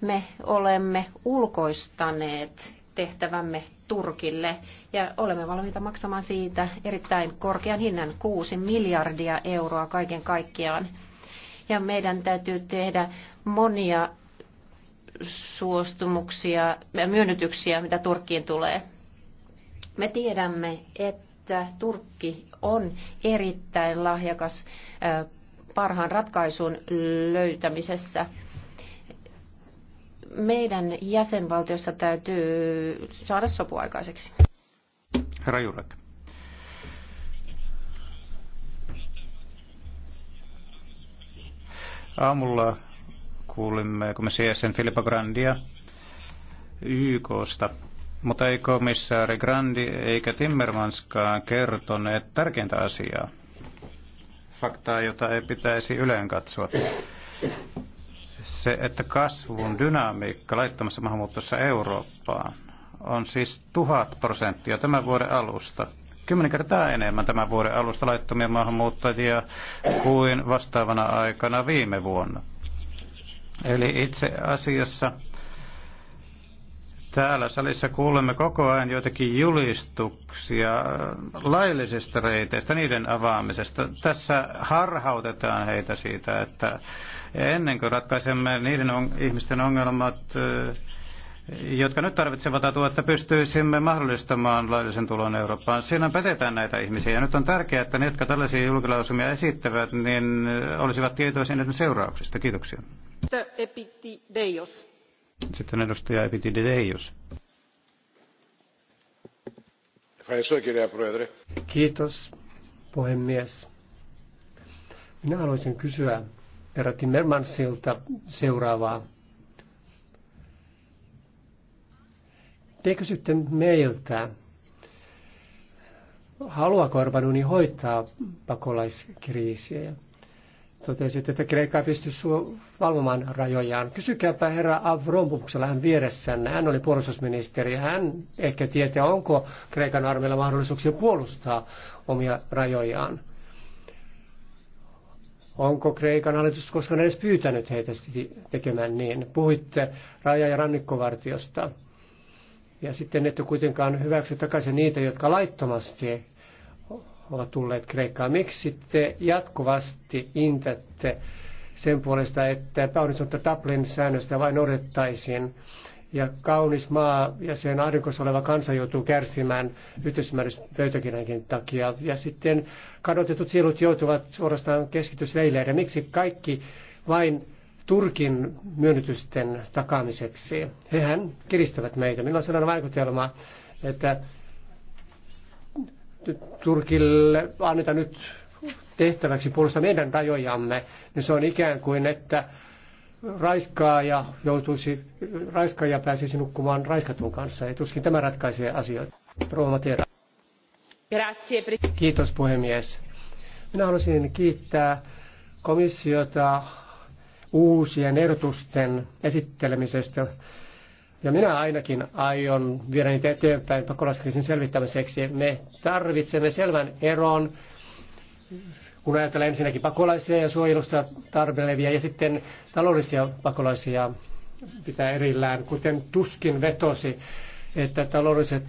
me olemme ulkoistaneet tehtävämme Turkille ja olemme valmiita maksamaan siitä erittäin korkean hinnan 6 miljardia euroa kaiken kaikkiaan. Ja meidän täytyy tehdä monia suostumuksia ja myönnytyksiä, mitä Turkkiin tulee. Me tiedämme, että Turkki on erittäin lahjakas parhaan ratkaisun löytämisessä. Meidän jäsenvaltiossa täytyy saada sopu aikaiseksi. Herra Jurek. Aamulla kuulimme komission jäsen Filippo Grandia YKsta, mutta ei komissaari Grandi eikä Timmermanskaan kertoneet tärkeintä asiaa, faktaa, jota ei pitäisi yleen katsoa. Se, että kasvun dynamiikka laittomassa maahanmuuttossa Eurooppaan on siis tuhat prosenttia tämän vuoden alusta. Kymmenen kertaa enemmän tämän vuoden alusta laittomia maahanmuuttajia kuin vastaavana aikana viime vuonna. Eli itse asiassa Täällä salissa kuulemme koko ajan joitakin julistuksia äh, laillisista reiteistä, niiden avaamisesta. Tässä harhautetaan heitä siitä, että ennen kuin ratkaisemme niiden on, ihmisten ongelmat, äh, jotka nyt tarvitsevat atua, että pystyisimme mahdollistamaan laillisen tulon Eurooppaan. Siinä petetään näitä ihmisiä. Ja nyt on tärkeää, että ne, jotka tällaisia julkilausumia esittävät, niin äh, olisivat tietoisia niiden seurauksista. Kiitoksia. Sitten edustaja Epitidideius. Kiitos, puhemies. Minä haluaisin kysyä herra Timmermansilta seuraavaa. Te kysytte meiltä, haluaako Orbanuni hoitaa pakolaiskriisiä? Totesit, että Kreikka ei pysty valvomaan rajojaan. Kysykääpä herra Avrompuksella hän vieressänne. Hän oli puolustusministeri. Hän ehkä tietää, onko Kreikan armeilla mahdollisuuksia puolustaa omia rajojaan. Onko Kreikan hallitus koskaan edes pyytänyt heitä tekemään niin? Puhuitte raja- ja rannikkovartiosta. Ja sitten ette kuitenkaan hyväksy takaisin niitä, jotka laittomasti ovat tulleet Kreikkaan. Miksi te jatkuvasti intätte sen puolesta, että epäonnistunutta Dublin säännöstä vain odottaisiin ja kaunis maa ja sen aurinkossa oleva kansa joutuu kärsimään yhteisymmärryspöytäkirjankin takia. Ja sitten kadotetut sielut joutuvat suorastaan keskitysleileille. Miksi kaikki vain Turkin myönnytysten takaamiseksi? Hehän kiristävät meitä. Minulla on sellainen vaikutelma, että Turkille anneta nyt tehtäväksi puolustaa meidän rajojamme, niin se on ikään kuin, että raiskaaja joutuisi, raiskaaja pääsisi nukkumaan raiskatun kanssa. Ja tuskin tämä ratkaisee asioita. Rouva Matera. Kiitos puhemies. Minä haluaisin kiittää komissiota uusien erotusten esittelemisestä ja minä ainakin aion viedä niitä eteenpäin pakolaiskriisin selvittämiseksi. Me tarvitsemme selvän eron, kun ajatellaan ensinnäkin pakolaisia ja suojelusta tarvelevia ja sitten taloudellisia pakolaisia pitää erillään, kuten Tuskin vetosi, että taloudelliset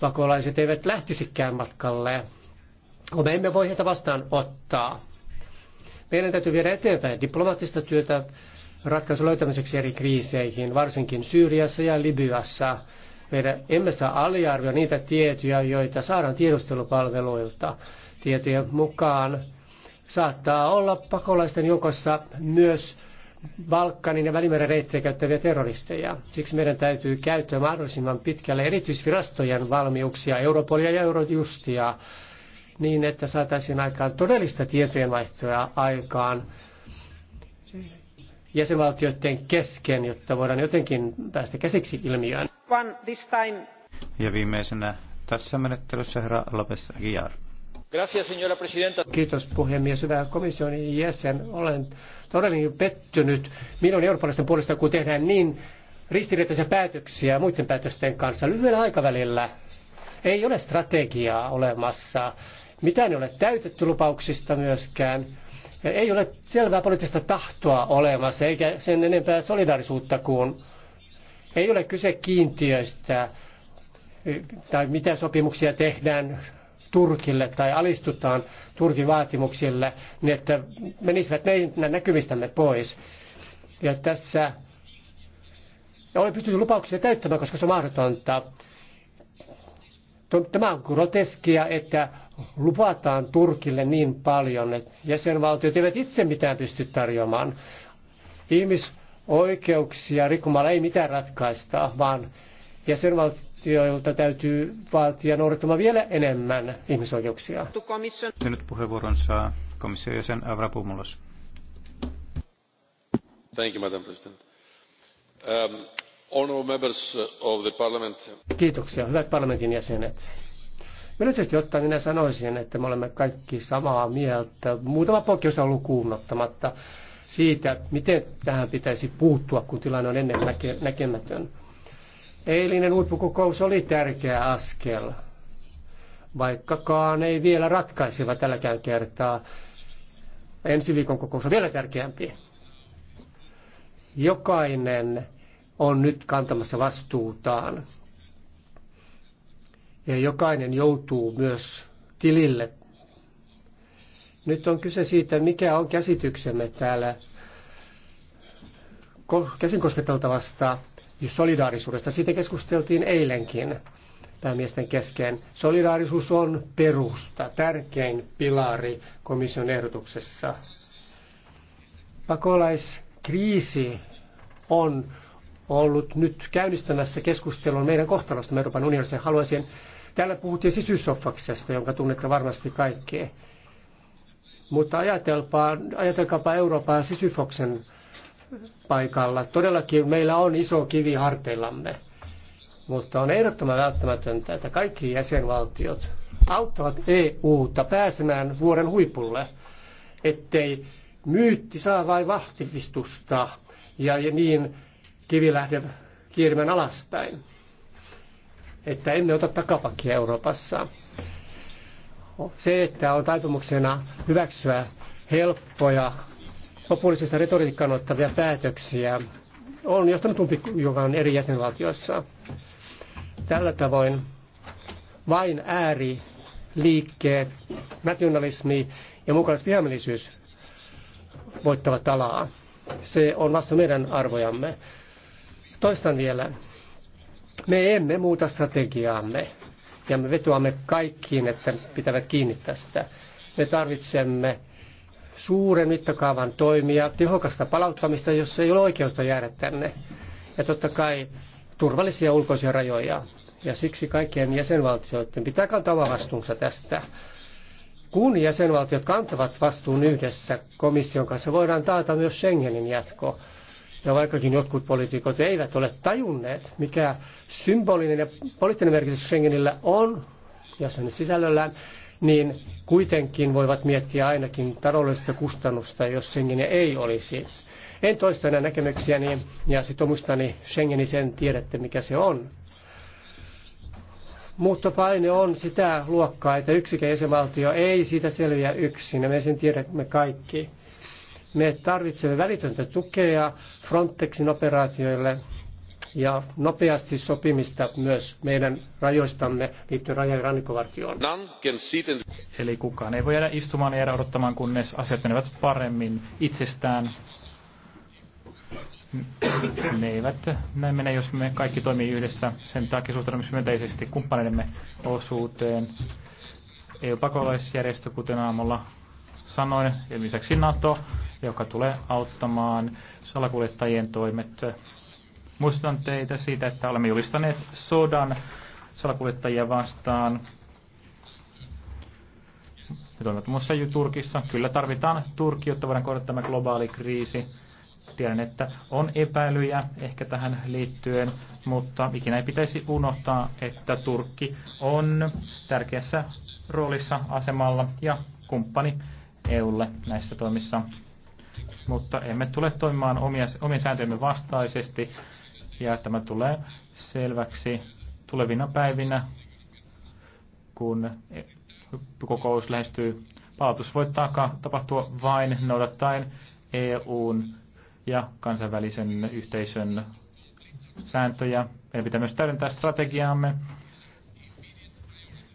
pakolaiset eivät lähtisikään matkalle. Me emme voi heitä vastaan ottaa. Meidän täytyy viedä eteenpäin diplomaattista työtä ratkaisu löytämiseksi eri kriiseihin, varsinkin Syyriassa ja Libyassa. Meidän emme saa aliarvioida niitä tietoja, joita saadaan tiedustelupalveluilta. Tietojen mukaan saattaa olla pakolaisten joukossa myös Balkanin ja Välimeren reittejä käyttäviä terroristeja. Siksi meidän täytyy käyttää mahdollisimman pitkälle erityisvirastojen valmiuksia, Europolia ja Eurojustia, niin että saataisiin aikaan todellista tietojenvaihtoja aikaan jäsenvaltioiden kesken, jotta voidaan jotenkin päästä käsiksi ilmiöön. Ja viimeisenä tässä menettelyssä herra Lopes Aguiar. Kiitos puhemies. Hyvä komission jäsen. Olen todellakin pettynyt minun eurooppalaisten puolesta, kun tehdään niin ristiriitaisia päätöksiä muiden päätösten kanssa lyhyellä aikavälillä. Ei ole strategiaa olemassa. Mitään ei ole täytetty lupauksista myöskään ei ole selvää poliittista tahtoa olemassa, eikä sen enempää solidaarisuutta kuin ei ole kyse kiintiöistä tai mitä sopimuksia tehdään Turkille tai alistutaan Turkin vaatimuksille, niin että menisivät meidän näkymistämme pois. Ja tässä olen pystynyt lupauksia täyttämään, koska se on mahdotonta. Tämä on groteskia, että lupataan Turkille niin paljon, että jäsenvaltiot eivät itse mitään pysty tarjoamaan. Ihmisoikeuksia rikkomalla ei mitään ratkaista, vaan jäsenvaltioilta täytyy vaatia noudattamaan vielä enemmän ihmisoikeuksia. Ja nyt puheenvuoron saa komission jäsen Avrapumulos. Thank you, Madam President. Um, honorable members of the parliament. Kiitoksia, hyvät parlamentin jäsenet Yleisesti ottaen minä sanoisin, että me olemme kaikki samaa mieltä, muutama on ollut kuunnottamatta siitä, miten tähän pitäisi puuttua, kun tilanne on ennen näkemätön. Eilinen huippukokous oli tärkeä askel, vaikkakaan ei vielä ratkaiseva tälläkään kertaa. Ensi viikon kokous on vielä tärkeämpi. Jokainen on nyt kantamassa vastuutaan ja jokainen joutuu myös tilille. Nyt on kyse siitä, mikä on käsityksemme täällä käsin kosketeltavasta solidaarisuudesta. Siitä keskusteltiin eilenkin päämiesten kesken. Solidaarisuus on perusta, tärkein pilari komission ehdotuksessa. Pakolaiskriisi on ollut nyt käynnistämässä keskustelun meidän kohtalosta Euroopan unionissa. Haluaisin Täällä puhuttiin sisysoffaksesta, jonka tunnette varmasti kaikkea. Mutta ajatelkaa, ajatelkaapa Euroopan sisyfoksen paikalla. Todellakin meillä on iso kivi harteillamme. Mutta on ehdottoman välttämätöntä, että kaikki jäsenvaltiot auttavat EU-ta pääsemään vuoden huipulle, ettei myytti saa vain vahtivistusta ja niin kivi lähde kiirimään alaspäin että emme ota takapakkia Euroopassa. Se, että on taipumuksena hyväksyä helppoja, populistista retoriikkaan ottavia päätöksiä, on johtanut umpikujuvan eri jäsenvaltioissa. Tällä tavoin vain ääriliikkeet, nationalismi ja mukalaisvihamielisyys voittavat alaa. Se on vastu meidän arvojamme. Toistan vielä, me emme muuta strategiaamme ja me vetoamme kaikkiin, että pitävät kiinni tästä. Me tarvitsemme suuren mittakaavan toimia, tehokasta palauttamista, jos ei ole oikeutta jäädä tänne. Ja totta kai turvallisia ulkoisia rajoja. Ja siksi kaikkien jäsenvaltioiden pitää kantaa oma vastuunsa tästä. Kun jäsenvaltiot kantavat vastuun yhdessä komission kanssa, voidaan taata myös Schengenin jatko. Ja vaikkakin jotkut poliitikot eivät ole tajunneet, mikä symbolinen ja poliittinen merkitys Schengenillä on ja sen sisällöllään, niin kuitenkin voivat miettiä ainakin taloudellista kustannusta, jos Schengen ei olisi. En toista enää näkemyksiäni ja sitomustani Schengeni sen tiedätte, mikä se on. Muuttopaine on sitä luokkaa, että yksikään jäsenvaltio ei siitä selviä yksin, ja me sen tiedämme kaikki. Me tarvitsemme välitöntä tukea Frontexin operaatioille ja nopeasti sopimista myös meidän rajoistamme liittyen raja- ja rannikkovartioon. Eli kukaan ei voi jäädä istumaan ja jäädä odottamaan, kunnes asiat menevät paremmin itsestään. Ne eivät näin mene, jos me kaikki toimii yhdessä. Sen takia suhtaudumme myönteisesti kumppaneidemme osuuteen. EU-pakolaisjärjestö, kuten aamulla sanoin. Ja lisäksi NATO, joka tulee auttamaan salakuljettajien toimet. Muistutan teitä siitä, että olemme julistaneet sodan salakuljettajia vastaan. Ne toimivat muun muassa Turkissa. Kyllä tarvitaan Turkki, jotta voidaan kohdata tämä globaali kriisi. Tiedän, että on epäilyjä ehkä tähän liittyen, mutta ikinä ei pitäisi unohtaa, että Turkki on tärkeässä roolissa, asemalla ja kumppani EUlle näissä toimissa, mutta emme tule toimimaan omia, omien sääntöjemme vastaisesti, ja tämä tulee selväksi tulevina päivinä, kun kokous lähestyy. Palautus voi tapahtua vain noudattaen EUn ja kansainvälisen yhteisön sääntöjä. Meidän pitää myös täydentää strategiaamme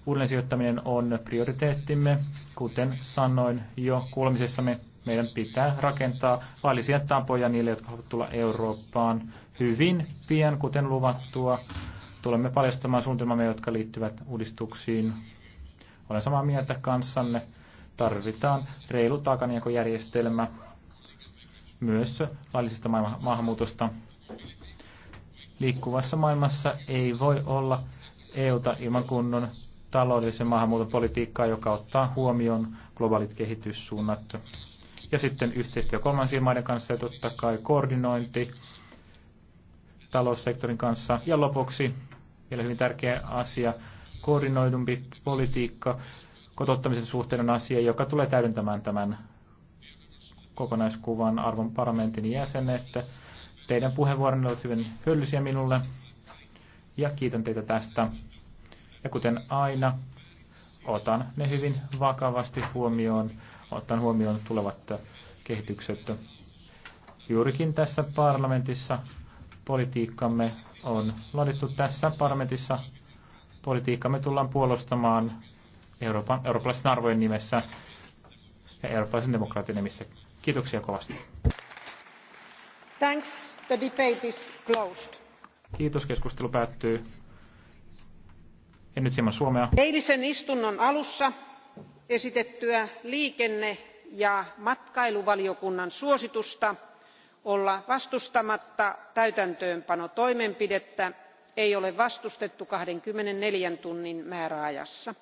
Uudelleen sijoittaminen on prioriteettimme. Kuten sanoin jo kuulemisessamme, meidän pitää rakentaa laillisia tapoja niille, jotka haluavat tulla Eurooppaan hyvin pian, kuten luvattua. Tulemme paljastamaan suunnitelmamme, jotka liittyvät uudistuksiin. Olen samaa mieltä kanssanne. Tarvitaan reilu taakanjakojärjestelmä myös laillisesta maahanmuutosta. Liikkuvassa maailmassa ei voi olla EUta ilman kunnon taloudellisen maahanmuuton politiikkaa, joka ottaa huomioon globaalit kehityssuunnat. Ja sitten yhteistyö kolmansien maiden kanssa ja totta kai koordinointi taloussektorin kanssa. Ja lopuksi vielä hyvin tärkeä asia, koordinoidumpi politiikka kotottamisen suhteen on asia, joka tulee täydentämään tämän kokonaiskuvan arvon parlamentin jäsenet. Teidän puheenvuoronne ovat hyvin hyödyllisiä minulle ja kiitän teitä tästä. Ja kuten aina, otan ne hyvin vakavasti huomioon, otan huomioon tulevat kehitykset. Juurikin tässä parlamentissa politiikkamme on laadittu tässä parlamentissa. Politiikkamme tullaan puolustamaan Euroopan, eurooppalaisten arvojen nimessä ja eurooppalaisen demokraatin nimissä. Kiitoksia kovasti. Thanks. The debate is closed. Kiitos, keskustelu päättyy. Ja nyt hieman suomea. Eilisen istunnon alussa esitettyä liikenne- ja matkailuvaliokunnan suositusta olla vastustamatta täytäntöönpanotoimenpidettä ei ole vastustettu kaksikymmentäneljä tunnin määräajassa.